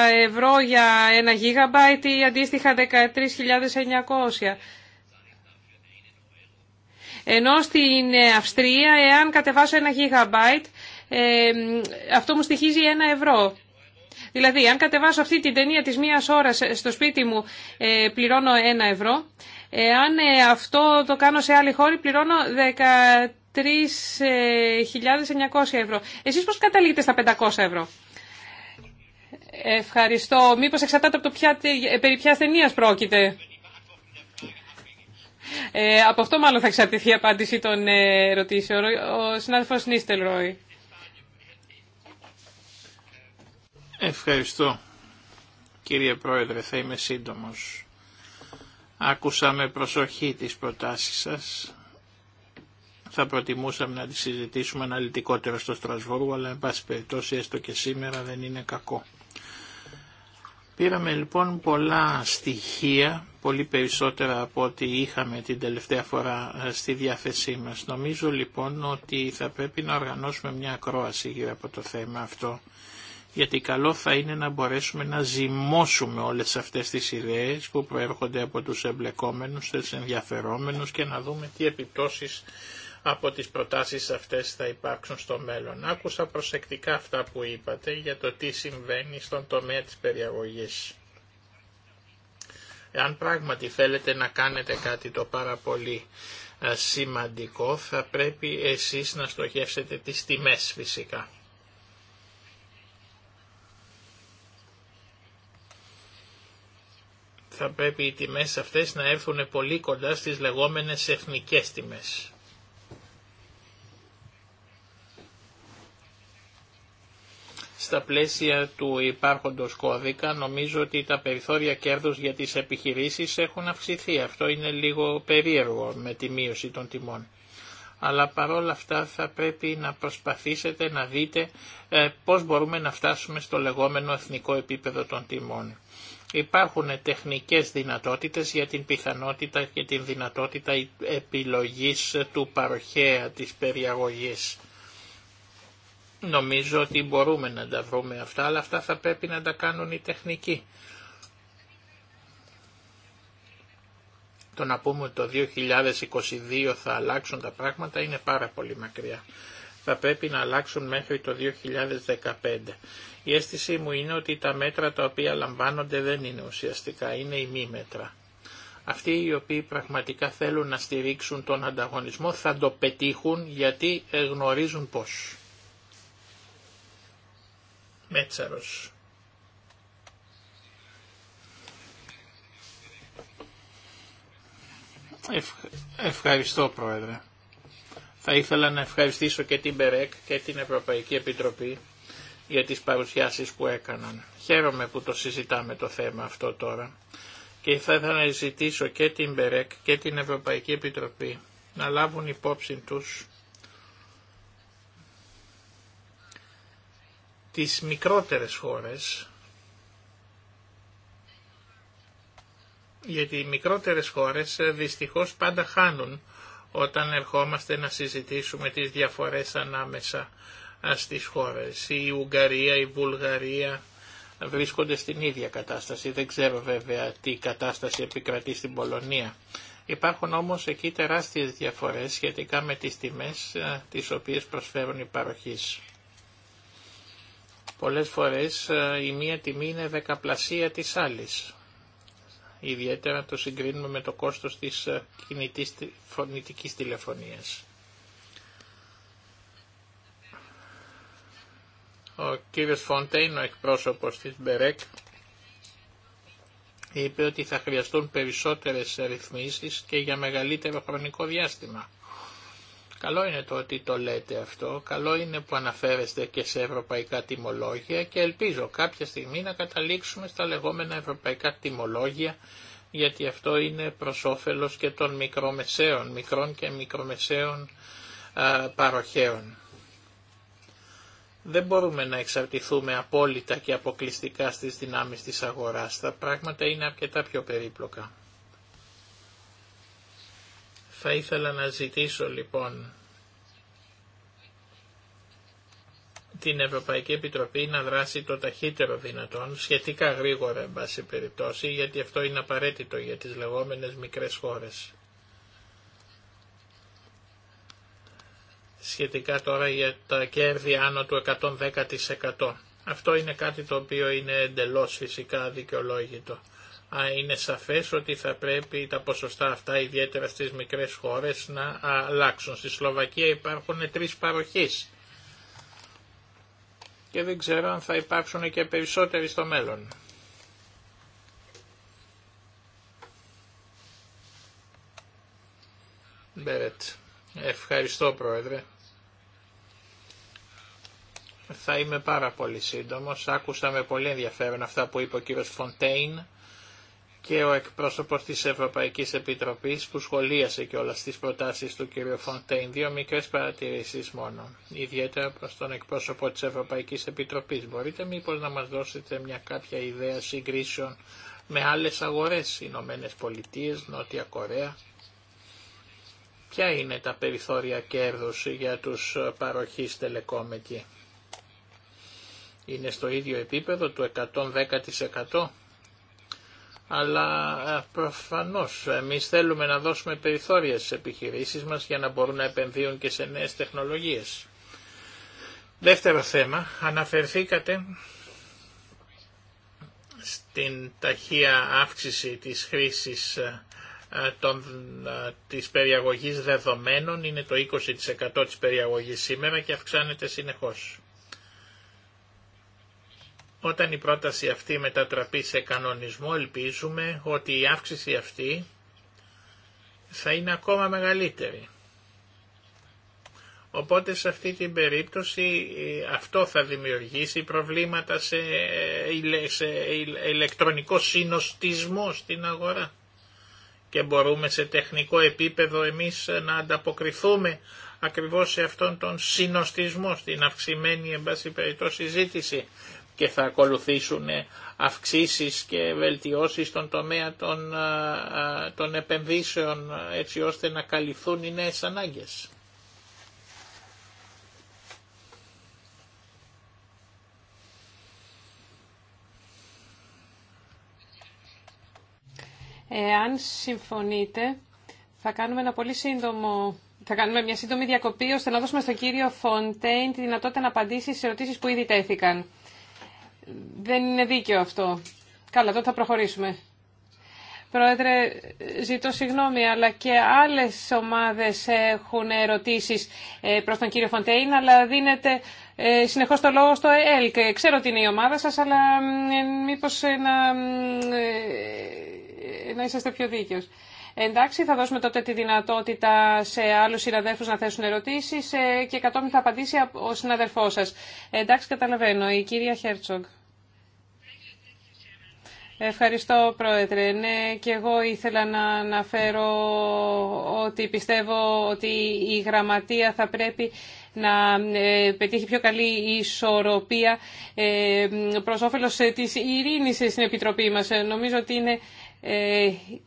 ε, ευρώ για ένα γίγαμπάιτ ή αντίστοιχα 13.900. Ενώ στην Αυστρία, εάν κατεβάσω ένα γίγαμπάιτ, αυτό μου στοιχίζει ένα ευρώ. Δηλαδή, αν κατεβάσω αυτή την ταινία της μίας ώρας στο σπίτι μου, ε, πληρώνω ένα ευρώ. Εάν ε, αυτό το κάνω σε άλλη χώρη πληρώνω 13.900 ε, ευρώ. Εσείς πώς καταλήγετε στα 500 ευρώ. Ευχαριστώ. Μήπως εξαρτάται από το ποια, ε, περί ποιας πρόκειται. Ε, από αυτό μάλλον θα εξαρτηθεί η απάντηση των ερωτήσεων. Ο συνάδελφος Νίστελ Ρόι. Ευχαριστώ. Κύριε Πρόεδρε, θα είμαι σύντομος. Άκουσα με προσοχή τις προτάσεις σας. Θα προτιμούσαμε να τις συζητήσουμε αναλυτικότερα στο Στρασβούργο, αλλά εν πάση περιπτώσει έστω και σήμερα δεν είναι κακό. Πήραμε λοιπόν πολλά στοιχεία, πολύ περισσότερα από ό,τι είχαμε την τελευταία φορά ε, στη διάθεσή μας. Νομίζω λοιπόν ότι θα πρέπει να οργανώσουμε μια ακρόαση γύρω από το θέμα αυτό γιατί καλό θα είναι να μπορέσουμε να ζυμώσουμε όλες αυτές τις ιδέες που προέρχονται από τους εμπλεκόμενους, τους ενδιαφερόμενους και να δούμε τι επιπτώσεις από τις προτάσεις αυτές θα υπάρξουν στο μέλλον. Άκουσα προσεκτικά αυτά που είπατε για το τι συμβαίνει στον τομέα της περιαγωγής. Εάν πράγματι θέλετε να κάνετε κάτι το πάρα πολύ ε, σημαντικό, θα πρέπει εσείς να στοχεύσετε τις τιμές φυσικά. θα πρέπει οι τιμές αυτές να έρθουν πολύ κοντά στις λεγόμενες εθνικές τιμές. Στα πλαίσια του υπάρχοντος κώδικα νομίζω ότι τα περιθώρια κέρδους για τις επιχειρήσεις έχουν αυξηθεί. Αυτό είναι λίγο περίεργο με τη μείωση των τιμών. Αλλά παρόλα αυτά θα πρέπει να προσπαθήσετε να δείτε ε, πώς μπορούμε να φτάσουμε στο λεγόμενο εθνικό επίπεδο των τιμών. Υπάρχουν τεχνικές δυνατότητες για την πιθανότητα και την δυνατότητα επιλογής του παροχέα της περιαγωγής. Νομίζω ότι μπορούμε να τα βρούμε αυτά, αλλά αυτά θα πρέπει να τα κάνουν οι τεχνικοί. Το να πούμε ότι το 2022 θα αλλάξουν τα πράγματα είναι πάρα πολύ μακριά. Θα πρέπει να αλλάξουν μέχρι το 2015. Η αίσθησή μου είναι ότι τα μέτρα τα οποία λαμβάνονται δεν είναι ουσιαστικά, είναι ημίμετρα. Αυτοί οι οποίοι πραγματικά θέλουν να στηρίξουν τον ανταγωνισμό θα το πετύχουν γιατί ε, γνωρίζουν πώς. Μέτσαρος. Ευχαριστώ Πρόεδρε. Θα ήθελα να ευχαριστήσω και την ΠΕΡΕΚ και την Ευρωπαϊκή Επιτροπή για τις παρουσιάσεις που έκαναν. Χαίρομαι που το συζητάμε το θέμα αυτό τώρα και θα ήθελα να ζητήσω και την ΜΠΕΡΕΚ και την Ευρωπαϊκή Επιτροπή να λάβουν υπόψη τους τις μικρότερες χώρες γιατί οι μικρότερες χώρες ε, δυστυχώς πάντα χάνουν όταν ερχόμαστε να συζητήσουμε τις διαφορές ανάμεσα στις χώρες. Η Ουγγαρία, η Βουλγαρία βρίσκονται στην ίδια κατάσταση. Δεν ξέρω βέβαια τι κατάσταση επικρατεί στην Πολωνία. Υπάρχουν όμως εκεί τεράστιες διαφορές σχετικά με τις τιμές ε, τις οποίες προσφέρουν οι παροχείς. Πολλές φορές ε, η μία τιμή είναι δεκαπλασία της άλλης. Ιδιαίτερα το συγκρίνουμε με το κόστος της ε, κινητής φωνητικής τηλεφωνίας. Ο κύριος Φοντέιν, ο εκπρόσωπος της Μπερέκ, είπε ότι θα χρειαστούν περισσότερες ρυθμίσεις και για μεγαλύτερο χρονικό διάστημα. Καλό είναι το ότι το λέτε αυτό, καλό είναι που αναφέρεστε και σε ευρωπαϊκά τιμολόγια και ελπίζω κάποια στιγμή να καταλήξουμε στα λεγόμενα ευρωπαϊκά τιμολόγια γιατί αυτό είναι προς όφελος και των μικρομεσαίων, μικρών και μικρομεσαίων παροχέων. Δεν μπορούμε να εξαρτηθούμε απόλυτα και αποκλειστικά στις δυνάμεις της αγοράς. Τα πράγματα είναι αρκετά πιο περίπλοκα. Θα ήθελα να ζητήσω λοιπόν την Ευρωπαϊκή Επιτροπή να δράσει το ταχύτερο δυνατόν, σχετικά γρήγορα εν πάση περιπτώσει, γιατί αυτό είναι απαραίτητο για τις λεγόμενες μικρές χώρες. σχετικά τώρα για τα κέρδη άνω του 110%. Αυτό είναι κάτι το οποίο είναι εντελώς φυσικά δικαιολόγητο. Είναι σαφές ότι θα πρέπει τα ποσοστά αυτά, ιδιαίτερα στις μικρές χώρες, να αλλάξουν. Στη Σλοβακία υπάρχουν τρεις παροχές και δεν ξέρω αν θα υπάρξουν και περισσότεροι στο μέλλον. Μπέρετ. Ευχαριστώ Πρόεδρε. Θα είμαι πάρα πολύ σύντομος. Άκουσα με πολύ ενδιαφέρον αυτά που είπε ο κύριος Φοντέιν και ο εκπρόσωπος της Ευρωπαϊκής Επιτροπής που σχολίασε και όλα στις προτάσεις του κύριου Φοντέιν. Δύο μικρές παρατηρήσεις μόνο, ιδιαίτερα προς τον εκπρόσωπο της Ευρωπαϊκής Επιτροπής. Μπορείτε μήπως να μας δώσετε μια κάποια ιδέα συγκρίσεων με άλλες αγορές, Ηνωμένε Πολιτείε, Νότια Κορέα. Ποια είναι τα περιθώρια κέρδους για τους παροχείς τελεκόμ είναι στο ίδιο επίπεδο του 110% αλλά προφανώς εμείς θέλουμε να δώσουμε περιθώρια στις επιχειρήσεις μας για να μπορούν να επενδύουν και σε νέες τεχνολογίες. Δεύτερο θέμα, αναφερθήκατε στην ταχεία αύξηση της χρήσης των, της περιαγωγής δεδομένων, είναι το 20% της περιαγωγής σήμερα και αυξάνεται συνεχώς. Όταν η πρόταση αυτή μετατραπεί σε κανονισμό ελπίζουμε ότι η αύξηση αυτή θα είναι ακόμα μεγαλύτερη. Οπότε σε αυτή την περίπτωση ε, αυτό θα δημιουργήσει προβλήματα σε, ε, ηλεκτρονικό συνοστισμό στην αγορά. Και μπορούμε σε τεχνικό επίπεδο εμείς να ανταποκριθούμε ακριβώς σε αυτόν τον συνοστισμό, στην αυξημένη εν περιπτώσει και θα ακολουθήσουν αυξήσεις και βελτιώσεις στον τομέα των, των επενδύσεων έτσι ώστε να καλυφθούν οι νέες ανάγκες. Εάν συμφωνείτε, θα κάνουμε ένα πολύ σύντομο... Θα κάνουμε μια σύντομη διακοπή ώστε να δώσουμε στον κύριο Φοντέιν τη δυνατότητα να απαντήσει σε ερωτήσεις που ήδη τέθηκαν. Δεν είναι δίκαιο αυτό. Καλά, τότε θα προχωρήσουμε. Πρόεδρε, ζητώ συγγνώμη, αλλά και άλλες ομάδες έχουν ερωτήσεις ε, προς τον κύριο Φοντέιν, αλλά δίνετε ε, συνεχώς το λόγο στο ΕΛΚ. Ξέρω ότι είναι η ομάδα σας, αλλά ε, μήπως να, να είσαστε πιο δίκαιος. Εντάξει, θα δώσουμε τότε τη δυνατότητα σε άλλους συναδέλφους να θέσουν ερωτήσεις και κατόπιν θα απαντήσει ο συναδελφός σας. Εντάξει, καταλαβαίνω. Η κυρία Χέρτσογκ. Ευχαριστώ, Πρόεδρε. Ναι, και εγώ ήθελα να αναφέρω ότι πιστεύω ότι η γραμματεία θα πρέπει να ε, πετύχει πιο καλή ισορροπία ε, προς όφελος ε, της ειρήνης στην Επιτροπή μας. Νομίζω ότι είναι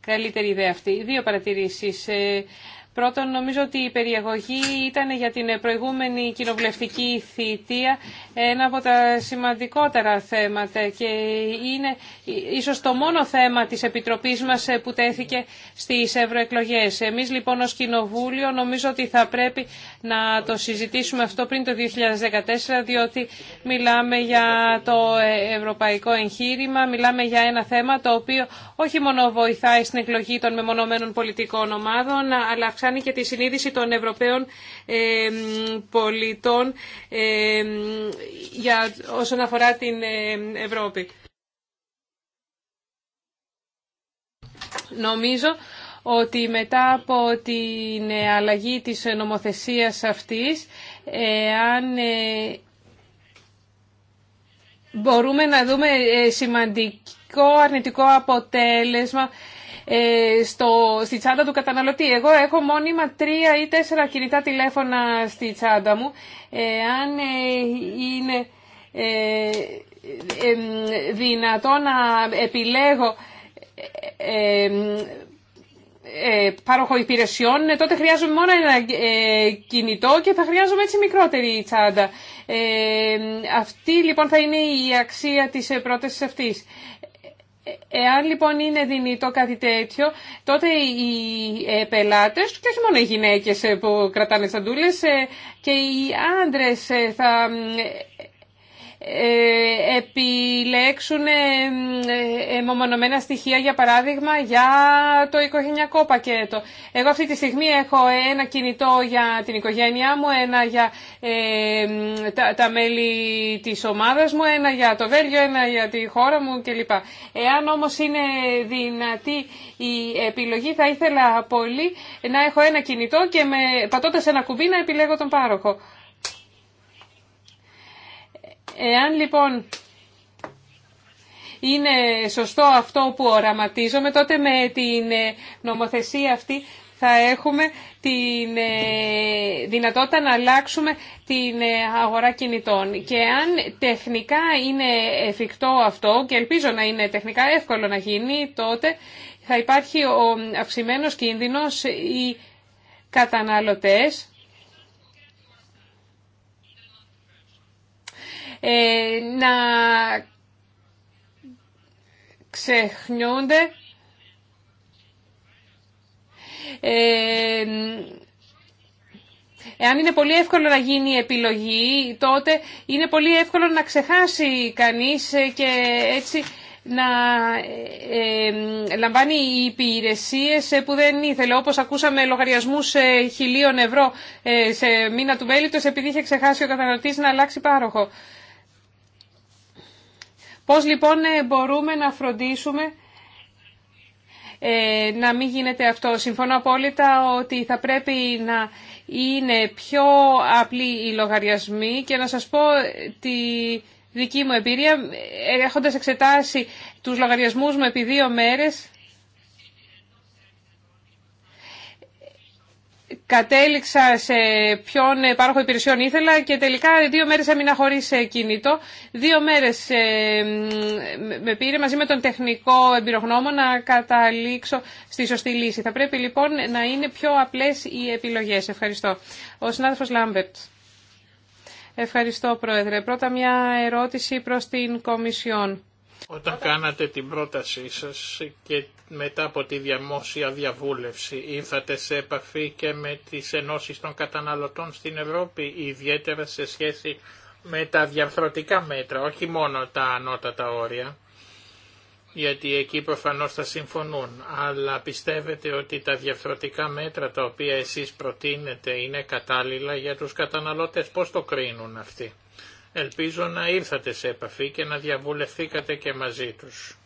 καλύτερη ιδέα αυτή. Δύο παρατηρήσεις. Πρώτον, νομίζω ότι η περιεγωγή ήταν για την προηγούμενη κοινοβουλευτική θητεία ένα από τα σημαντικότερα θέματα και είναι ίσως το μόνο θέμα της Επιτροπής μας που τέθηκε στις ευρωεκλογέ. Εμείς λοιπόν ως Κοινοβούλιο νομίζω ότι θα πρέπει να το συζητήσουμε αυτό πριν το 2014 διότι μιλάμε για το ευρωπαϊκό εγχείρημα, μιλάμε για ένα θέμα το οποίο όχι μόνο βοηθάει στην εκλογή των μεμονωμένων πολιτικών ομάδων αλλά αυξάνει και τη συνείδηση των Ευρωπαίων ε, πολιτών ε, για, όσον αφορά την ε, Ευρώπη. Νομίζω ότι μετά από την αλλαγή της νομοθεσίας αυτής, αν μπορούμε να δούμε σημαντικό αρνητικό αποτέλεσμα ε, στο, στη τσάντα του καταναλωτή. Εγώ έχω μόνιμα τρία ή τέσσερα κινητά τηλέφωνα στη τσάντα μου. Ε, αν ε, είναι δυνατό να επιλέγω πάροχο υπηρεσιών, τότε χρειάζομαι μόνο ένα κινητό και θα χρειάζομαι έτσι μικρότερη τσάντα. Αυτή λοιπόν θα είναι η αξία της πρότασης αυτής. Ε, εάν λοιπόν είναι δυνητό κάτι τέτοιο, τότε οι ε, πελάτες, και όχι μόνο οι γυναίκες ε, που κρατάνε σαντούλες, και οι άντρες θα ε, επιλέξουν ε, ε, μονομενα στοιχεία, για παράδειγμα, για το οικογενειακό πακέτο. Εγώ αυτή τη στιγμή έχω ένα κινητό για την οικογένειά μου, ένα για τα, τα μέλη της ομάδας μου, ένα για το Βέλγιο, ένα για τη χώρα μου κλπ. Εάν όμως είναι δυνατή η επιλογή, θα ήθελα πολύ να έχω ένα κινητό και με, πατώντας ένα κουμπί να επιλέγω τον πάροχο. Εάν λοιπόν είναι σωστό αυτό που οραματίζομαι, τότε με την ε, νομοθεσία αυτή θα έχουμε τη ε, δυνατότητα να αλλάξουμε την ε, αγορά κινητών. Και αν τεχνικά είναι εφικτό αυτό, και ελπίζω να είναι τεχνικά εύκολο να γίνει, τότε θα υπάρχει ο αυξημένος κίνδυνος οι καταναλωτές Ε, να ξεχνιούνται ε, Εάν είναι πολύ εύκολο να γίνει η επιλογή, τότε είναι πολύ εύκολο να ξεχάσει κανείς ε, και έτσι να λαμβάνει υπηρεσίες υπηρεσίε που δεν ήθελε. Όπως ακούσαμε λογαριασμούς χιλίων ευρώ σε μήνα του μέλητος επειδή είχε ξεχάσει ο καταναλωτής να αλλάξει πάροχο. Πώς λοιπόν ε, μπορούμε να φροντίσουμε ε, να μην γίνεται αυτό. Συμφωνώ απόλυτα ότι θα πρέπει να είναι πιο απλοί οι λογαριασμοί και να σας πω ε, τη δική μου εμπειρία έχοντας εξετάσει τους λογαριασμούς μου επί δύο μέρες κατέληξα σε ποιον πάροχο υπηρεσιών ήθελα και τελικά δύο μέρες έμεινα χωρίς ε, κινητό. Δύο μέρες ε, με πήρε μαζί με τον τεχνικό εμπειρογνώμο να καταλήξω στη σωστή λύση. Θα πρέπει λοιπόν να είναι πιο απλές οι επιλογές. Ευχαριστώ. Ο συνάδελφος Λάμπερτ. Ευχαριστώ Πρόεδρε. Πρώτα μια ερώτηση προς την Κομισιόν. Όταν κάνατε την πρότασή σας και μετά από τη δημόσια διαβούλευση. Ήρθατε σε επαφή και με τις ενώσεις των καταναλωτών στην Ευρώπη, ιδιαίτερα σε σχέση με τα διαρθρωτικά μέτρα, όχι μόνο τα ανώτατα όρια, γιατί εκεί προφανώς θα συμφωνούν, αλλά πιστεύετε ότι τα διαφθρωτικά μέτρα τα οποία εσείς προτείνετε είναι κατάλληλα για τους καταναλώτες, πώς το κρίνουν αυτοί. Ελπίζω να ήρθατε σε επαφή και να διαβουλευθήκατε και μαζί τους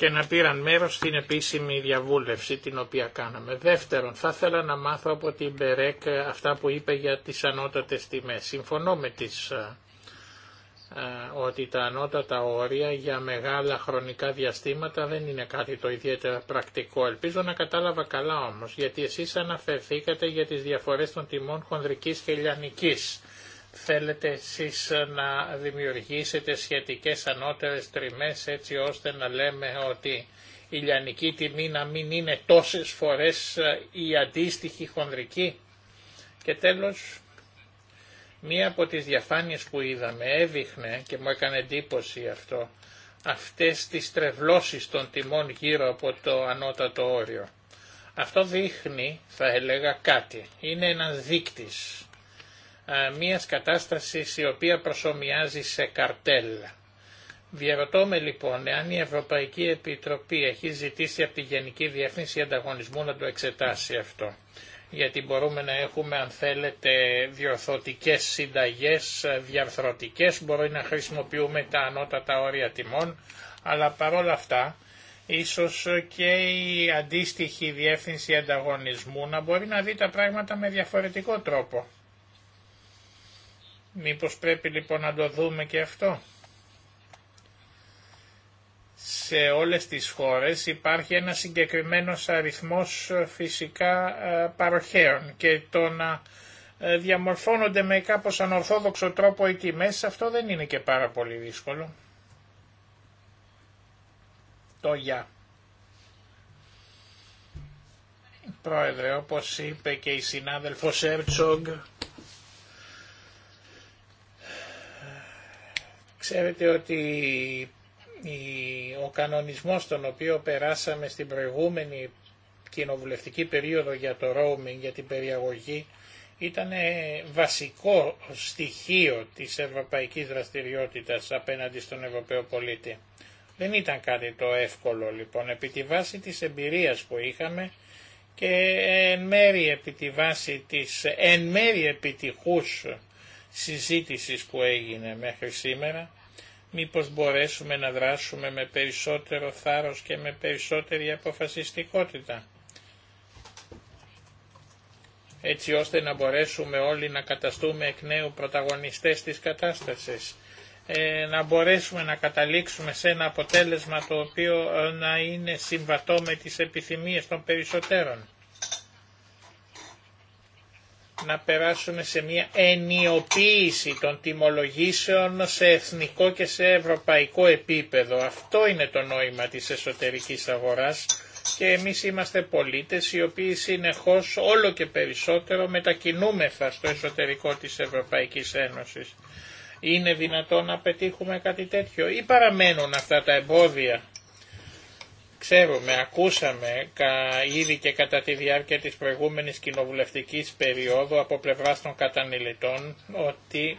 και να πήραν μέρος στην επίσημη διαβούλευση την οποία κάναμε. Δεύτερον, θα ήθελα να μάθω από την Μπερέκ αυτά που είπε για τις ανώτατες τιμές. Συμφωνώ με τις ε, ε, ότι τα ανώτατα όρια για μεγάλα χρονικά διαστήματα δεν είναι κάτι το ιδιαίτερα πρακτικό. Ελπίζω να κατάλαβα καλά όμως, γιατί εσείς αναφερθήκατε για τις διαφορές των τιμών χονδρικής και λιανικής θέλετε εσείς να δημιουργήσετε σχετικές ανώτερες τριμές έτσι ώστε να λέμε ότι η λιανική τιμή να μην είναι τόσες φορές ε, η αντίστοιχη χονδρική. Και τέλος, μία από τις διαφάνειες που είδαμε έδειχνε και μου έκανε εντύπωση αυτό, αυτές τις τρευλώσεις των τιμών γύρω από το ανώτατο όριο. Αυτό δείχνει, θα έλεγα, κάτι. Είναι ένας δείκτης μιας κατάστασης η οποία προσωμιάζει σε καρτέλ. Διαρωτώ λοιπόν εάν η Ευρωπαϊκή Επιτροπή έχει ζητήσει από τη Γενική Διεύθυνση Ανταγωνισμού να το εξετάσει αυτό. Γιατί μπορούμε να έχουμε αν θέλετε διορθωτικές συνταγές, διαρθρωτικές, μπορεί να χρησιμοποιούμε τα ανώτατα όρια τιμών, αλλά παρόλα αυτά ίσως και η αντίστοιχη Διεύθυνση Ανταγωνισμού να μπορεί να δει τα πράγματα με διαφορετικό τρόπο. Μήπως πρέπει λοιπόν να το δούμε και αυτό. Σε όλες τις χώρες υπάρχει ένα συγκεκριμένος αριθμός ε, φυσικά ε, παροχέων και το να ε, διαμορφώνονται με κάπως ανορθόδοξο τρόπο οι τιμές, αυτό δεν είναι και πάρα πολύ δύσκολο. Το για. Πρόεδρε, όπως είπε και η συνάδελφος Έρτσογκ, Ξέρετε ότι ο κανονισμός τον οποίο περάσαμε στην προηγούμενη κοινοβουλευτική περίοδο για το roaming, για την περιαγωγή, ήταν ε, βασικό στοιχείο της ευρωπαϊκής δραστηριότητας απέναντι στον Ευρωπαίο πολίτη. Δεν ήταν κάτι το εύκολο λοιπόν, επί τη βάση της εμπειρίας που είχαμε και ε, εν μέρη επί τη της εν μέρη επιτυχούς συζήτησης που έγινε μέχρι σήμερα, μήπως μπορέσουμε να δράσουμε με περισσότερο θάρρος και με περισσότερη αποφασιστικότητα, έτσι ώστε να μπορέσουμε όλοι να καταστούμε εκ νέου πρωταγωνιστές της κατάστασης, ε, να μπορέσουμε να καταλήξουμε σε ένα αποτέλεσμα το οποίο ε, να είναι συμβατό με τις επιθυμίες των περισσότερων να περάσουμε σε μια ενιοποίηση των τιμολογήσεων σε εθνικό και σε ευρωπαϊκό επίπεδο. Αυτό είναι το νόημα της εσωτερικής αγοράς και εμείς είμαστε πολίτες οι οποίοι συνεχώς όλο και περισσότερο μετακινούμεθα στο εσωτερικό της Ευρωπαϊκής Ένωσης. Είναι δυνατόν να πετύχουμε κάτι τέτοιο ή παραμένουν αυτά τα εμπόδια Ξέρουμε, ακούσαμε κα ήδη και κατά τη διάρκεια της προηγούμενης κοινοβουλευτικής περίοδου από πλευράς των κατανελητών ότι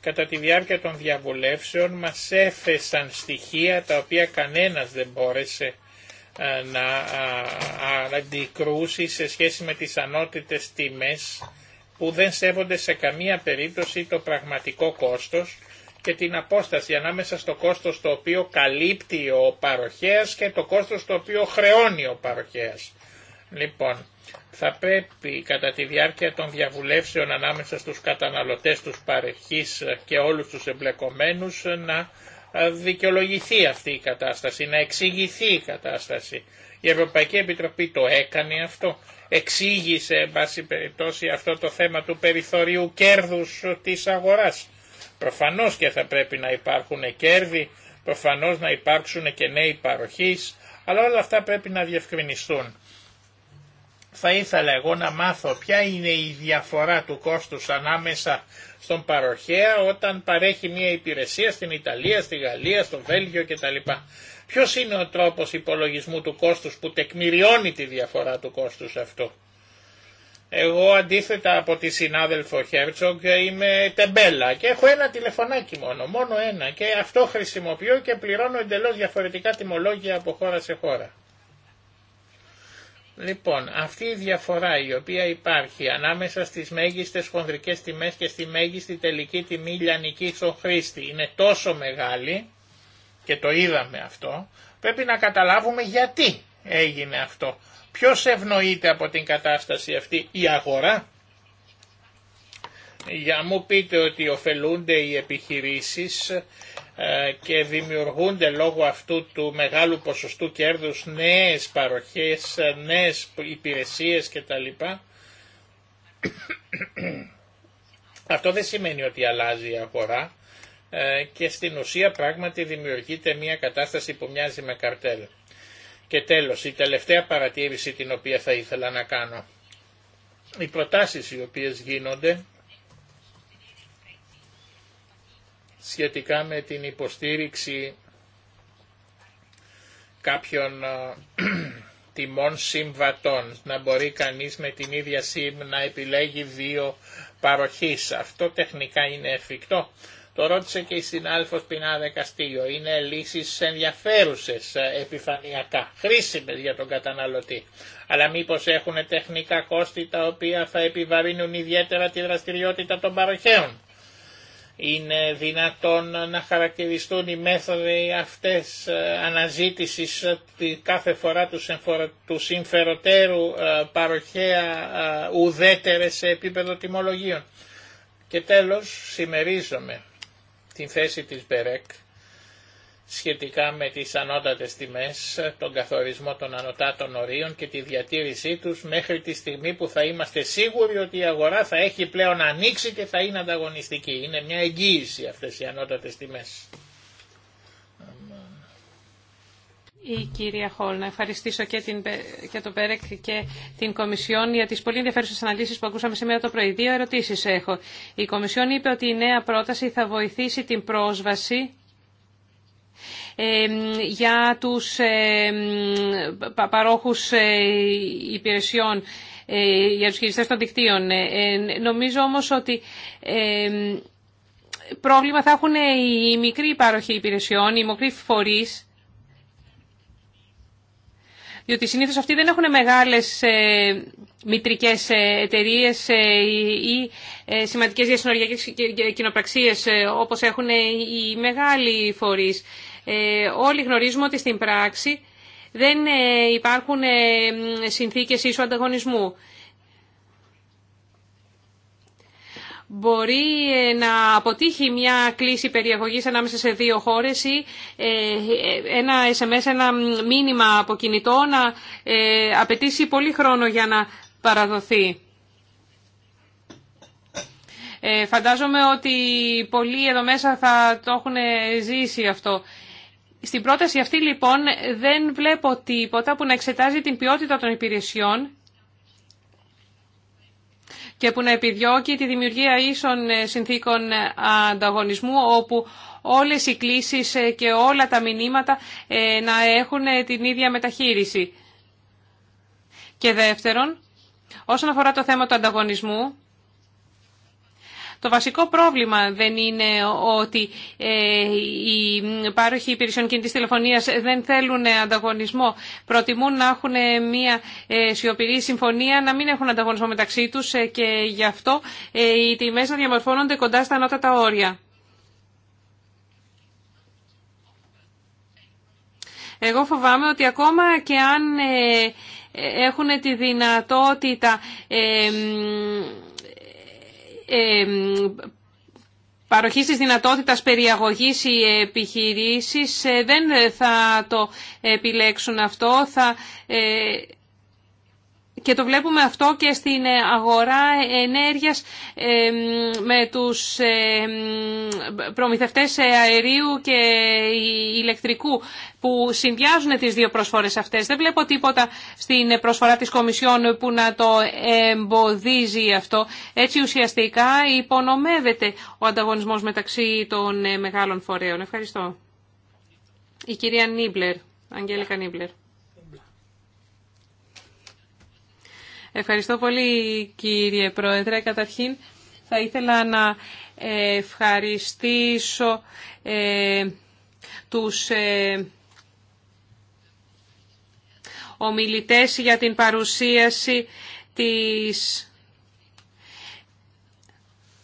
κατά τη διάρκεια των διαβουλεύσεων μας έφεσαν στοιχεία τα οποία κανένας δεν μπόρεσε ε, να αντικρούσει σε σχέση με τις ανώτητες τιμές που δεν σέβονται σε καμία περίπτωση το πραγματικό κόστος και την απόσταση ανάμεσα στο κόστος το οποίο καλύπτει ο παροχέας και το κόστος το οποίο χρεώνει ο παροχέας. Λοιπόν, θα πρέπει κατά τη διάρκεια των διαβουλεύσεων ανάμεσα στους καταναλωτές, τους παρεχείς και όλους τους εμπλεκομένους να δικαιολογηθεί αυτή η κατάσταση, να εξηγηθεί η κατάσταση. Η Ευρωπαϊκή Επιτροπή το έκανε αυτό, εξήγησε εν πάση περιπτώσει αυτό το θέμα του περιθωρίου κέρδους της αγοράς. Προφανώς και θα πρέπει να υπάρχουν κέρδη, προφανώς να υπάρξουν και νέοι παροχείς, αλλά όλα αυτά πρέπει να διευκρινιστούν. Θα ήθελα εγώ να μάθω ποια είναι η διαφορά του κόστους ανάμεσα στον παροχέα όταν παρέχει μια υπηρεσία στην Ιταλία, στη Γαλλία, στο Βέλγιο κτλ. Ποιος είναι ο τρόπος υπολογισμού του κόστους που τεκμηριώνει τη διαφορά του κόστους αυτού. Εγώ αντίθετα από τη συνάδελφο Χέρτσογκ είμαι τεμπέλα και έχω ένα τηλεφωνάκι μόνο, μόνο ένα και αυτό χρησιμοποιώ και πληρώνω εντελώς διαφορετικά τιμολόγια από χώρα σε χώρα. Λοιπόν, αυτή η διαφορά η οποία υπάρχει ανάμεσα στις μέγιστες χονδρικές τιμές και στη μέγιστη τελική τιμή λιανική στον χρήστη είναι τόσο μεγάλη και το είδαμε αυτό, πρέπει να καταλάβουμε γιατί έγινε αυτό. Ποιος ευνοείται από την κατάσταση αυτή, η αγορά. Για μου πείτε ότι ωφελούνται οι επιχειρήσεις ε, και δημιουργούνται λόγω αυτού του μεγάλου ποσοστού κέρδους νέες παροχές, ε, νέες υπηρεσίες κτλ. Αυτό δεν σημαίνει ότι αλλάζει η αγορά ε, και στην ουσία πράγματι δημιουργείται μια κατάσταση που μοιάζει με καρτέλ. Και τέλος, η τελευταία παρατήρηση την οποία θα ήθελα να κάνω. Οι προτάσεις οι οποίες γίνονται σχετικά με την υποστήριξη κάποιων τιμών συμβατών, να μπορεί κανείς με την ίδια ΣΥΜ να επιλέγει δύο παροχής. Αυτό τεχνικά είναι εφικτό. Το ρώτησε και η συνάδελφος Πινάδε Καστίγιο. Είναι λύσεις ενδιαφέρουσες ε, επιφανειακά, χρήσιμες για τον καταναλωτή. Αλλά μήπως έχουν τεχνικά κόστη τα οποία θα επιβαρύνουν ιδιαίτερα τη δραστηριότητα των παροχέων. Είναι δυνατόν να χαρακτηριστούν οι μέθοδοι αυτές ε, αναζήτησης ε, κάθε φορά του συμφεροτέρου παροχέα ουδέτερες σε επίπεδο τιμολογίων. Και τέλος, σημερίζομαι την θέση της Μπερέκ σχετικά με τις ανώτατες τιμές, τον καθορισμό των ανωτάτων ορίων και τη διατήρησή τους μέχρι τη στιγμή που θα είμαστε σίγουροι ότι η αγορά θα έχει πλέον ανοίξει και θα είναι ανταγωνιστική. Είναι μια εγγύηση αυτές οι ανώτατες τιμές. η κυρία Χόλ. Να ευχαριστήσω και, την, τον ΠΕΡΕΚ και την Κομισιόν για τις πολύ ενδιαφέρουσες αναλύσεις που ακούσαμε σήμερα το πρωί. Δύο ερωτήσεις έχω. Η Κομισιόν είπε ότι η νέα πρόταση θα βοηθήσει την πρόσβαση για τους παρόχους ε, υπηρεσιών, ε, για τους χειριστές των δικτύων. Ε, νομίζω όμως ότι πρόβλημα θα έχουν οι μικροί παροχοί υπηρεσιών, οι μικροί φορείς διότι συνήθω αυτοί δεν έχουν μεγάλες ε, μητρικές ε, εταιρείε ε, ή σημαντικές διασυνοριακές κοινοπραξίες όπως έχουν οι μεγάλοι φορείς. Όλοι γνωρίζουμε ότι στην πράξη δεν υπάρχουν συνθήκες ίσου ανταγωνισμού. μπορεί ε, να αποτύχει μια κλίση περιαγωγής ανάμεσα σε δύο χώρες ή ε, ένα SMS, ένα μήνυμα από κινητό να ε, απαιτήσει πολύ χρόνο για να παραδοθεί. Φαντάζομαι ότι πολλοί εδώ μέσα θα το έχουν ζήσει αυτό. Στην πρόταση αυτή λοιπόν δεν βλέπω τίποτα που να εξετάζει την ποιότητα των υπηρεσιών και που να επιδιώκει τη δημιουργία ίσων ε, συνθήκων ε, ανταγωνισμού όπου όλες οι κλήσεις ε, και όλα τα μηνύματα να έχουν την ίδια μεταχείριση. Και δεύτερον, όσον αφορά το θέμα του ανταγωνισμού, το βασικό πρόβλημα δεν είναι ότι ε, οι πάροχοι υπηρεσιών κινητής τηλεφωνίας δεν θέλουν ανταγωνισμό. Προτιμούν να έχουν μια ε, σιωπηρή συμφωνία, να μην έχουν ανταγωνισμό μεταξύ τους ε, και γι' αυτό οι τιμές να διαμορφώνονται κοντά στα ανώτατα όρια. Εγώ φοβάμαι ότι ακόμα και αν έχουν τη δυνατότητα παροχή τη δυνατότητας περιαγωγής οι επιχειρήσεις ε, δεν θα το επιλέξουν αυτό. Θα, ε, και το βλέπουμε αυτό και στην ε, αγορά ενέργειας με τους προμηθευτές αερίου και ηλεκτρικού που συνδυάζουν τις δύο προσφορές αυτές. Δεν βλέπω τίποτα στην προσφορά της Κομισιόν που να το εμποδίζει αυτό. Έτσι ουσιαστικά υπονομεύεται ο ανταγωνισμός μεταξύ των ε, μεγάλων φορέων. Ευχαριστώ. Η κυρία Νίμπλερ, Αγγέλικα Νίμπλερ. Ευχαριστώ πολύ κύριε Πρόεδρε. Καταρχήν θα ήθελα να ευχαριστήσω ε, τους ε, ομιλητές για την παρουσίαση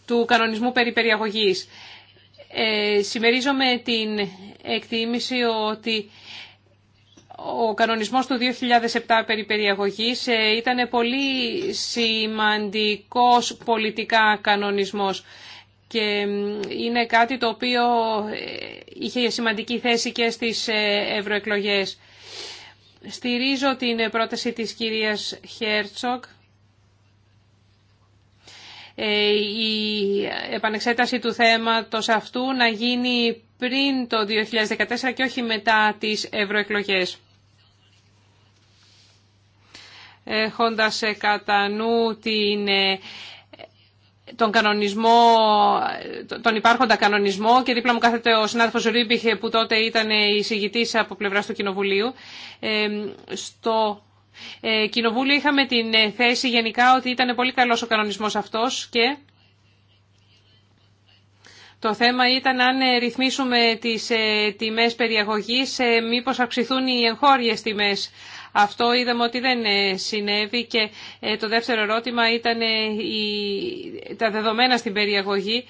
του κανονισμού περί περιαγωγής. Ε, την εκτίμηση ότι ο κανονισμός του 2007 περί περιαγωγής ε, ήταν πολύ σημαντικός πολιτικά κανονισμός και είναι κάτι το οποίο ε, είχε σημαντική θέση και στις ε, ευρωεκλογές. Στηρίζω την πρόταση της κυρίας Χέρτσοκ. Ε, η επανεξέταση του θέματος αυτού να γίνει πριν το 2014 και όχι μετά τις ευρωεκλογές. Έχοντας κατά νου την ε, τον κανονισμό, τον υπάρχοντα κανονισμό και δίπλα μου κάθεται ο συνάδελφος Ρίμπιχ που τότε ήταν εισηγητής από πλευράς του Κοινοβουλίου. Ε, στο ε, Κοινοβούλιο είχαμε την ε, θέση γενικά ότι ήταν πολύ καλός ο κανονισμός αυτός και το θέμα ήταν αν ρυθμίσουμε τις τιμές περιαγωγής μήπως αυξηθούν οι εγχώριες τιμές. Αυτό είδαμε ότι δεν ε, συνέβη και ε, το δεύτερο ερώτημα ήταν ε, τα δεδομένα στην περιαγωγή.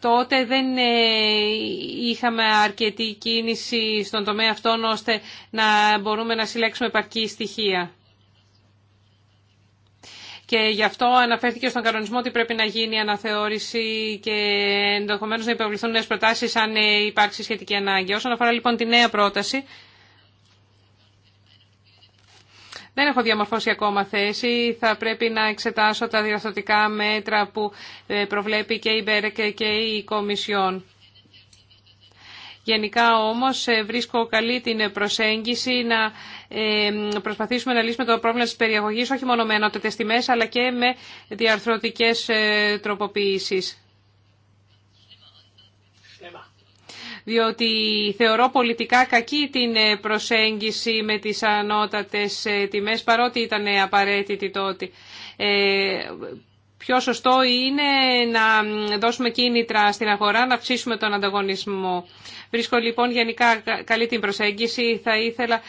Τότε δεν είχαμε αρκετή κίνηση στον τομέα αυτόν ώστε να μπορούμε να συλλέξουμε επαρκή στοιχεία. Και γι' αυτό αναφέρθηκε στον κανονισμό ότι πρέπει να γίνει αναθεώρηση και ενδεχομένω να υποβληθούν νέε προτάσει αν υπάρξει σχετική ανάγκη. Όσον αφορά λοιπόν τη νέα πρόταση, Δεν έχω διαμορφώσει ακόμα θέση. Θα πρέπει να εξετάσω τα διαρθρωτικά μέτρα που ε, προβλέπει και η ΜΠΕΡΕΚ και η Κομισιόν. Γενικά όμως ε, βρίσκω καλή την προσέγγιση να ε, προσπαθήσουμε να λύσουμε το πρόβλημα της περιαγωγής όχι μόνο με ανώτετες τιμές αλλά και με διαρθρωτικές τροποποιήσεις. διότι θεωρώ πολιτικά κακή την ε, προσέγγιση με τις ανώτατες ε, τιμές, παρότι ήταν απαραίτητη τότε. Ε, πιο σωστό είναι να δώσουμε κίνητρα στην αγορά, να αυξήσουμε τον ανταγωνισμό. Βρίσκω λοιπόν γενικά καλή την προσέγγιση. Θα ήθελα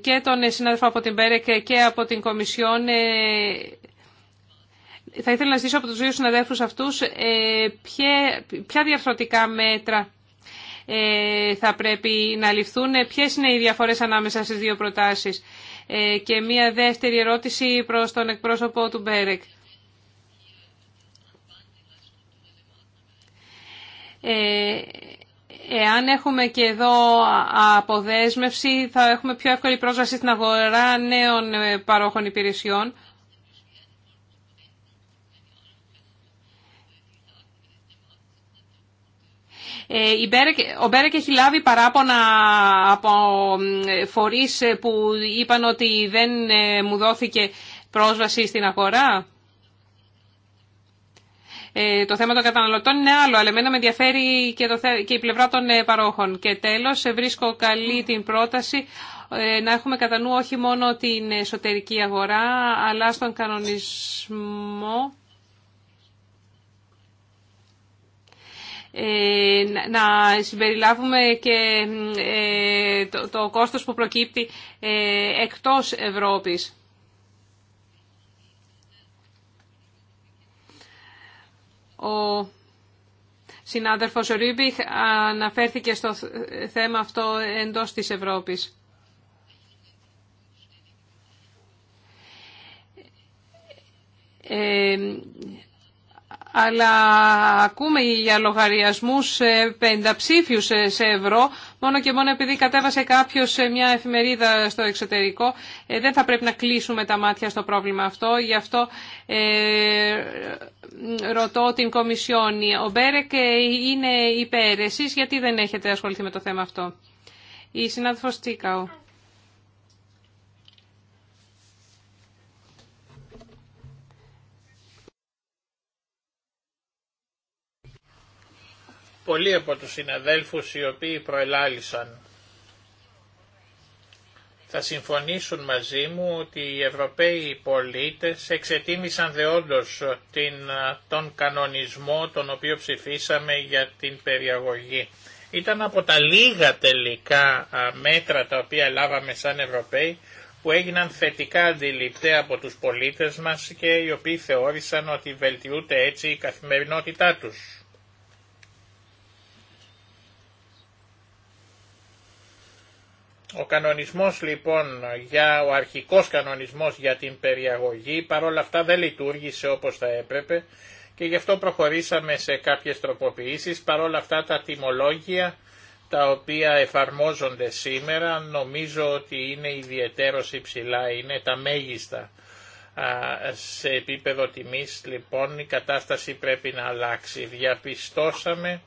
και τον συνάδελφο από την ΠΕΡΕΚ και από την Κομισιόν θα ήθελα να ζητήσω από τους δύο συναδέλφους αυτούς ποια διαφορετικά μέτρα ε, θα πρέπει να ληφθούν, ε, ποιες είναι οι διαφορές ανάμεσα στις δύο προτάσεις. Ε, και μία δεύτερη ερώτηση προς τον εκπρόσωπο του Μπέρεκ. Εάν έχουμε και εδώ αποδέσμευση θα έχουμε πιο εύκολη πρόσβαση στην αγορά νέων παρόχων υπηρεσιών. Ε, ο Μπέρεκ έχει λάβει παράπονα από φορείς που είπαν ότι δεν ε, μου δόθηκε πρόσβαση στην αγορά. Ε, το θέμα των καταναλωτών είναι άλλο, αλλά εμένα με ενδιαφέρει και, το, και η πλευρά των παρόχων. Και τέλος, βρίσκω καλή την πρόταση να έχουμε κατά νου όχι μόνο την εσωτερική αγορά, αλλά στον κανονισμό Ε, να συμπεριλάβουμε και ε, το, το κόστος που προκύπτει ε, εκτός Ευρώπης. Ο συνάδελφος Ρίμπιχ αναφέρθηκε στο θέμα αυτό εντός της Ευρώπης. Ε, αλλά ακούμε για λογαριασμούς πενταψήφιου σε ευρώ, μόνο και μόνο επειδή κατέβασε κάποιος μια εφημερίδα στο εξωτερικό. Ε, δεν θα πρέπει να κλείσουμε τα μάτια στο πρόβλημα αυτό. Γι' αυτό ε, ρωτώ την Κομισιόν, Ο Μπέρεκ ε, είναι υπέρ. Εσείς γιατί δεν έχετε ασχοληθεί με το θέμα αυτό. Η συνάδελφος Τσίκαου. πολλοί από τους συναδέλφους οι οποίοι προελάλησαν θα συμφωνήσουν μαζί μου ότι οι Ευρωπαίοι πολίτες εξετίμησαν δεόντως την, τον κανονισμό τον οποίο ψηφίσαμε για την περιαγωγή. Ήταν από τα λίγα τελικά μέτρα τα οποία λάβαμε σαν Ευρωπαίοι που έγιναν θετικά αντιληπτέ από τους πολίτες μας και οι οποίοι θεώρησαν ότι βελτιούται έτσι η καθημερινότητά τους. Ο κανονισμός λοιπόν, για, ο αρχικός κανονισμός για την περιαγωγή παρόλα αυτά δεν λειτουργήσε όπως θα έπρεπε και γι' αυτό προχωρήσαμε σε κάποιες τροποποιήσεις. Παρόλα αυτά τα τιμολόγια τα οποία εφαρμόζονται σήμερα νομίζω ότι είναι ιδιαίτερως υψηλά, είναι τα μέγιστα. Σε επίπεδο τιμής λοιπόν η κατάσταση πρέπει να αλλάξει. Διαπιστώσαμε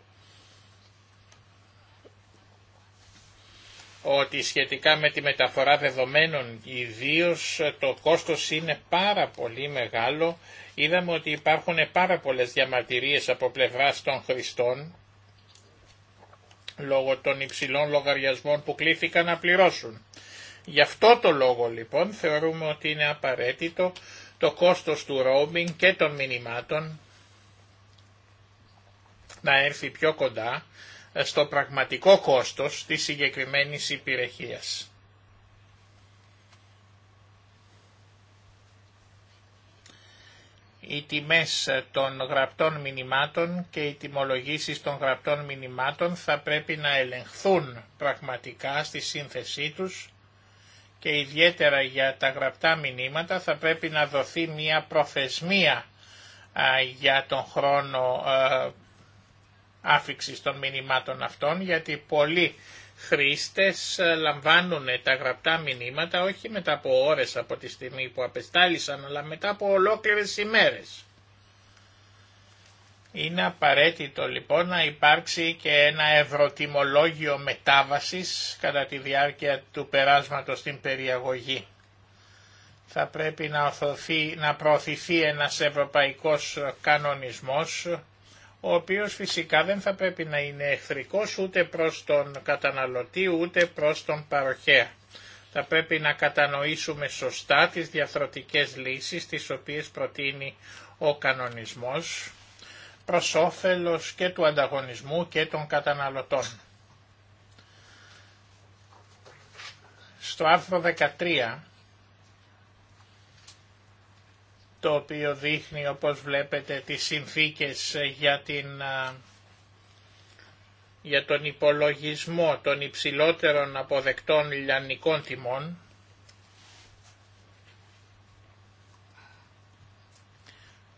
ότι σχετικά με τη μεταφορά δεδομένων ιδίω το κόστος είναι πάρα πολύ μεγάλο. Είδαμε ότι υπάρχουν πάρα πολλές διαμαρτυρίες από πλευράς των χρηστών λόγω των υψηλών λογαριασμών που κλήθηκαν να πληρώσουν. Γι' αυτό το λόγο λοιπόν θεωρούμε ότι είναι απαραίτητο το κόστος του roaming και των μηνυμάτων να έρθει πιο κοντά στο πραγματικό κόστος της συγκεκριμένης υπηρεχίας. Οι τιμές των γραπτών μηνυμάτων και οι τιμολογήσεις των γραπτών μηνυμάτων θα πρέπει να ελεγχθούν πραγματικά στη σύνθεσή τους και ιδιαίτερα για τα γραπτά μηνύματα θα πρέπει να δοθεί μια προθεσμία για τον χρόνο άφηξης των μηνυμάτων αυτών γιατί πολλοί χρήστες ε, λαμβάνουν τα γραπτά μηνύματα όχι μετά από ώρες από τη στιγμή που απεστάλησαν αλλά μετά από ολόκληρες ημέρες. Είναι απαραίτητο λοιπόν να υπάρξει και ένα ευρωτιμολόγιο μετάβασης κατά τη διάρκεια του περάσματος στην περιαγωγή. Θα πρέπει να, οθωθεί, να προωθηθεί ένας ευρωπαϊκός κανονισμός ο οποίος φυσικά δεν θα πρέπει να είναι εχθρικός ούτε προς τον καταναλωτή ούτε προς τον παροχέα. Θα πρέπει να κατανοήσουμε σωστά τις διαφθρωτικές λύσεις τις οποίες προτείνει ο κανονισμός προς όφελος και του ανταγωνισμού και των καταναλωτών. Στο άρθρο 13 το οποίο δείχνει όπως βλέπετε τις συνθήκες για, την, για τον υπολογισμό των υψηλότερων αποδεκτών λιανικών τιμών.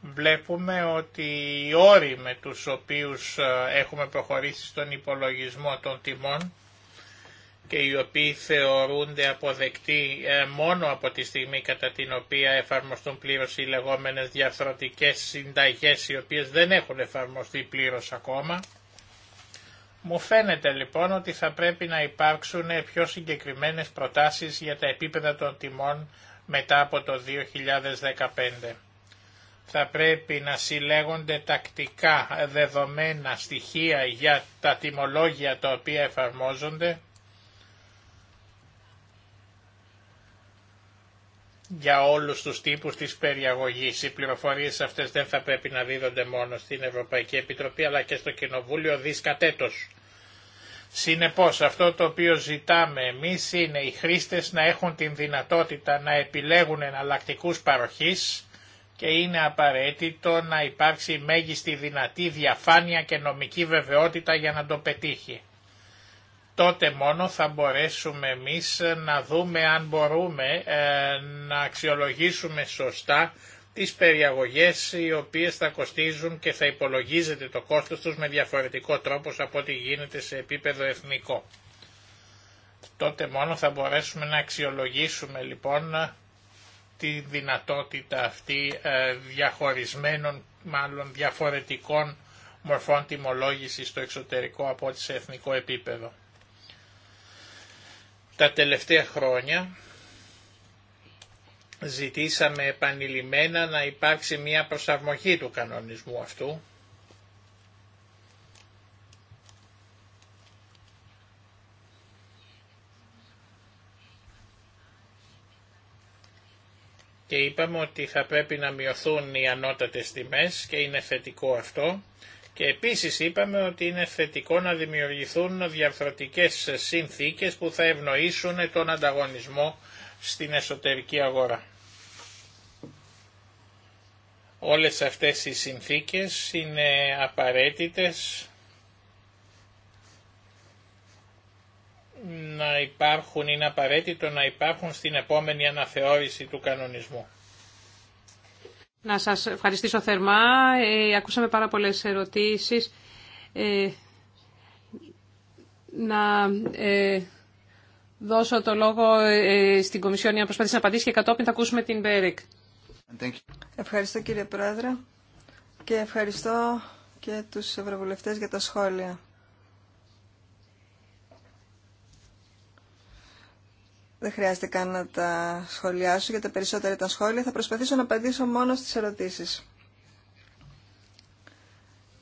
Βλέπουμε ότι οι όροι με τους οποίους έχουμε προχωρήσει στον υπολογισμό των τιμών και οι οποίοι θεωρούνται αποδεκτοί ε, μόνο από τη στιγμή κατά την οποία εφαρμοστούν πλήρως οι λεγόμενες διαρθρωτικές συνταγές οι οποίες δεν έχουν εφαρμοστεί πλήρως ακόμα. Μου φαίνεται λοιπόν ότι θα πρέπει να υπάρξουν πιο συγκεκριμένες προτάσεις για τα επίπεδα των τιμών μετά από το 2015. Θα πρέπει να συλλέγονται τακτικά δεδομένα στοιχεία για τα τιμολόγια τα οποία εφαρμόζονται για όλους τους τύπους της περιαγωγής. Οι πληροφορίες αυτές δεν θα πρέπει να δίδονται μόνο στην Ευρωπαϊκή Επιτροπή αλλά και στο Κοινοβούλιο δίσκατέτος. Συνεπώς αυτό το οποίο ζητάμε εμείς είναι οι χρήστες να έχουν την δυνατότητα να επιλέγουν εναλλακτικούς παροχής και είναι απαραίτητο να υπάρξει μέγιστη δυνατή διαφάνεια και νομική βεβαιότητα για να το πετύχει τότε μόνο θα μπορέσουμε εμείς να δούμε αν μπορούμε ε, να αξιολογήσουμε σωστά τις περιαγωγές οι οποίες θα κοστίζουν και θα υπολογίζεται το κόστος τους με διαφορετικό τρόπο από ό,τι γίνεται σε επίπεδο εθνικό. Τότε μόνο θα μπορέσουμε να αξιολογήσουμε λοιπόν τη δυνατότητα αυτή ε, διαχωρισμένων, μάλλον διαφορετικών μορφών τιμολόγησης στο εξωτερικό από ό,τι σε εθνικό επίπεδο. Τα τελευταία χρόνια ζητήσαμε επανειλημμένα να υπάρξει μια προσαρμογή του κανονισμού αυτού και είπαμε ότι θα πρέπει να μειωθούν οι ανώτατες τιμές και είναι θετικό αυτό και επίσης είπαμε ότι είναι θετικό να δημιουργηθούν διαφορετικές συνθήκες που θα ευνοήσουν τον ανταγωνισμό στην εσωτερική αγορά. Όλες αυτές οι συνθήκες είναι απαραίτητες να υπάρχουν, είναι απαραίτητο να υπάρχουν στην επόμενη αναθεώρηση του κανονισμού. Να σας ευχαριστήσω θερμά. Ε, ακούσαμε πάρα πολλές ερωτήσεις. Ε, να ε, δώσω το λόγο ε, στην Κομισιόν για να προσπαθήσει να απαντήσει και κατόπιν θα ακούσουμε την Μπέρεκ. Ευχαριστώ κύριε Πρόεδρε και ευχαριστώ και τους ευρωβουλευτές για τα σχόλια. Δεν χρειάζεται καν να τα σχολιάσω για τα περισσότερα τα σχόλια. Θα προσπαθήσω να απαντήσω μόνο στις ερωτήσεις.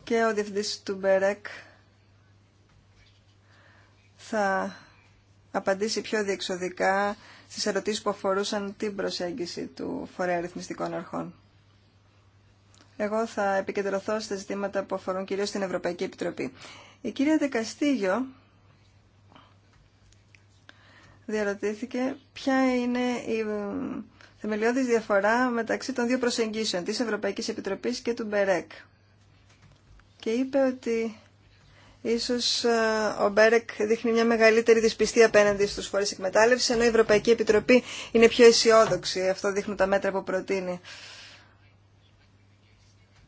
Και ο διευθυντής του Μπερέκ θα απαντήσει πιο διεξοδικά στις ερωτήσεις που αφορούσαν την προσέγγιση του Φορέα Αριθμιστικών Αρχών. Εγώ θα επικεντρωθώ στα ζητήματα που αφορούν κυρίως την Ευρωπαϊκή Επιτροπή. Η κυρία Δεκαστήγιο διαρωτήθηκε ποια είναι η ε, θεμελιώδης διαφορά μεταξύ των δύο προσεγγίσεων της Ευρωπαϊκής Επιτροπής και του Μπερέκ. Και είπε ότι ίσως ε, ο Μπέρεκ δείχνει μια μεγαλύτερη δυσπιστία απέναντι στους φορείς εκμετάλλευσης, ενώ η Ευρωπαϊκή Επιτροπή είναι πιο αισιόδοξη. Αυτό δείχνουν τα μέτρα που προτείνει.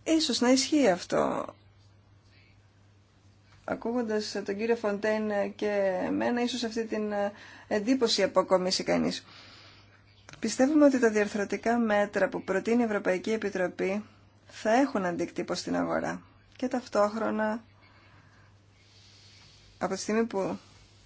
Ίσως να ισχύει αυτό ακούγοντας τον κύριο Φοντέιν και εμένα, ίσως αυτή την εντύπωση αποκομίσει κανείς. Πιστεύουμε ότι τα διαρθρωτικά μέτρα που προτείνει η Ευρωπαϊκή Επιτροπή θα έχουν αντίκτυπο στην αγορά και ταυτόχρονα από τη στιγμή που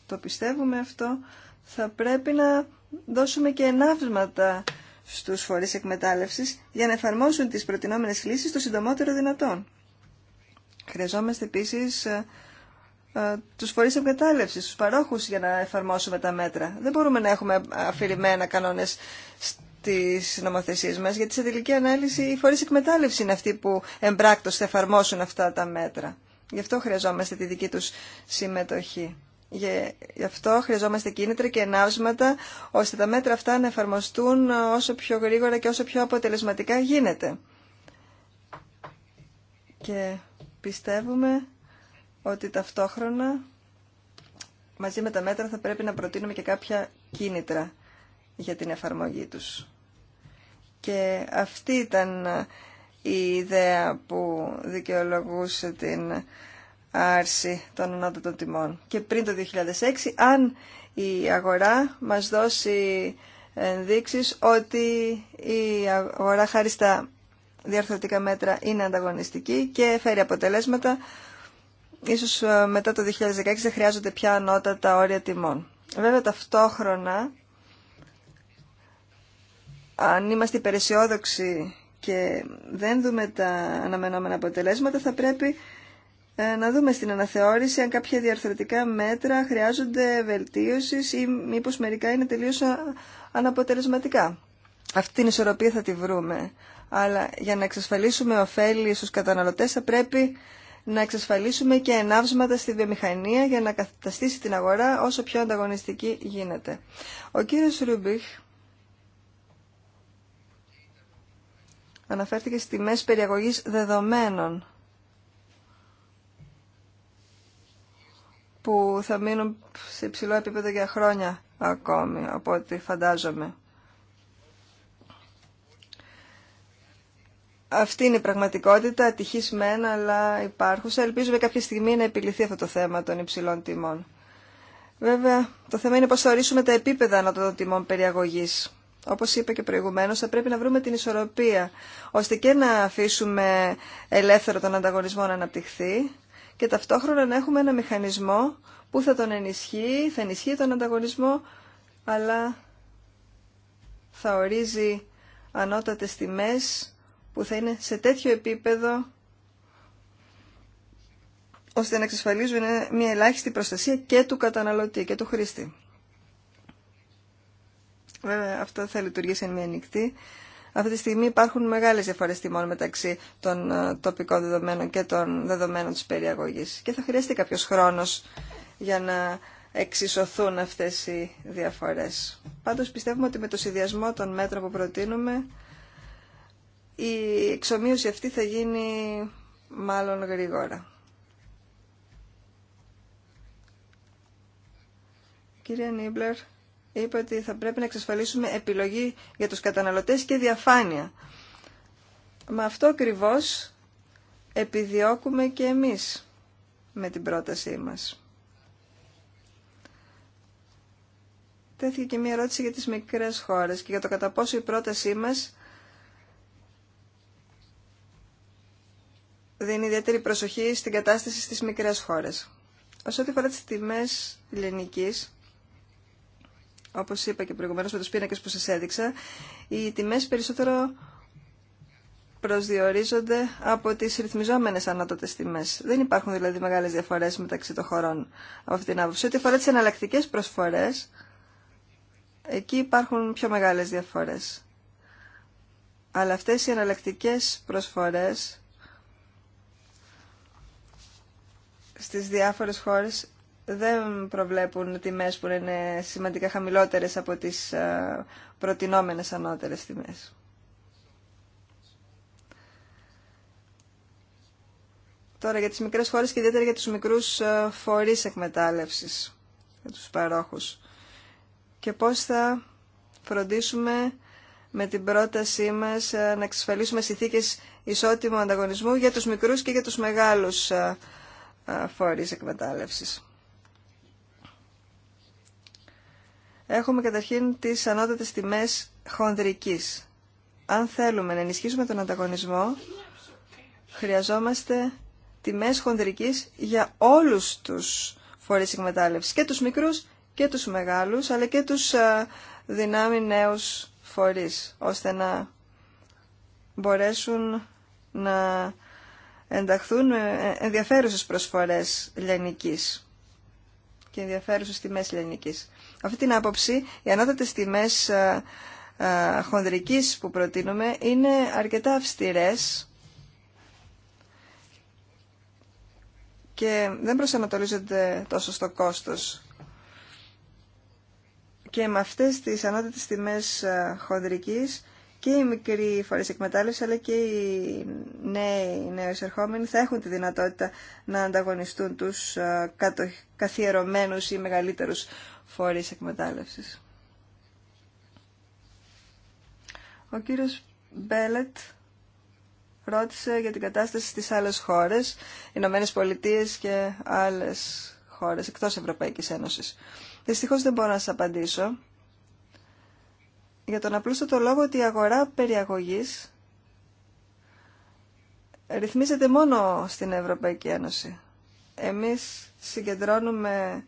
το πιστεύουμε αυτό θα πρέπει να δώσουμε και εναύσματα στους φορείς εκμετάλλευσης για να εφαρμόσουν τις προτινόμενες λύσεις το συντομότερο δυνατόν. Χρειαζόμαστε επίσης ε, τους φορείς εγκατάλευσης, του παρόχους για να εφαρμόσουμε τα μέτρα. Δεν μπορούμε να έχουμε αφηρημένα κανόνες στις νομοθεσίες μας, γιατί σε τελική ανάλυση οι φορείς εκμετάλλευση είναι αυτοί που εμπράκτος θα εφαρμόσουν αυτά τα μέτρα. Γι' αυτό χρειαζόμαστε τη δική τους συμμετοχή. Γι' αυτό χρειαζόμαστε κίνητρα και ενάυσματα ώστε τα μέτρα αυτά να εφαρμοστούν όσο πιο γρήγορα και όσο πιο αποτελεσματικά γίνεται. Και πιστεύουμε ότι ταυτόχρονα μαζί με τα μέτρα θα πρέπει να προτείνουμε και κάποια κίνητρα για την εφαρμογή τους. Και αυτή ήταν η ιδέα που δικαιολογούσε την άρση των ανώτατων τιμών. Και πριν το 2006, αν η αγορά μας δώσει ενδείξεις ότι η αγορά χάρη στα διαρθρωτικά μέτρα είναι ανταγωνιστική και φέρει αποτελέσματα ίσως ε, μετά το 2016 δεν χρειάζονται πια ανώτατα όρια τιμών. Βέβαια ταυτόχρονα, αν είμαστε υπεραισιόδοξοι και δεν δούμε τα αναμενόμενα αποτελέσματα, θα πρέπει ε, να δούμε στην αναθεώρηση αν κάποια διαρθρωτικά μέτρα χρειάζονται βελτίωση ή μήπως μερικά είναι τελείως αναποτελεσματικά. Αυτή την ισορροπία θα τη βρούμε. Αλλά για να εξασφαλίσουμε ωφέλη στους καταναλωτές θα πρέπει να εξασφαλίσουμε και ενάψματα στη βιομηχανία για να καταστήσει την αγορά όσο πιο ανταγωνιστική γίνεται. Ο κύριος Ρούμπιχ αναφέρθηκε στις τιμές περιαγωγής δεδομένων που θα μείνουν σε υψηλό επίπεδο για χρόνια ακόμη από ό,τι φαντάζομαι. Αυτή είναι η πραγματικότητα, ατυχής μεν, αλλά υπάρχουσα. Ελπίζουμε κάποια στιγμή να επιληθεί αυτό το θέμα των υψηλών τιμών. Βέβαια, το θέμα είναι πώς θα ορίσουμε τα επίπεδα ανά τιμών περιαγωγής. Όπως είπα και προηγουμένως, θα πρέπει να βρούμε την ισορροπία, ώστε και να αφήσουμε ελεύθερο τον ανταγωνισμό να αναπτυχθεί και ταυτόχρονα να έχουμε ένα μηχανισμό που θα τον ενισχύει, θα ενισχύει τον ανταγωνισμό, αλλά θα ορίζει ανώτατες τιμές που θα είναι σε τέτοιο επίπεδο ώστε να εξασφαλίζουν μια ελάχιστη προστασία και του καταναλωτή και του χρήστη. Βέβαια, αυτό θα λειτουργήσει εν μία νυχτή. Αυτή τη στιγμή υπάρχουν μεγάλες διαφορές τιμών μεταξύ των ε, τοπικών δεδομένων και των δεδομένων της περιαγωγής και θα χρειαστεί κάποιος χρόνος για να εξισωθούν αυτές οι διαφορές. Πάντως πιστεύουμε ότι με το συνδυασμό των μέτρων που προτείνουμε η εξομοίωση αυτή θα γίνει μάλλον γρήγορα. Κύριε Νίμπλερ, είπε ότι θα πρέπει να εξασφαλίσουμε επιλογή για τους καταναλωτές και διαφάνεια. Με αυτό ακριβώ επιδιώκουμε και εμείς με την πρότασή μας. Τέθηκε και μία ερώτηση για τις μικρές χώρες και για το κατά πόσο η πρότασή μας δίνει ιδιαίτερη προσοχή στην κατάσταση στις μικρές χώρες. Όσο ό,τι αφορά τις τιμές ελληνικής, όπως είπα και προηγουμένως με τους πίνακες που σας έδειξα, οι τιμές περισσότερο προσδιορίζονται από τις ρυθμιζόμενες ανώτατες τιμές. Δεν υπάρχουν δηλαδή μεγάλες διαφορές μεταξύ των χωρών από αυτήν την άποψη. Ό,τι αφορά τις εναλλακτικέ προσφορές, εκεί υπάρχουν πιο μεγάλες διαφορές. Αλλά αυτές οι εναλλακτικές προσφορές στις διάφορες χώρες δεν προβλέπουν τιμές που είναι σημαντικά χαμηλότερες από τις ε, προτινόμενες ανώτερες τιμές. Τώρα για τις μικρές χώρες και ιδιαίτερα για τους μικρούς ε, φορείς εκμετάλλευσης, για τους παρόχους. Και πώς θα φροντίσουμε με την πρότασή μας ε, να εξασφαλίσουμε συνθήκες ισότιμου ανταγωνισμού για τους μικρούς και για τους μεγάλους φορείς εκμετάλλευσης. Έχουμε καταρχήν τις ανώτατες τιμές χονδρικής. Αν θέλουμε να ενισχύσουμε τον ανταγωνισμό, χρειαζόμαστε τιμές χονδρικής για όλους τους φορείς εκμετάλλευσης, και τους μικρούς και τους μεγάλους, αλλά και τους ε, δυνάμει νέους φορείς, ώστε να μπορέσουν να ενταχθούν ε, ενδιαφέρουσες προσφορές Λενικής και ενδιαφέρουσες τιμές Λενικής. Αυτή την άποψη, οι ανώτατες τιμές ε, ε, χονδρικής που προτείνουμε είναι αρκετά αυστηρές και δεν προσανατολίζονται τόσο στο κόστος. Και με αυτές τις ανώτατες τιμές χονδρικής και οι μικροί φορείς εκμετάλλευση αλλά και οι νέοι, οι νέοι εισερχόμενοι θα έχουν τη δυνατότητα να ανταγωνιστούν τους ε, καθιερωμένου ή μεγαλύτερου φορεί εκμετάλλευσης. Ο κύριος Μπέλετ ρώτησε για την κατάσταση στις άλλες χώρες, Ηνωμένε Πολιτείε και άλλες χώρες εκτός Ευρωπαϊκής Ένωσης. Δυστυχώς δεν μπορώ να σας απαντήσω, για τον το λόγο ότι η αγορά περιαγωγής ρυθμίζεται μόνο στην Ευρωπαϊκή Ένωση. Εμείς συγκεντρώνουμε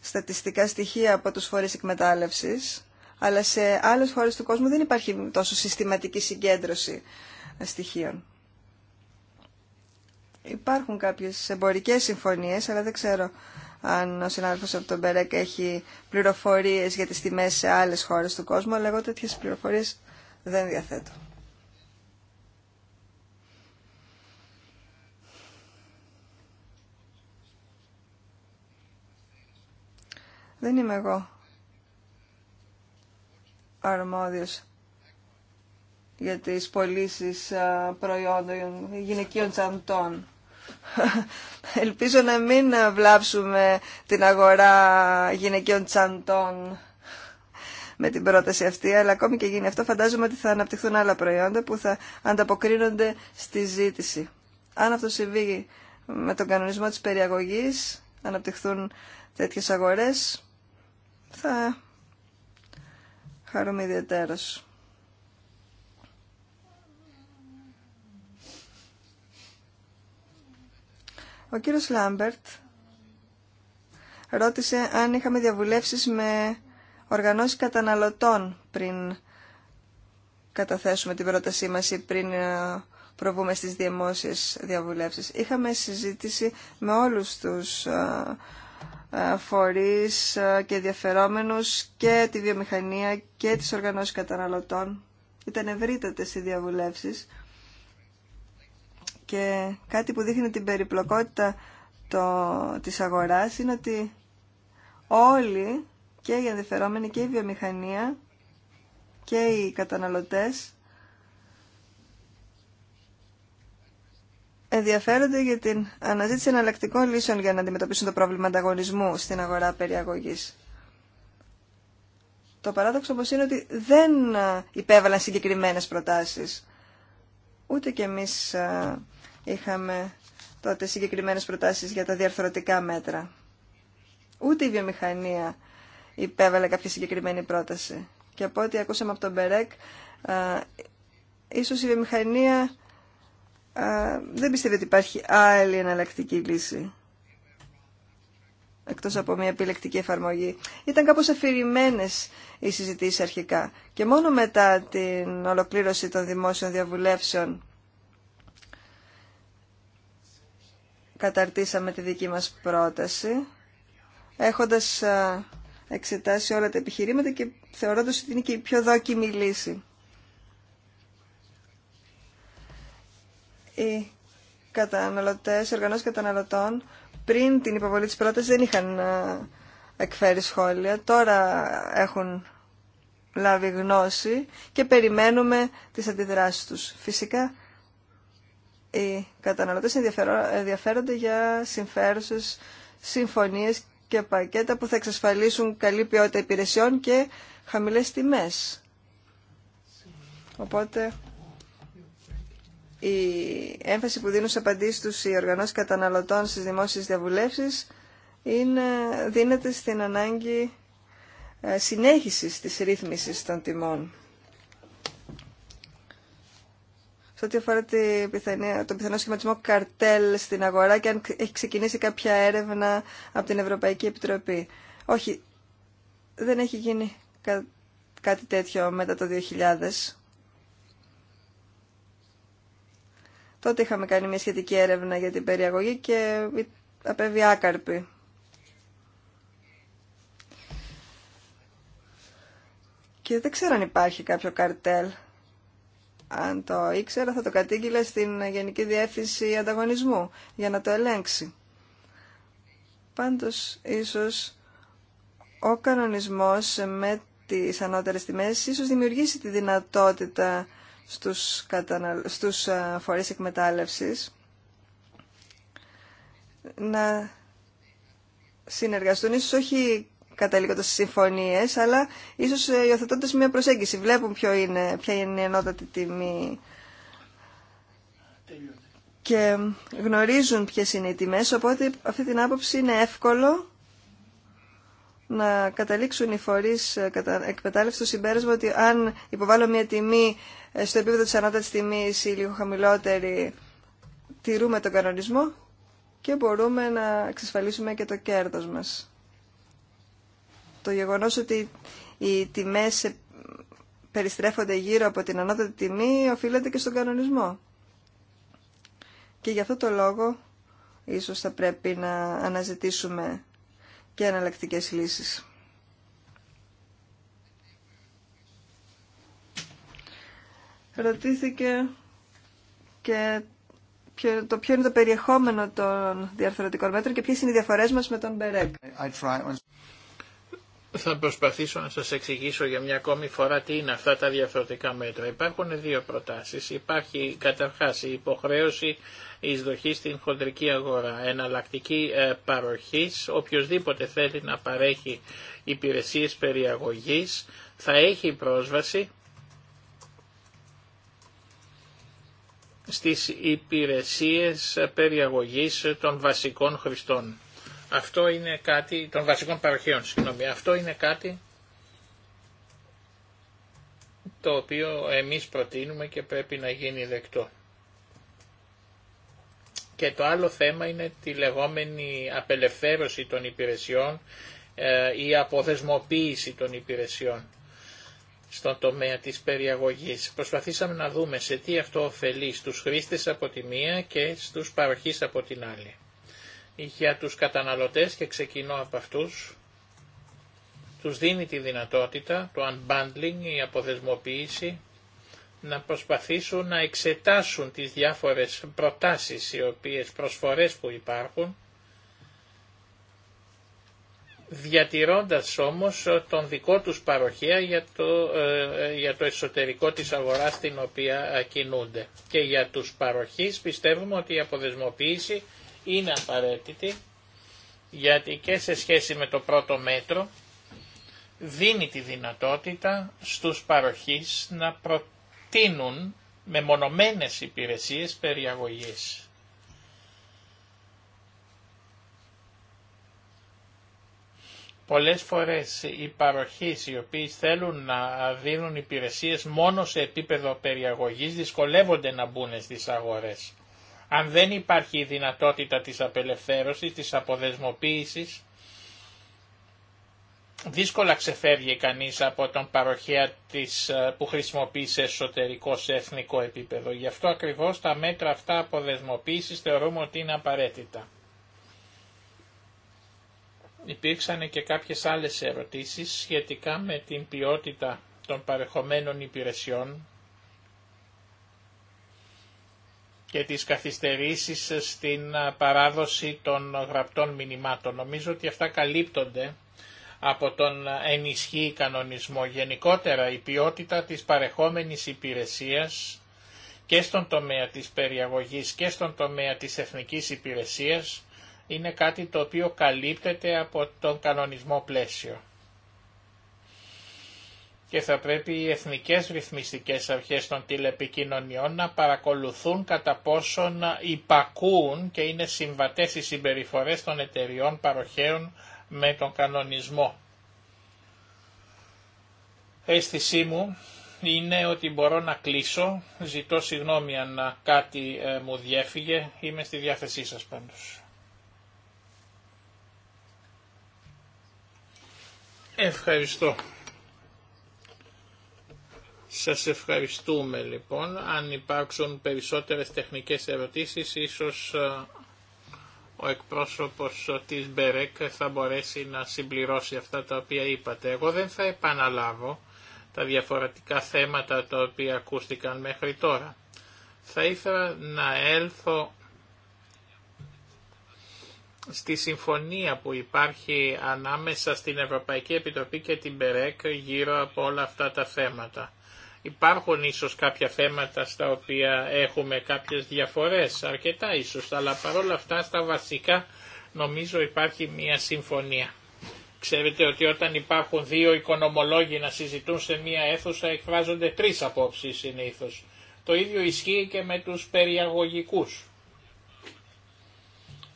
στατιστικά στοιχεία από τους φορείς εκμετάλλευσης, αλλά σε άλλες χώρες του κόσμου δεν υπάρχει τόσο συστηματική συγκέντρωση στοιχείων. Υπάρχουν κάποιες εμπορικές συμφωνίες, αλλά δεν ξέρω αν ο συνάδελφο από τον Μπερέκ έχει πληροφορίες για τις τιμές σε άλλε χώρε του κόσμου, αλλά εγώ τέτοιε πληροφορίες δεν διαθέτω. Δεν είμαι εγώ αρμόδιος για τις πωλήσει προϊόντων γυναικείων τσαντών. Ελπίζω να μην βλάψουμε την αγορά γυναικείων τσαντών με την πρόταση αυτή, αλλά ακόμη και γίνει αυτό φαντάζομαι ότι θα αναπτυχθούν άλλα προϊόντα που θα ανταποκρίνονται στη ζήτηση. Αν αυτό συμβεί με τον κανονισμό της περιαγωγής, αναπτυχθούν τέτοιες αγορές, θα χαρούμε ιδιαίτερως. Ο κύριος Λάμπερτ ρώτησε αν είχαμε διαβουλεύσεις με οργανώσεις καταναλωτών πριν καταθέσουμε την πρότασή μας ή πριν ε, προβούμε στις δημόσιες διαβουλεύσεις. Είχαμε συζήτηση με όλους τους ε, ε, φορείς και ενδιαφερόμενους και τη βιομηχανία και τις οργανώσεις καταναλωτών. Ήταν ευρύτατες οι διαβουλεύσεις και κάτι που δείχνει την περιπλοκότητα το, της αγοράς είναι ότι όλοι και οι ενδιαφερόμενοι και η βιομηχανία και οι καταναλωτές ενδιαφέρονται για την αναζήτηση εναλλακτικών λύσεων για να αντιμετωπίσουν το πρόβλημα ανταγωνισμού στην αγορά περιαγωγής. Το παράδοξο όμως είναι ότι δεν ε, υπέβαλαν συγκεκριμένες προτάσεις. Ούτε και εμείς ε, είχαμε τότε συγκεκριμένες προτάσεις για τα διαρθρωτικά μέτρα. Ούτε η βιομηχανία υπέβαλε κάποια συγκεκριμένη πρόταση. Και από ό,τι ακούσαμε από τον Μπερέκ, ίσως η βιομηχανία δεν πιστεύει ότι υπάρχει άλλη εναλλακτική λύση εκτός από μια επιλεκτική εφαρμογή. Ήταν κάπως αφηρημένες οι συζητήσεις αρχικά και μόνο μετά την ολοκλήρωση των δημόσιων διαβουλεύσεων καταρτήσαμε τη δική μας πρόταση, έχοντας ε, εξετάσει όλα τα επιχειρήματα και θεωρώντας ότι είναι και η πιο δόκιμη λύση. Οι καταναλωτές, οι οργανώσεις καταναλωτών, πριν την υποβολή της πρότασης δεν είχαν ε, εκφέρει σχόλια. Τώρα έχουν λάβει γνώση και περιμένουμε τις αντιδράσεις τους. Φυσικά οι καταναλωτές ενδιαφέρονται για συμφέρουσες συμφωνίες και πακέτα που θα εξασφαλίσουν καλή ποιότητα υπηρεσιών και χαμηλές τιμές. Οπότε η έμφαση που δίνουν σε απαντήσεις τους οι οργανώσεις καταναλωτών στις δημόσιες διαβουλεύσεις είναι, δίνεται στην ανάγκη ε, συνέχισης της ρύθμισης των τιμών. σε ό,τι αφορά τον πιθανό σχηματισμό καρτέλ στην αγορά και αν έχει ξεκινήσει κάποια έρευνα από την Ευρωπαϊκή Επιτροπή. Όχι, δεν έχει γίνει κάτι τέτοιο μετά το 2000. Τότε είχαμε κάνει μια σχετική έρευνα για την περιαγωγή και απέβη άκαρπη. Και δεν ξέρω αν υπάρχει κάποιο καρτέλ αν το ήξερα θα το κατήγγειλα στην Γενική Διεύθυνση Ανταγωνισμού για να το ελέγξει. Πάντως, ίσως, ο κανονισμός με τις ανώτερες τιμές ίσως δημιουργήσει τη δυνατότητα στους, καταναλ... στους φορείς εκμετάλλευσης να συνεργαστούν, ίσως όχι καταλήγοντα στις συμφωνίε, αλλά ίσω ε, υιοθετώντα μια προσέγγιση. Βλέπουν ποιο είναι, ποια είναι η ενότατη τιμή και γνωρίζουν ποιε είναι οι τιμέ. οπότε αυτή την άποψη είναι εύκολο να καταλήξουν οι φορείς ε, εκμετάλλευση στο συμπέρασμα ότι αν υποβάλλω μια τιμή ε, στο επίπεδο τη ανώτατη τιμή, ή λίγο χαμηλότερη, τηρούμε τον κανονισμό και μπορούμε να εξασφαλίσουμε και το κέρδος μας το γεγονός ότι οι τιμές περιστρέφονται γύρω από την ανώτατη τιμή οφείλεται και στον κανονισμό. Και γι' αυτό το λόγο ίσως θα πρέπει να αναζητήσουμε και εναλλακτικέ λύσεις. Ρωτήθηκε και το ποιο είναι το περιεχόμενο των διαρθρωτικών μέτρων και ποιες είναι οι διαφορές μας με τον Μπερέκ. Θα προσπαθήσω να σας εξηγήσω για μια ακόμη φορά τι είναι αυτά τα διαφορετικά μέτρα. Υπάρχουν δύο προτάσεις. Υπάρχει καταρχάς η υποχρέωση εισδοχή στην χοντρική αγορά, εναλλακτική ε, παροχής, οποιοδήποτε θέλει να παρέχει υπηρεσίες περιαγωγής θα έχει πρόσβαση στις υπηρεσίες περιαγωγής των βασικών χρηστών. Αυτό είναι κάτι των βασικών παροχείων, συγγνώμη. Αυτό είναι κάτι το οποίο εμείς προτείνουμε και πρέπει να γίνει δεκτό. Και το άλλο θέμα είναι τη λεγόμενη απελευθέρωση των υπηρεσιών ή ε, αποδεσμοποίηση των υπηρεσιών στον τομέα της περιαγωγής. Προσπαθήσαμε να δούμε σε τι αυτό ωφελεί στους χρήστες από τη μία και στους παροχείς από την άλλη για τους καταναλωτές και ξεκινώ από αυτούς, τους δίνει τη δυνατότητα, το unbundling, η αποδεσμοποίηση, να προσπαθήσουν να εξετάσουν τις διάφορες προτάσεις οι οποίες προσφορές που υπάρχουν, διατηρώντας όμως τον δικό τους παροχέα για το, ε, για το εσωτερικό της αγοράς στην οποία κινούνται. Και για τους παροχείς πιστεύουμε ότι η αποδεσμοποίηση είναι απαραίτητη γιατί και σε σχέση με το πρώτο μέτρο δίνει τη δυνατότητα στους παροχείς να προτείνουν με μονομένες υπηρεσίες περιαγωγής. Πολλές φορές οι παροχείς οι οποίοι θέλουν να δίνουν υπηρεσίες μόνο σε επίπεδο περιαγωγής δυσκολεύονται να μπουν στις αγορές. Αν δεν υπάρχει η δυνατότητα της απελευθέρωσης, της αποδεσμοποίησης, δύσκολα ξεφεύγει κανείς από τον παροχέα της, ε, που χρησιμοποιεί σε εσωτερικό, σε εθνικό επίπεδο. Γι' αυτό ακριβώς τα μέτρα αυτά αποδεσμοποίησης θεωρούμε ότι είναι απαραίτητα. Υπήρξαν και κάποιες άλλες ερωτήσεις σχετικά με την ποιότητα των παρεχωμένων υπηρεσιών και τις καθυστερήσεις στην παράδοση των γραπτών μηνυμάτων. Νομίζω ότι αυτά καλύπτονται από τον ενισχύ κανονισμό. Γενικότερα η ποιότητα της παρεχόμενης υπηρεσίας και στον τομέα της περιαγωγής και στον τομέα της εθνικής υπηρεσίας είναι κάτι το οποίο καλύπτεται από τον κανονισμό πλαίσιο και θα πρέπει οι εθνικές ρυθμιστικές αρχές των τηλεπικοινωνιών να παρακολουθούν κατά πόσον υπακούν και είναι συμβατές οι συμπεριφορές των εταιριών παροχέων με τον κανονισμό. Αίσθησή μου είναι ότι μπορώ να κλείσω, ζητώ συγγνώμη αν κάτι ε, μου διέφυγε, είμαι στη διάθεσή σας πάντως. Ευχαριστώ. Σας ευχαριστούμε λοιπόν. Αν υπάρξουν περισσότερες τεχνικές ερωτήσεις, ίσως ε, ο εκπρόσωπος της Μπερέκ θα μπορέσει να συμπληρώσει αυτά τα οποία είπατε. Εγώ δεν θα επαναλάβω τα διαφορετικά θέματα τα οποία ακούστηκαν μέχρι τώρα. Θα ήθελα να έλθω στη συμφωνία που υπάρχει ανάμεσα στην Ευρωπαϊκή Επιτροπή και την Μπερέκ γύρω από όλα αυτά τα θέματα. Υπάρχουν ίσως κάποια θέματα στα οποία έχουμε κάποιες διαφορές, αρκετά ίσως, αλλά παρόλα αυτά στα βασικά νομίζω υπάρχει μια συμφωνία. Ξέρετε ότι όταν υπάρχουν δύο οικονομολόγοι να συζητούν σε μία αίθουσα εκφράζονται τρεις απόψεις συνήθως. Το ίδιο ισχύει και με τους περιαγωγικούς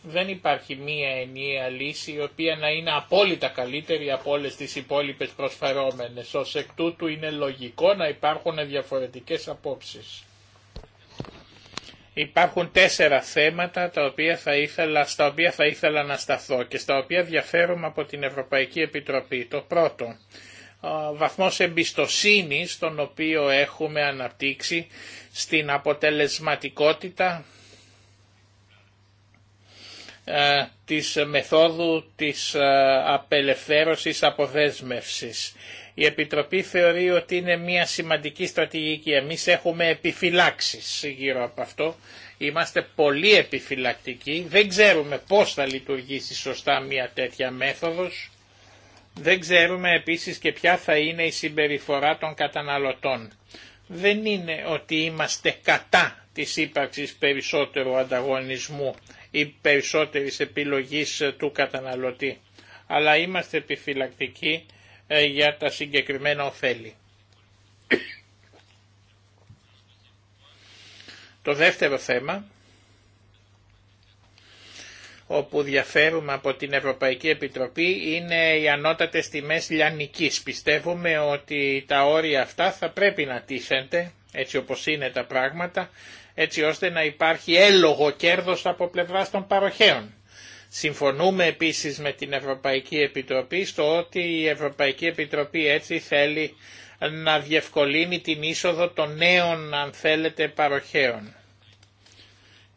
δεν υπάρχει μία ενιαία λύση η οποία να είναι απόλυτα καλύτερη από όλες τις υπόλοιπε προσφερόμενες. ω εκ τούτου είναι λογικό να υπάρχουν διαφορετικέ απόψεις. Υπάρχουν τέσσερα θέματα τα οποία θα ήθελα, στα οποία θα ήθελα να σταθώ και στα οποία διαφέρομαι από την Ευρωπαϊκή Επιτροπή. Το πρώτο, ο βαθμός εμπιστοσύνης τον οποίο έχουμε αναπτύξει στην αποτελεσματικότητα ε, της μεθόδου της ε, απελευθέρωσης αποδέσμευσης. Η Επιτροπή θεωρεί ότι είναι μια σημαντική στρατηγική. Εμείς έχουμε επιφυλάξεις γύρω από αυτό. Είμαστε πολύ επιφυλακτικοί. Δεν ξέρουμε πώς θα λειτουργήσει σωστά μια τέτοια μέθοδος. Δεν ξέρουμε επίσης και ποια θα είναι η συμπεριφορά των καταναλωτών. Δεν είναι ότι είμαστε κατά της ύπαρξης περισσότερου ανταγωνισμού ή περισσότερης επιλογής ε, του καταναλωτή. Αλλά είμαστε επιφυλακτικοί ε, για τα συγκεκριμένα ωφέλη. Το δεύτερο θέμα, όπου διαφέρουμε από την Ευρωπαϊκή Επιτροπή, είναι οι ανώτατες τιμές λιανικής. Πιστεύουμε ότι τα όρια αυτά θα πρέπει να τίθενται, έτσι όπως είναι τα πράγματα, έτσι ώστε να υπάρχει έλογο κέρδος από πλευρά των παροχέων. Συμφωνούμε επίσης με την Ευρωπαϊκή Επιτροπή στο ότι η Ευρωπαϊκή Επιτροπή έτσι θέλει να διευκολύνει την είσοδο των νέων αν θέλετε παροχέων.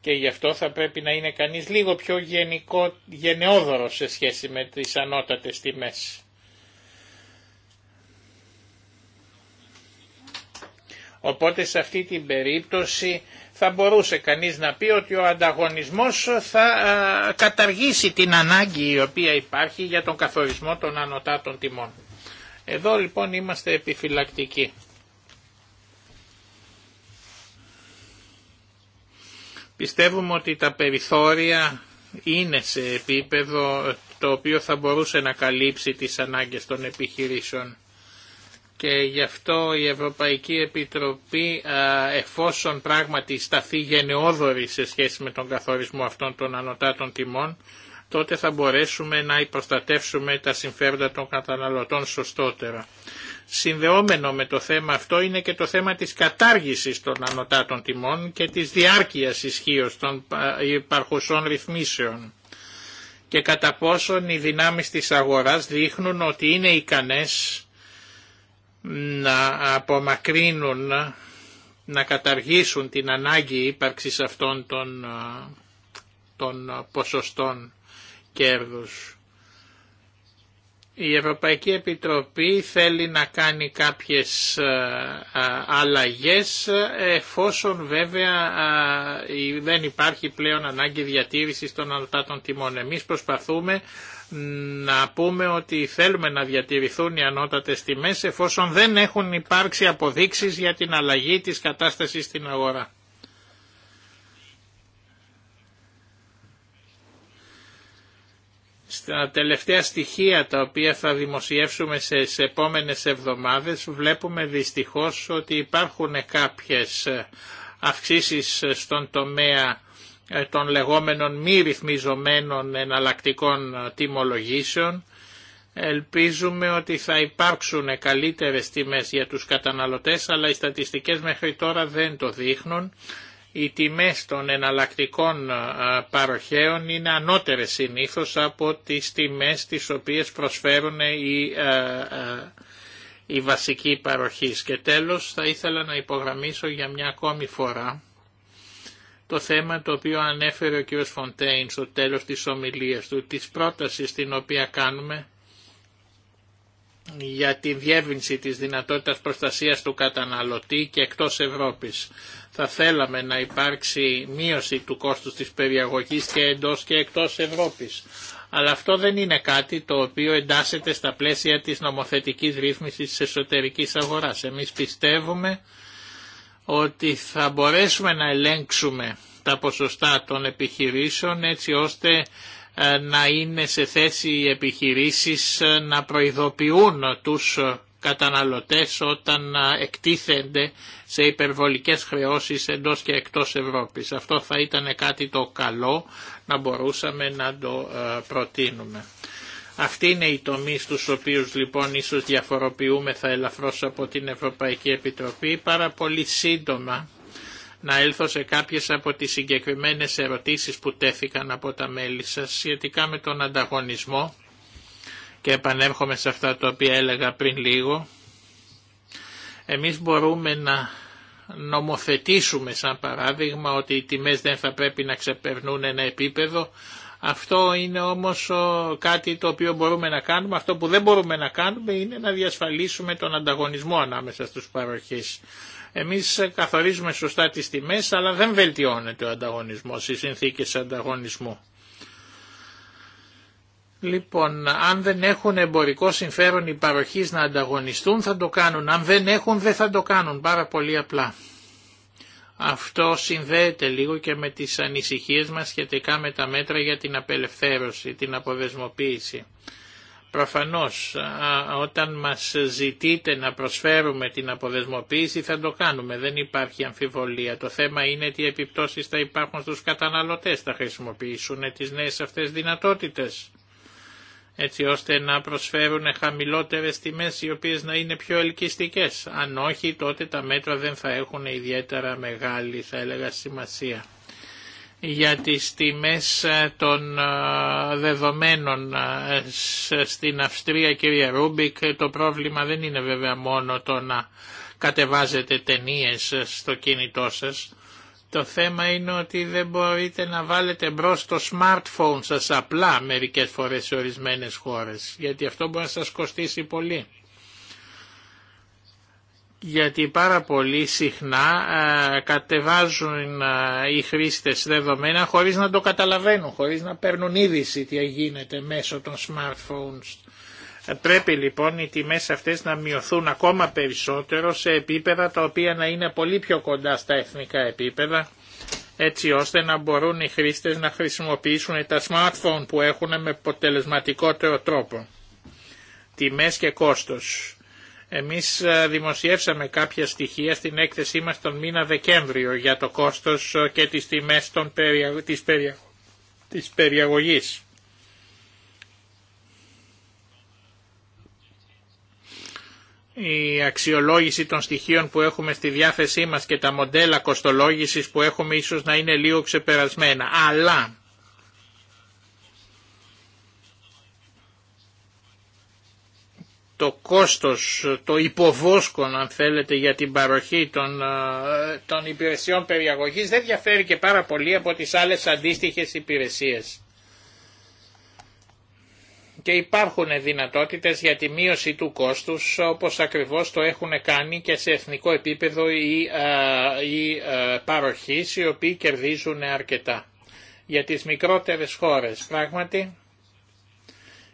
Και γι' αυτό θα πρέπει να είναι κανείς λίγο πιο γενικό, γενναιόδωρος σε σχέση με τις ανώτατες τιμές. Οπότε σε αυτή την περίπτωση θα μπορούσε κανείς να πει ότι ο ανταγωνισμός θα καταργήσει την ανάγκη η οποία υπάρχει για τον καθορισμό των ανωτάτων τιμών. Εδώ λοιπόν είμαστε επιφυλακτικοί. Πιστεύουμε ότι τα περιθώρια είναι σε επίπεδο το οποίο θα μπορούσε να καλύψει τις ανάγκες των επιχειρήσεων και γι' αυτό η Ευρωπαϊκή Επιτροπή εφόσον πράγματι σταθεί γενναιόδορη σε σχέση με τον καθορισμό αυτών των ανωτάτων τιμών τότε θα μπορέσουμε να υποστατεύσουμε τα συμφέροντα των καταναλωτών σωστότερα. Συνδεόμενο με το θέμα αυτό είναι και το θέμα της κατάργησης των ανωτάτων τιμών και της διάρκειας ισχύω των υπαρχουσών ρυθμίσεων και κατά πόσον οι δυνάμεις της αγοράς δείχνουν ότι είναι ικανές να απομακρύνουν, να καταργήσουν την ανάγκη ύπαρξης αυτών των, των ποσοστών κέρδους. Η Ευρωπαϊκή Επιτροπή θέλει να κάνει κάποιες ε, ε, αλλαγές εφόσον βέβαια ε, δεν υπάρχει πλέον ανάγκη διατήρησης των ανωτάτων τιμών. Εμείς προσπαθούμε να πούμε ότι θέλουμε να διατηρηθούν οι ανώτατες τιμές εφόσον δεν έχουν υπάρξει αποδείξεις για την αλλαγή της κατάστασης στην αγορά. Στα τελευταία στοιχεία τα οποία θα δημοσιεύσουμε σε, σε επόμενες εβδομάδες βλέπουμε δυστυχώς ότι υπάρχουν κάποιες ε, αυξήσεις ε, στον τομέα ε, των λεγόμενων μη ρυθμιζομένων εναλλακτικών τιμολογήσεων. Ελπίζουμε ότι θα υπάρξουν καλύτερες τιμές για τους καταναλωτές, αλλά οι στατιστικές μέχρι τώρα δεν το δείχνουν οι τιμές των εναλλακτικών παροχέων είναι ανώτερες συνήθως από τις τιμές τις οποίες προσφέρουν οι, οι βασικοί παροχείς. Και τέλος θα ήθελα να υπογραμμίσω για μια ακόμη φορά το θέμα το οποίο ανέφερε ο κ. Φοντέιν στο τέλος της ομιλίας του, της πρότασης την οποία κάνουμε για τη διεύρυνση της δυνατότητας προστασίας του καταναλωτή και εκτός Ευρώπης θα θέλαμε να υπάρξει μείωση του κόστους της περιαγωγής και εντός και εκτός Ευρώπης. Αλλά αυτό δεν είναι κάτι το οποίο εντάσσεται στα πλαίσια της νομοθετικής ρύθμισης της εσωτερικής αγοράς. Εμείς πιστεύουμε ότι θα μπορέσουμε να ελέγξουμε τα ποσοστά των επιχειρήσεων έτσι ώστε ε, να είναι σε θέση οι επιχειρήσεις ε, να προειδοποιούν τους καταναλωτές όταν εκτίθενται σε υπερβολικές χρεώσεις εντός και εκτός Ευρώπης. Αυτό θα ήταν κάτι το καλό να μπορούσαμε να το προτείνουμε. Αυτή είναι η τομή στους οποίους λοιπόν ίσως θα ελαφρώσω από την Ευρωπαϊκή Επιτροπή πάρα πολύ σύντομα να έλθω σε κάποιες από τις συγκεκριμένες ερωτήσεις που τέθηκαν από τα μέλη σας σχετικά με τον ανταγωνισμό και επανέρχομαι σε αυτά τα οποία έλεγα πριν λίγο, εμείς μπορούμε να νομοθετήσουμε σαν παράδειγμα ότι οι τιμές δεν θα πρέπει να ξεπερνούν ένα επίπεδο. Αυτό είναι όμως κάτι το οποίο μπορούμε να κάνουμε. Αυτό που δεν μπορούμε να κάνουμε είναι να διασφαλίσουμε τον ανταγωνισμό ανάμεσα στους παροχείς. Εμείς καθορίζουμε σωστά τις τιμές αλλά δεν βελτιώνεται ο ανταγωνισμός, οι συνθήκες ανταγωνισμού. Λοιπόν, αν δεν έχουν εμπορικό συμφέρον οι παροχείς να ανταγωνιστούν θα το κάνουν. Αν δεν έχουν δεν θα το κάνουν πάρα πολύ απλά. Αυτό συνδέεται λίγο και με τις ανησυχίες μας σχετικά με τα μέτρα για την απελευθέρωση, την αποδεσμοποίηση. Προφανώς όταν μας ζητείτε να προσφέρουμε την αποδεσμοποίηση θα το κάνουμε, δεν υπάρχει αμφιβολία. Το θέμα είναι τι επιπτώσεις θα υπάρχουν στους καταναλωτές, θα χρησιμοποιήσουν τις νέες αυτές δυνατότητες έτσι ώστε να προσφέρουν χαμηλότερες τιμές οι οποίες να είναι πιο ελκυστικές. Αν όχι τότε τα μέτρα δεν θα έχουν ιδιαίτερα μεγάλη θα έλεγα σημασία. Για τις τιμές ε, των ε, δεδομένων ε, στην Αυστρία κυρία Ρούμπικ το πρόβλημα δεν είναι βέβαια μόνο το να κατεβάζετε ταινίες στο κινητό σας το θέμα είναι ότι δεν μπορείτε να βάλετε μπρο το smartphone σας απλά μερικές φορές σε ορισμένες χώρες, γιατί αυτό μπορεί να σας κοστίσει πολύ. Γιατί πάρα πολύ συχνά κατεβάζουν οι χρήστες δεδομένα χωρίς να το καταλαβαίνουν, χωρίς να παίρνουν είδηση τι γίνεται μέσω των smartphones Πρέπει λοιπόν οι τιμές αυτές να μειωθούν ακόμα περισσότερο σε επίπεδα τα οποία να είναι πολύ πιο κοντά στα εθνικά επίπεδα έτσι ώστε να μπορούν οι χρήστες να χρησιμοποιήσουν τα smartphone που έχουν με αποτελεσματικότερο τρόπο. Τιμές και κόστος. Εμείς ε, δημοσιεύσαμε κάποια στοιχεία στην έκθεσή μας τον μήνα Δεκέμβριο για το κόστος ε, και τις τιμές των περια... της, η αξιολόγηση των στοιχείων που έχουμε στη διάθεσή μας και τα μοντέλα κοστολόγησης που έχουμε ίσως να είναι λίγο ξεπερασμένα. Αλλά το κόστος, το υποβόσκον αν θέλετε για την παροχή των, ε, των υπηρεσιών περιαγωγής δεν διαφέρει και πάρα πολύ από τις άλλες αντίστοιχες υπηρεσίες και υπάρχουν δυνατότητες για τη μείωση του κόστους όπως ακριβώς το έχουν κάνει και σε εθνικό επίπεδο οι, α, οι παροχείς οι οποίοι κερδίζουν αρκετά. Για τις μικρότερες χώρες πράγματι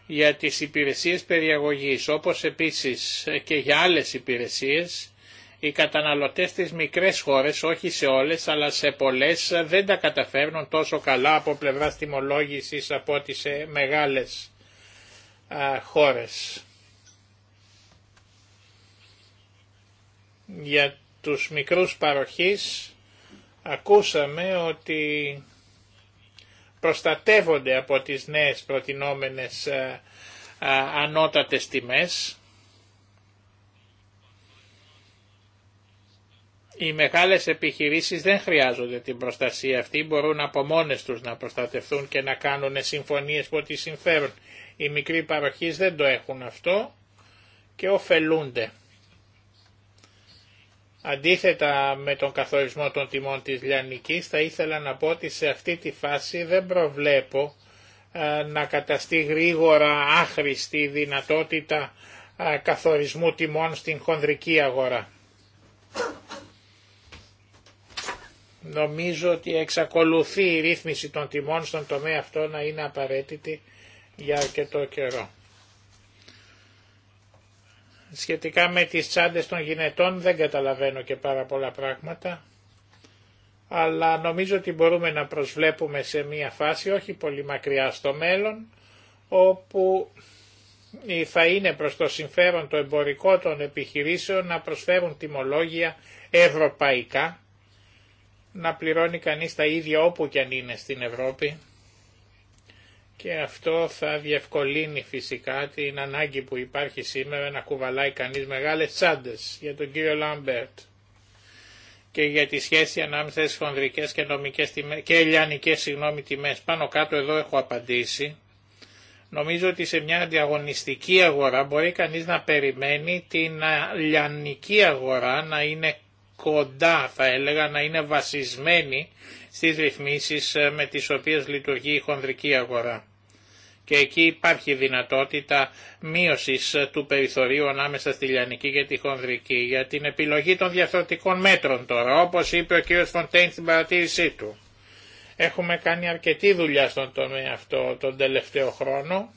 για τις υπηρεσίες περιαγωγής όπως επίσης και για άλλες υπηρεσίες οι καταναλωτές στις μικρές χώρες, όχι σε όλες αλλά σε πολλές, δεν τα καταφέρνουν τόσο καλά από πλευράς τιμολόγησης από σε μεγάλες χώρες. Για τους μικρούς παροχής ακούσαμε ότι προστατεύονται από τις νέες προτινόμενες ε, ε, ανώτατες τιμές. Οι μεγάλες επιχειρήσεις δεν χρειάζονται την προστασία αυτή, μπορούν από μόνες τους να προστατευτούν και να κάνουν συμφωνίες που τις συμφέρουν. Οι μικροί παροχείς δεν το έχουν αυτό και ωφελούνται. Αντίθετα με τον καθορισμό των τιμών της Λιανικής θα ήθελα να πω ότι σε αυτή τη φάση δεν προβλέπω να καταστεί γρήγορα άχρηστη δυνατότητα καθορισμού τιμών στην χονδρική αγορά. Νομίζω ότι εξακολουθεί η ρύθμιση των τιμών στον τομέα αυτό να είναι απαραίτητη για αρκετό καιρό. Σχετικά με τις τσάντες των γυναιτών δεν καταλαβαίνω και πάρα πολλά πράγματα, αλλά νομίζω ότι μπορούμε να προσβλέπουμε σε μία φάση, όχι πολύ μακριά στο μέλλον, όπου θα είναι προς το συμφέρον το εμπορικό των επιχειρήσεων να προσφέρουν τιμολόγια ευρωπαϊκά, να πληρώνει κανείς τα ίδια όπου και αν είναι στην Ευρώπη και αυτό θα διευκολύνει φυσικά την ανάγκη που υπάρχει σήμερα να κουβαλάει κανείς μεγάλες τσάντες για τον κύριο Λάμπερτ και για τη σχέση ανάμεσα στις φονδρικές και, νομικές τιμές, και ελιανικές συγγνώμη, τιμές. Πάνω κάτω εδώ έχω απαντήσει. Νομίζω ότι σε μια διαγωνιστική αγορά μπορεί κανείς να περιμένει την λιανική αγορά να είναι κοντά θα έλεγα να είναι βασισμένη στις ρυθμίσεις ε, με τις οποίες λειτουργεί η χονδρική αγορά. Και εκεί υπάρχει δυνατότητα μείωσης ε, του περιθωρίου ανάμεσα στη λιανική και τη χονδρική για την επιλογή των διαφορετικών μέτρων τώρα, όπως είπε ο κ. Φοντέιν στην παρατήρησή του. Έχουμε κάνει αρκετή δουλειά στον τομέα αυτό τον τελευταίο χρόνο.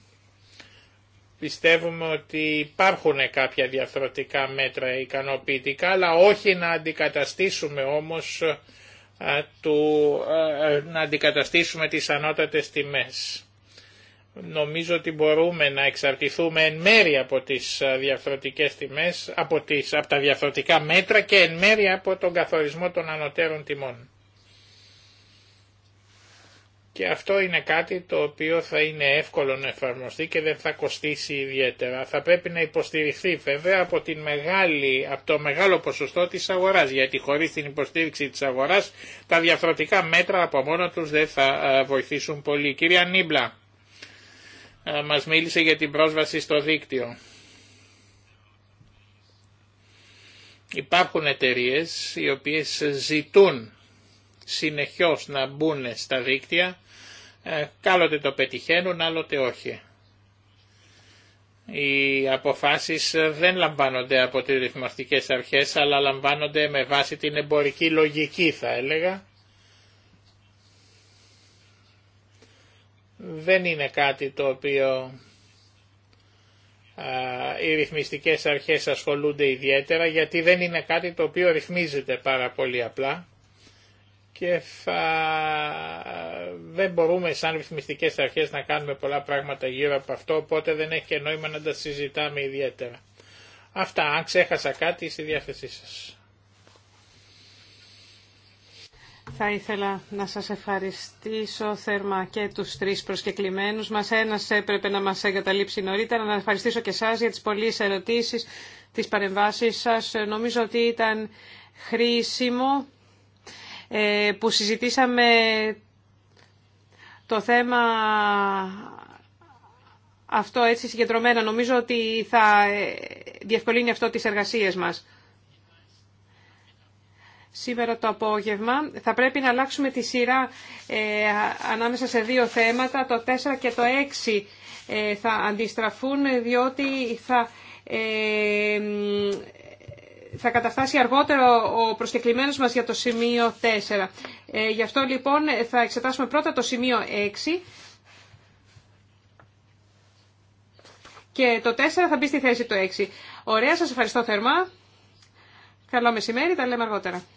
Πιστεύουμε ότι υπάρχουν κάποια διαφορετικά μέτρα ικανοποιητικά, αλλά όχι να αντικαταστήσουμε όμως ε, να αντικαταστήσουμε τις ανώτατες τιμές. Νομίζω ότι μπορούμε να εξαρτηθούμε εν μέρη από τις διαφορετικές τιμές, από, τις, από τα διαφορετικά μέτρα και εν μέρη από τον καθορισμό των ανωτέρων τιμών. Και αυτό είναι κάτι το οποίο θα είναι εύκολο να εφαρμοστεί και δεν θα κοστίσει ιδιαίτερα. Θα πρέπει να υποστηριχθεί βέβαια από, μεγάλη, από το μεγάλο ποσοστό της αγοράς, γιατί χωρίς την υποστήριξη της αγοράς τα διαφορετικά μέτρα από μόνο τους δεν θα ε, βοηθήσουν πολύ. Κυρία Νίμπλα, ε, μας μίλησε για την πρόσβαση στο δίκτυο. Υπάρχουν εταιρείε οι οποίες ζητούν συνεχώς να μπουν στα δίκτυα ε, κάλοτε το πετυχαίνουν, άλλοτε όχι. Οι αποφάσεις δεν λαμβάνονται από τις ρυθμιστικές αρχές, αλλά λαμβάνονται με βάση την εμπορική λογική θα έλεγα. Δεν είναι κάτι το οποίο οι ρυθμιστικές αρχές ασχολούνται ιδιαίτερα, γιατί δεν είναι κάτι το οποίο ρυθμίζεται πάρα πολύ απλά και θα... δεν μπορούμε σαν ρυθμιστικές αρχές να κάνουμε πολλά πράγματα γύρω από αυτό, οπότε δεν έχει και νόημα να τα συζητάμε ιδιαίτερα. Αυτά, αν ξέχασα κάτι, στη διάθεσή σας. Θα ήθελα να σας ευχαριστήσω θερμά και τους τρεις προσκεκλημένους μας. Ένας έπρεπε να μας εγκαταλείψει νωρίτερα. Να ευχαριστήσω και εσάς για τις πολλές ερωτήσεις, τις παρεμβάσεις σας. Νομίζω ότι ήταν χρήσιμο ε, που συζητήσαμε το θέμα αυτό έτσι συγκεντρωμένα. Νομίζω ότι θα ε, διευκολύνει αυτό τις εργασίες μας. Σήμερα το απόγευμα θα πρέπει να αλλάξουμε τη σειρά ε, ανάμεσα σε δύο θέματα. Το 4 και το 6 θα αντιστραφούν διότι θα θα καταφτάσει αργότερο ο προσκεκλημένος μας για το σημείο 4. Ε, γι' αυτό λοιπόν θα εξετάσουμε πρώτα το σημείο 6 και το 4 θα μπει στη θέση το 6. Ωραία, σας ευχαριστώ θερμά. Καλό μεσημέρι, τα λέμε αργότερα.